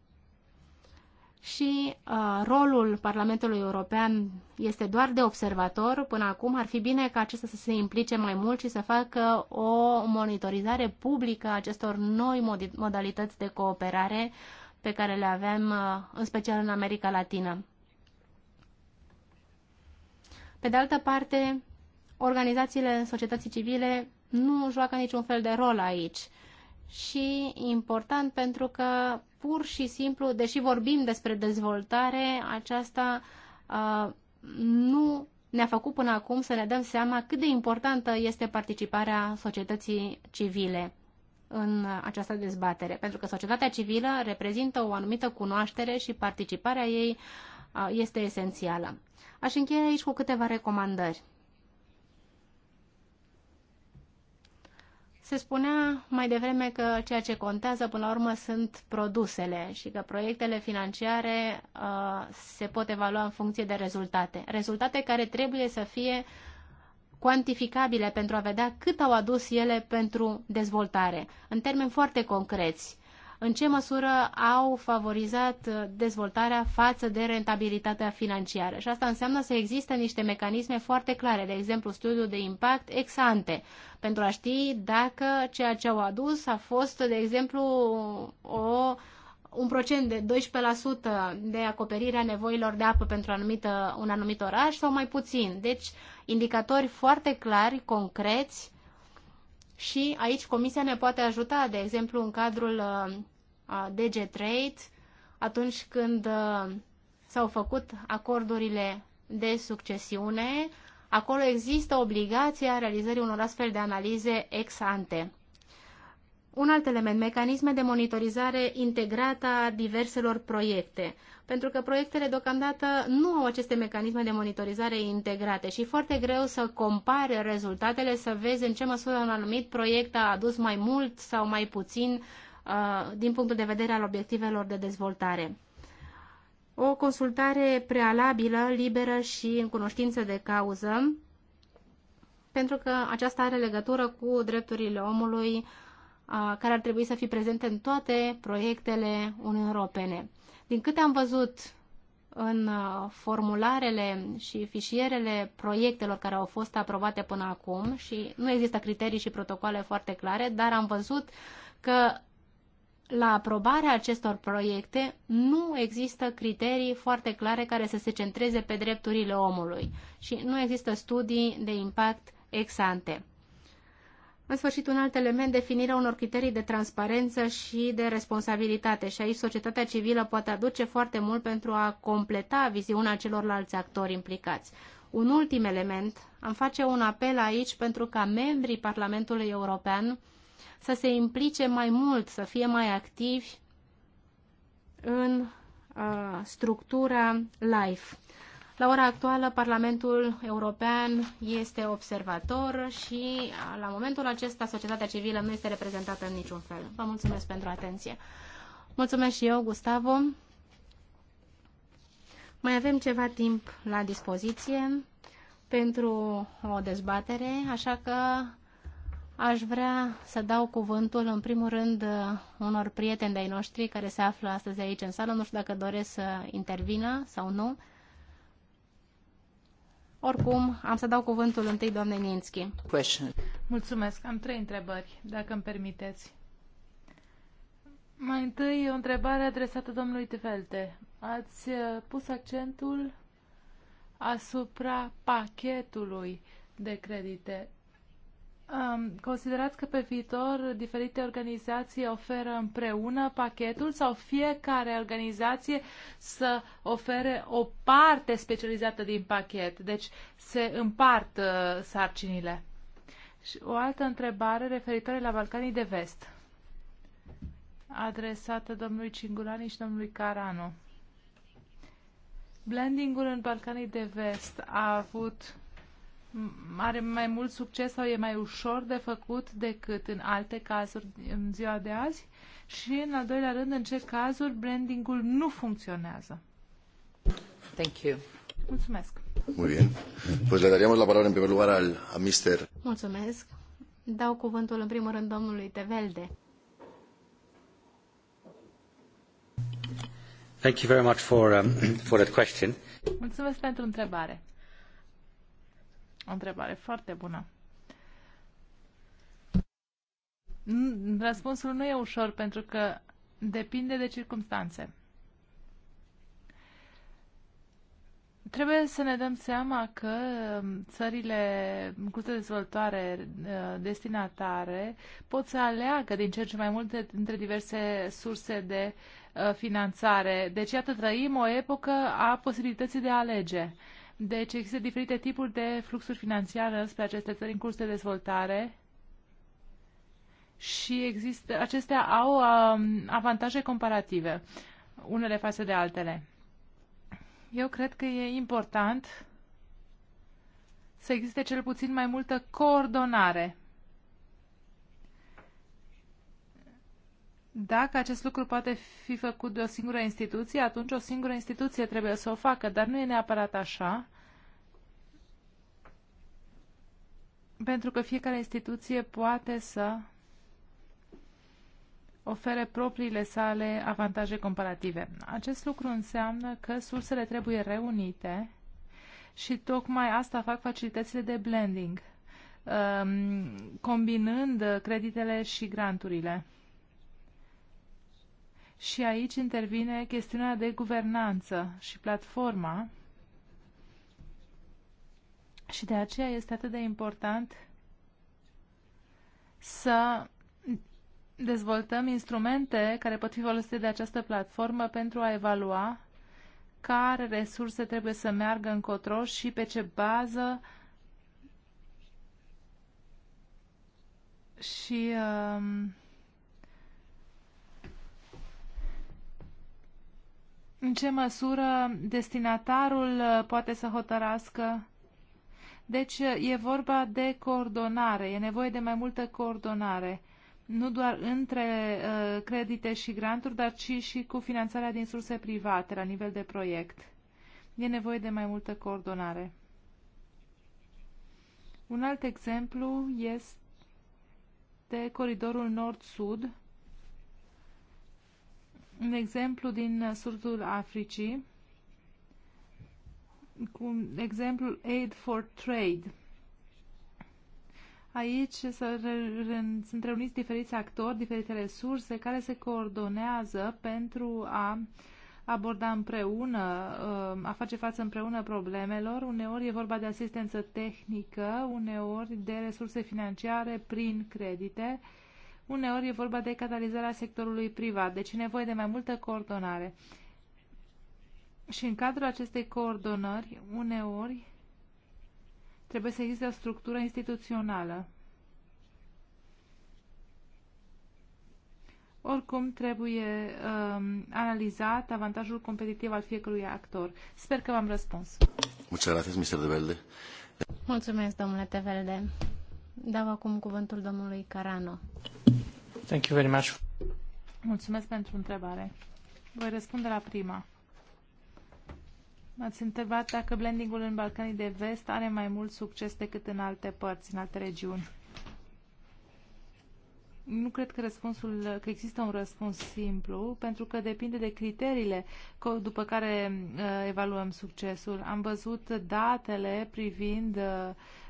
și uh, rolul Parlamentului European este doar de observator până acum. Ar fi bine ca acesta să se implice mai mult și să facă o monitorizare publică a acestor noi modalități de cooperare pe care le avem, uh, în special în America Latină. Pe de altă parte, organizațiile societății civile nu joacă niciun fel de rol aici și important pentru că pur și simplu, deși vorbim despre dezvoltare, aceasta uh, nu ne-a făcut până acum să ne dăm seama cât de importantă este participarea societății civile în această dezbatere, pentru că societatea civilă reprezintă o anumită cunoaștere și participarea ei este esențială. Aș încheia aici cu câteva recomandări. Se spunea mai devreme că ceea ce contează până la urmă sunt produsele și că proiectele financiare uh, se pot evalua în funcție de rezultate. Rezultate care trebuie să fie cuantificabile pentru a vedea cât au adus ele pentru dezvoltare, în termeni foarte concreți în ce măsură au favorizat dezvoltarea față de rentabilitatea financiară. Și asta înseamnă să existe niște mecanisme foarte clare, de exemplu studiul de impact ex ante, pentru a ști dacă ceea ce au adus a fost, de exemplu, o un procent de 12% de acoperire a nevoilor de apă pentru anumită, un anumit oraș sau mai puțin. Deci, indicatori foarte clari, concreți și aici Comisia ne poate ajuta, de exemplu, în cadrul DG Trade atunci când uh, s-au făcut acordurile de succesiune. Acolo există obligația realizării unor astfel de analize ex ante. Un alt element, mecanisme de monitorizare integrată a diverselor proiecte. Pentru că proiectele deocamdată nu au aceste mecanisme de monitorizare integrate și e foarte greu să compare rezultatele, să vezi în ce măsură un anumit proiect a adus mai mult sau mai puțin din punctul de vedere al obiectivelor de dezvoltare. O consultare prealabilă, liberă și în cunoștință de cauză, pentru că aceasta are legătură cu drepturile omului care ar trebui să fie prezente în toate proiectele Uniunii Europene. Din câte am văzut în formularele și fișierele proiectelor care au fost aprobate până acum și nu există criterii și protocoale foarte clare, dar am văzut că la aprobarea acestor proiecte nu există criterii foarte clare care să se centreze pe drepturile omului și nu există studii de impact ex ante. În sfârșit, un alt element, definirea unor criterii de transparență și de responsabilitate. Și aici societatea civilă poate aduce foarte mult pentru a completa viziunea celorlalți actori implicați. Un ultim element, am face un apel aici pentru ca membrii Parlamentului European să se implice mai mult, să fie mai activi în uh, structura LIFE. La ora actuală, Parlamentul European este observator și uh, la momentul acesta societatea civilă nu este reprezentată în niciun fel. Vă mulțumesc pentru atenție. Mulțumesc și eu, Gustavo. Mai avem ceva timp la dispoziție pentru o dezbatere, așa că Aș vrea să dau cuvântul, în primul rând, unor prieteni de-ai noștri care se află astăzi aici în sală. Nu știu dacă doresc să intervină sau nu. Oricum, am să dau cuvântul întâi doamnei Ninski. Mulțumesc. Am trei întrebări, dacă îmi permiteți. Mai întâi, o întrebare adresată domnului Tefelte. Ați uh, pus accentul asupra pachetului de credite Considerați că pe viitor diferite organizații oferă împreună pachetul sau fiecare organizație să ofere o parte specializată din pachet? Deci se împart uh, sarcinile. Și o altă întrebare referitoare la Balcanii de Vest, adresată domnului Cingulani și domnului Carano. Blendingul în Balcanii de Vest a avut are mai mult succes sau e mai ușor de făcut decât în alte cazuri în ziua de azi? Și, în al doilea rând, în ce cazuri brandingul nu funcționează? Thank you. Mulțumesc. Muy bien. Pues le daríamos la palabra en primer lugar al a Mister. Mulțumesc. Dau cuvântul în primul rând domnului Tevelde. Thank you very much for, um, for that question. Mulțumesc pentru întrebare. O întrebare foarte bună. Răspunsul nu e ușor pentru că depinde de circumstanțe. Trebuie să ne dăm seama că um, țările cu de dezvoltare uh, destinatare pot să aleagă din ce în ce mai multe dintre diverse surse de uh, finanțare. Deci, iată, trăim o epocă a posibilității de a alege. Deci există diferite tipuri de fluxuri financiare spre aceste țări în curs de dezvoltare și există, acestea au um, avantaje comparative, unele față de altele. Eu cred că e important să existe cel puțin mai multă coordonare Dacă acest lucru poate fi făcut de o singură instituție, atunci o singură instituție trebuie să o facă, dar nu e neapărat așa, pentru că fiecare instituție poate să ofere propriile sale avantaje comparative. Acest lucru înseamnă că sursele trebuie reunite și tocmai asta fac facilitățile de blending, um, combinând creditele și granturile. Și aici intervine chestiunea de guvernanță și platforma. Și de aceea este atât de important să dezvoltăm instrumente care pot fi folosite de această platformă pentru a evalua care resurse trebuie să meargă încotro și pe ce bază și Uh, în ce măsură destinatarul uh, poate să hotărască. Deci uh, e vorba de coordonare, e nevoie de mai multă coordonare, nu doar între uh, credite și granturi, dar ci și cu finanțarea din surse private la nivel de proiect. E nevoie de mai multă coordonare. Un alt exemplu este coridorul nord-sud, un exemplu din sudul Africii, cu exemplul Aid for Trade. Aici sunt reuniți diferiți actori, diferite resurse care se coordonează pentru a aborda împreună, uh, a face față împreună problemelor. Uneori e vorba de asistență tehnică, uneori de resurse financiare prin credite, Uneori e vorba de catalizarea sectorului privat, deci e nevoie de mai multă coordonare. Și în cadrul acestei coordonări, uneori, trebuie să existe o structură instituțională. Oricum, trebuie um, analizat avantajul competitiv al fiecărui actor. Sper că v-am răspuns. Mulțumesc, domnule Tevelde. Dau acum cuvântul domnului Carano. Thank you very much. Mulțumesc pentru întrebare. Voi răspunde la prima. M-ați întrebat dacă blendingul în Balcanii de Vest are mai mult succes decât în alte părți, în alte regiuni. Nu cred că, răspunsul, că există un răspuns simplu, pentru că depinde de criteriile după care uh, evaluăm succesul. Am văzut datele privind uh,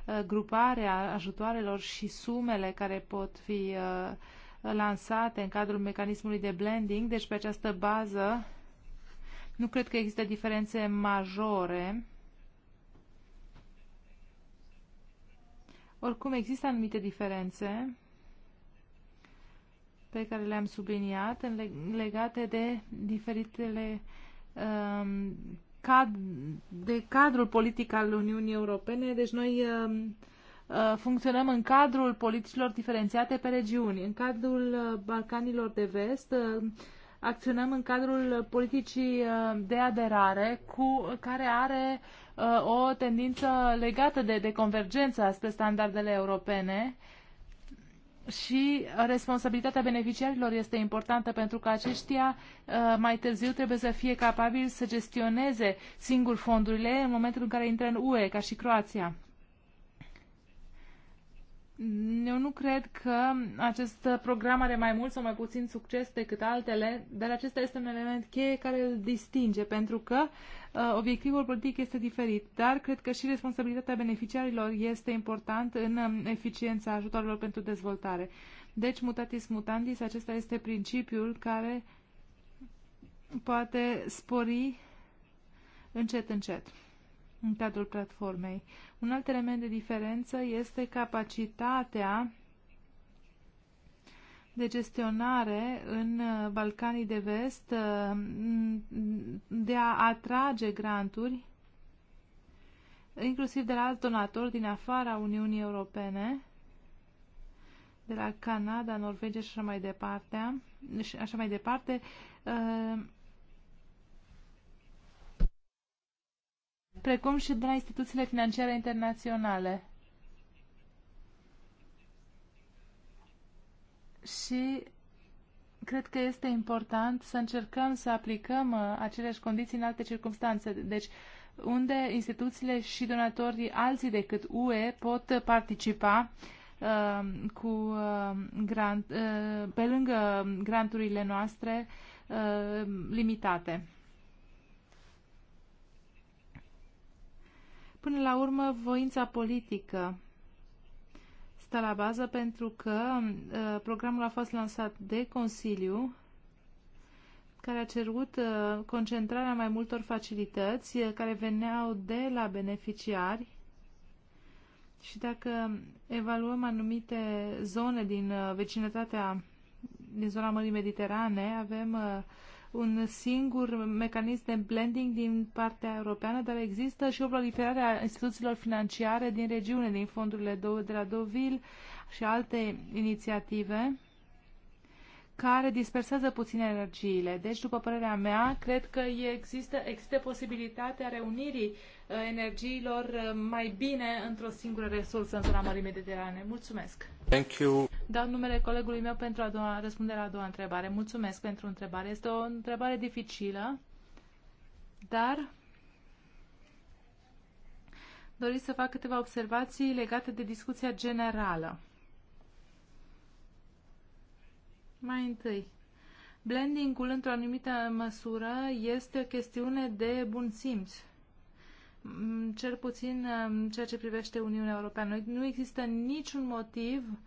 Uh, gruparea ajutoarelor și sumele care pot fi uh, lansate în cadrul mecanismului de blending, deci pe această bază nu cred că există diferențe majore. Oricum există anumite diferențe pe care le-am subliniat legate de diferitele um, de cadrul politic al Uniunii Europene, deci noi uh, uh, funcționăm în cadrul politicilor diferențiate pe regiuni. În cadrul uh, Balcanilor de Vest acționăm în cadrul politicii de aderare cu, care are o tendință legată de, de convergență spre standardele europene și responsabilitatea beneficiarilor este importantă pentru că aceștia uh, mai târziu trebuie să fie capabili să gestioneze singur fondurile în momentul în care intră în UE, ca și Croația. Eu nu cred că acest program are mai mult sau mai puțin succes decât altele, dar acesta este un element cheie care îl distinge, pentru că uh, obiectivul politic este diferit, dar cred că și responsabilitatea beneficiarilor este importantă în um, eficiența ajutorilor pentru dezvoltare. Deci, mutatis mutandis, acesta este principiul care poate spori încet, încet în cadrul platformei. Un alt element de diferență este capacitatea de gestionare în uh, Balcanii de Vest uh, de a atrage granturi inclusiv de la alt donator din afara Uniunii Europene, de la Canada, Norvegia și așa mai departe, și așa mai departe, uh, precum și de la instituțiile financiare internaționale. Și cred că este important să încercăm să aplicăm uh, aceleași condiții în alte circunstanțe. Deci, unde instituțiile și donatorii alții decât UE pot participa uh, cu uh, grant, uh, pe lângă granturile noastre uh, limitate. Până la urmă, voința politică stă la bază pentru că uh, programul a fost lansat de Consiliu care a cerut uh, concentrarea mai multor facilități uh, care veneau de la beneficiari și dacă evaluăm anumite zone din uh, vecinătatea, din zona Mării Mediterane, avem uh, un singur mecanism de blending din partea europeană, dar există și o proliferare a instituțiilor financiare din regiune, din fondurile de la Deauville și alte inițiative care dispersează puțin energiile. Deci, după părerea mea, cred că există, există posibilitatea reunirii uh, energiilor uh, mai bine într-o singură resursă în zona Mării Mediterane. Mulțumesc! Thank you dau numele colegului meu pentru a doua, răspunde la a doua întrebare. Mulțumesc pentru întrebare. Este o întrebare dificilă, dar doriți să fac câteva observații legate de discuția generală. Mai întâi, blending-ul într-o anumită măsură este o chestiune de bun simț. Mm, cel puțin mm, ceea ce privește Uniunea Europeană. Nu există niciun motiv uh,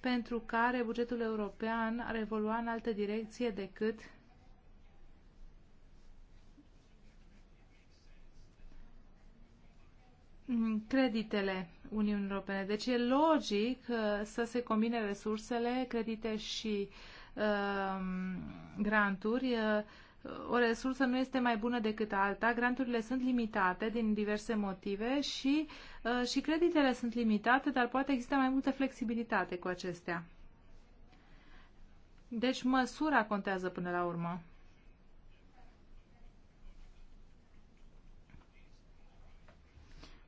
pentru care bugetul european ar evolua în altă direcție decât creditele Uniunii Europene. Deci e logic uh, să se combine resursele, credite și uh, granturi. Uh, o resursă nu este mai bună decât alta, granturile sunt limitate din diverse motive și, uh, și creditele sunt limitate, dar poate există mai multă flexibilitate cu acestea. Deci măsura contează până la urmă.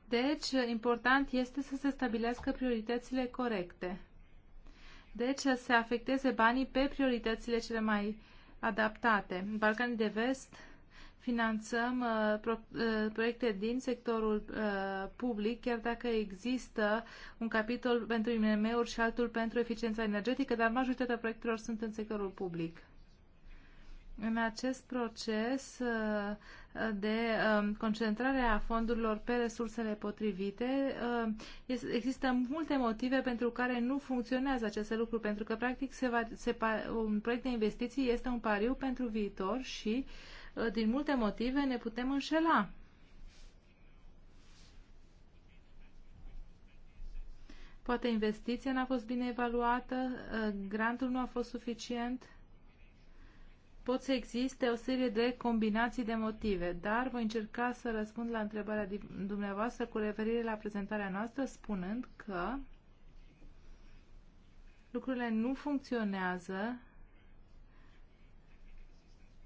Deci, important este să se stabilească prioritățile corecte. Deci, să se afecteze banii pe prioritățile cele mai adaptate. În Balcanii de Vest finanțăm uh, pro, uh, proiecte din sectorul uh, public, chiar dacă există un capitol pentru IMM-uri și altul pentru eficiența energetică, dar majoritatea proiectelor sunt în sectorul public. În acest proces uh, de um, concentrare a fondurilor pe resursele potrivite, uh, există multe motive pentru care nu funcționează aceste lucruri, pentru că, practic, se va, se, un proiect de investiții este un pariu pentru viitor și, uh, din multe motive, ne putem înșela. Poate investiția n-a fost bine evaluată, grantul nu a fost suficient pot să existe o serie de combinații de motive, dar voi încerca să răspund la întrebarea dumneavoastră cu referire la prezentarea noastră, spunând că lucrurile nu funcționează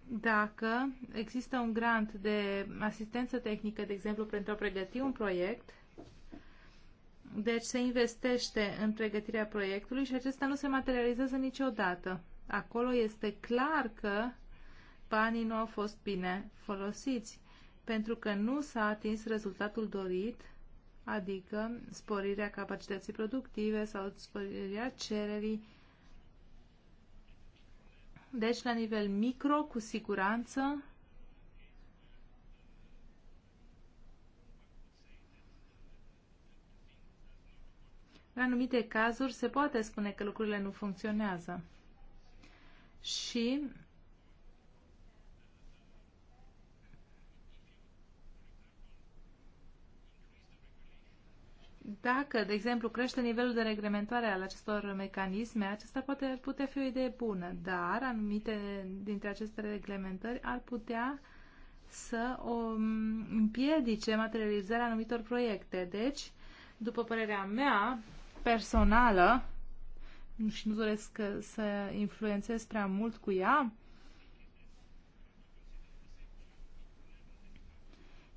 dacă există un grant de asistență tehnică, de exemplu, pentru a pregăti un proiect, deci se investește în pregătirea proiectului și acesta nu se materializează niciodată acolo este clar că banii nu au fost bine folosiți, pentru că nu s-a atins rezultatul dorit, adică sporirea capacității productive sau sporirea cererii. Deci, la nivel micro, cu siguranță, În anumite cazuri se poate spune că lucrurile nu funcționează și dacă, de exemplu, crește nivelul de reglementare al acestor mecanisme, acesta poate ar putea fi o idee bună, dar anumite dintre aceste reglementări ar putea să o um, împiedice materializarea anumitor proiecte. Deci, după părerea mea personală, și nu doresc uh, să influențez prea mult cu ea.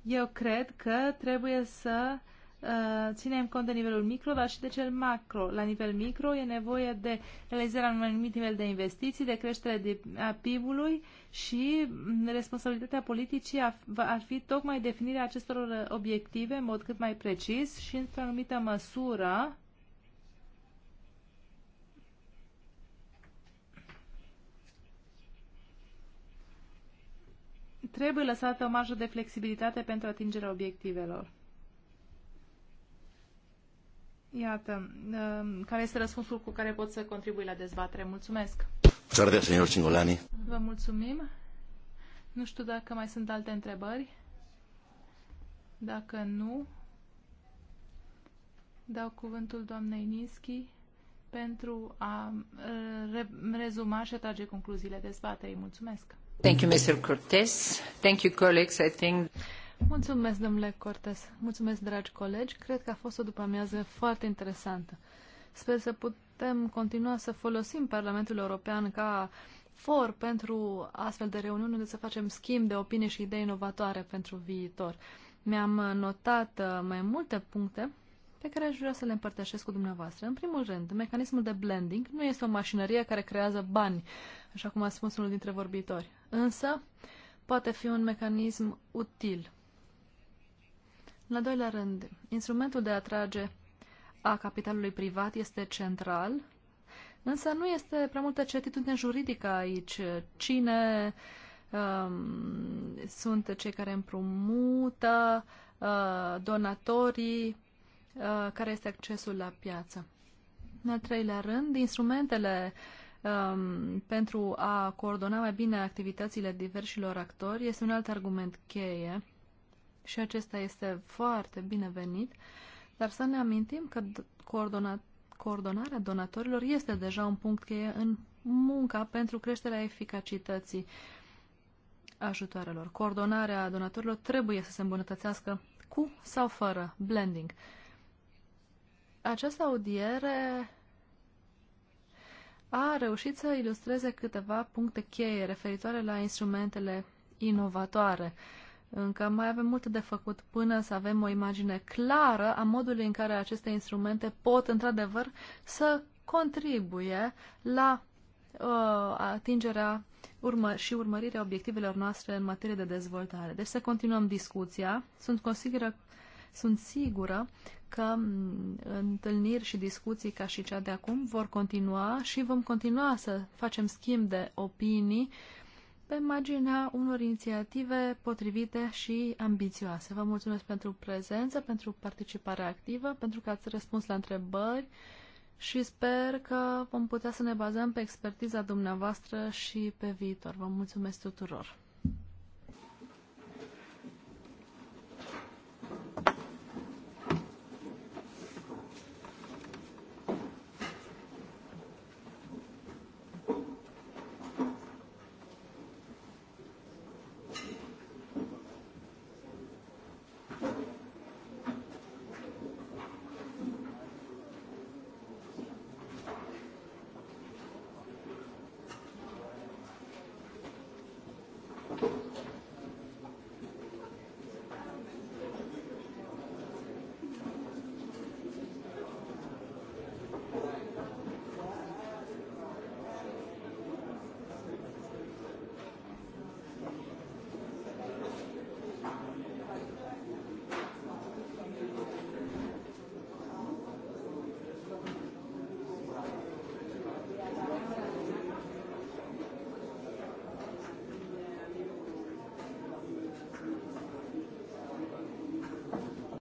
Eu cred că trebuie să uh, ținem cont de nivelul micro, dar și de cel macro. La nivel micro e nevoie de realizarea unui anumit nivel de investiții, de creștere de, a PIB-ului și mm, responsabilitatea politicii ar, fi tocmai definirea acestor uh, obiective în mod cât mai precis și într-o anumită măsură Trebuie lăsată o marjă de flexibilitate pentru atingerea obiectivelor. Iată, um, care este răspunsul cu care pot să contribui la dezbatere. Mulțumesc! Vă mulțumim! Nu știu dacă mai sunt alte întrebări. Dacă nu, dau cuvântul doamnei Ninski pentru a uh, rezuma și a trage concluziile dezbaterii. Mulțumesc! Mulțumesc, domnule Cortes. Mulțumesc, dragi colegi. Cred că a fost o după-amiază foarte interesantă. Sper să putem continua să folosim Parlamentul European ca for pentru astfel de reuniuni unde să facem schimb de opinie și idei inovatoare pentru viitor. Mi-am notat uh, mai multe puncte pe care aș vrea să le împărtășesc cu dumneavoastră. În primul rând, mecanismul de blending nu este o mașinărie care creează bani, așa cum a spus unul dintre vorbitori, însă poate fi un mecanism util. În al doilea rând, instrumentul de atrage a capitalului privat este central, însă nu este prea multă certitudine juridică aici. Cine um, sunt cei care împrumută, uh, donatorii, Uh, care este accesul la piață. În al treilea rând, instrumentele um, pentru a coordona mai bine activitățile diversilor actori este un alt argument cheie și acesta este foarte binevenit, dar să ne amintim că coordona coordonarea donatorilor este deja un punct cheie în munca pentru creșterea eficacității ajutoarelor. Coordonarea donatorilor trebuie să se îmbunătățească cu sau fără blending. Această audiere a reușit să ilustreze câteva puncte cheie referitoare la instrumentele inovatoare. Încă mai avem mult de făcut până să avem o imagine clară a modului în care aceste instrumente pot, într-adevăr, să contribuie la uh, atingerea urmă și urmărirea obiectivelor noastre în materie de dezvoltare. Deci să continuăm discuția. Sunt, sunt sigură că întâlniri și discuții ca și cea de acum vor continua și vom continua să facem schimb de opinii pe marginea unor inițiative potrivite și ambițioase. Vă mulțumesc pentru prezență, pentru participarea activă, pentru că ați răspuns la întrebări și sper că vom putea să ne bazăm pe expertiza dumneavoastră și pe viitor. Vă mulțumesc tuturor!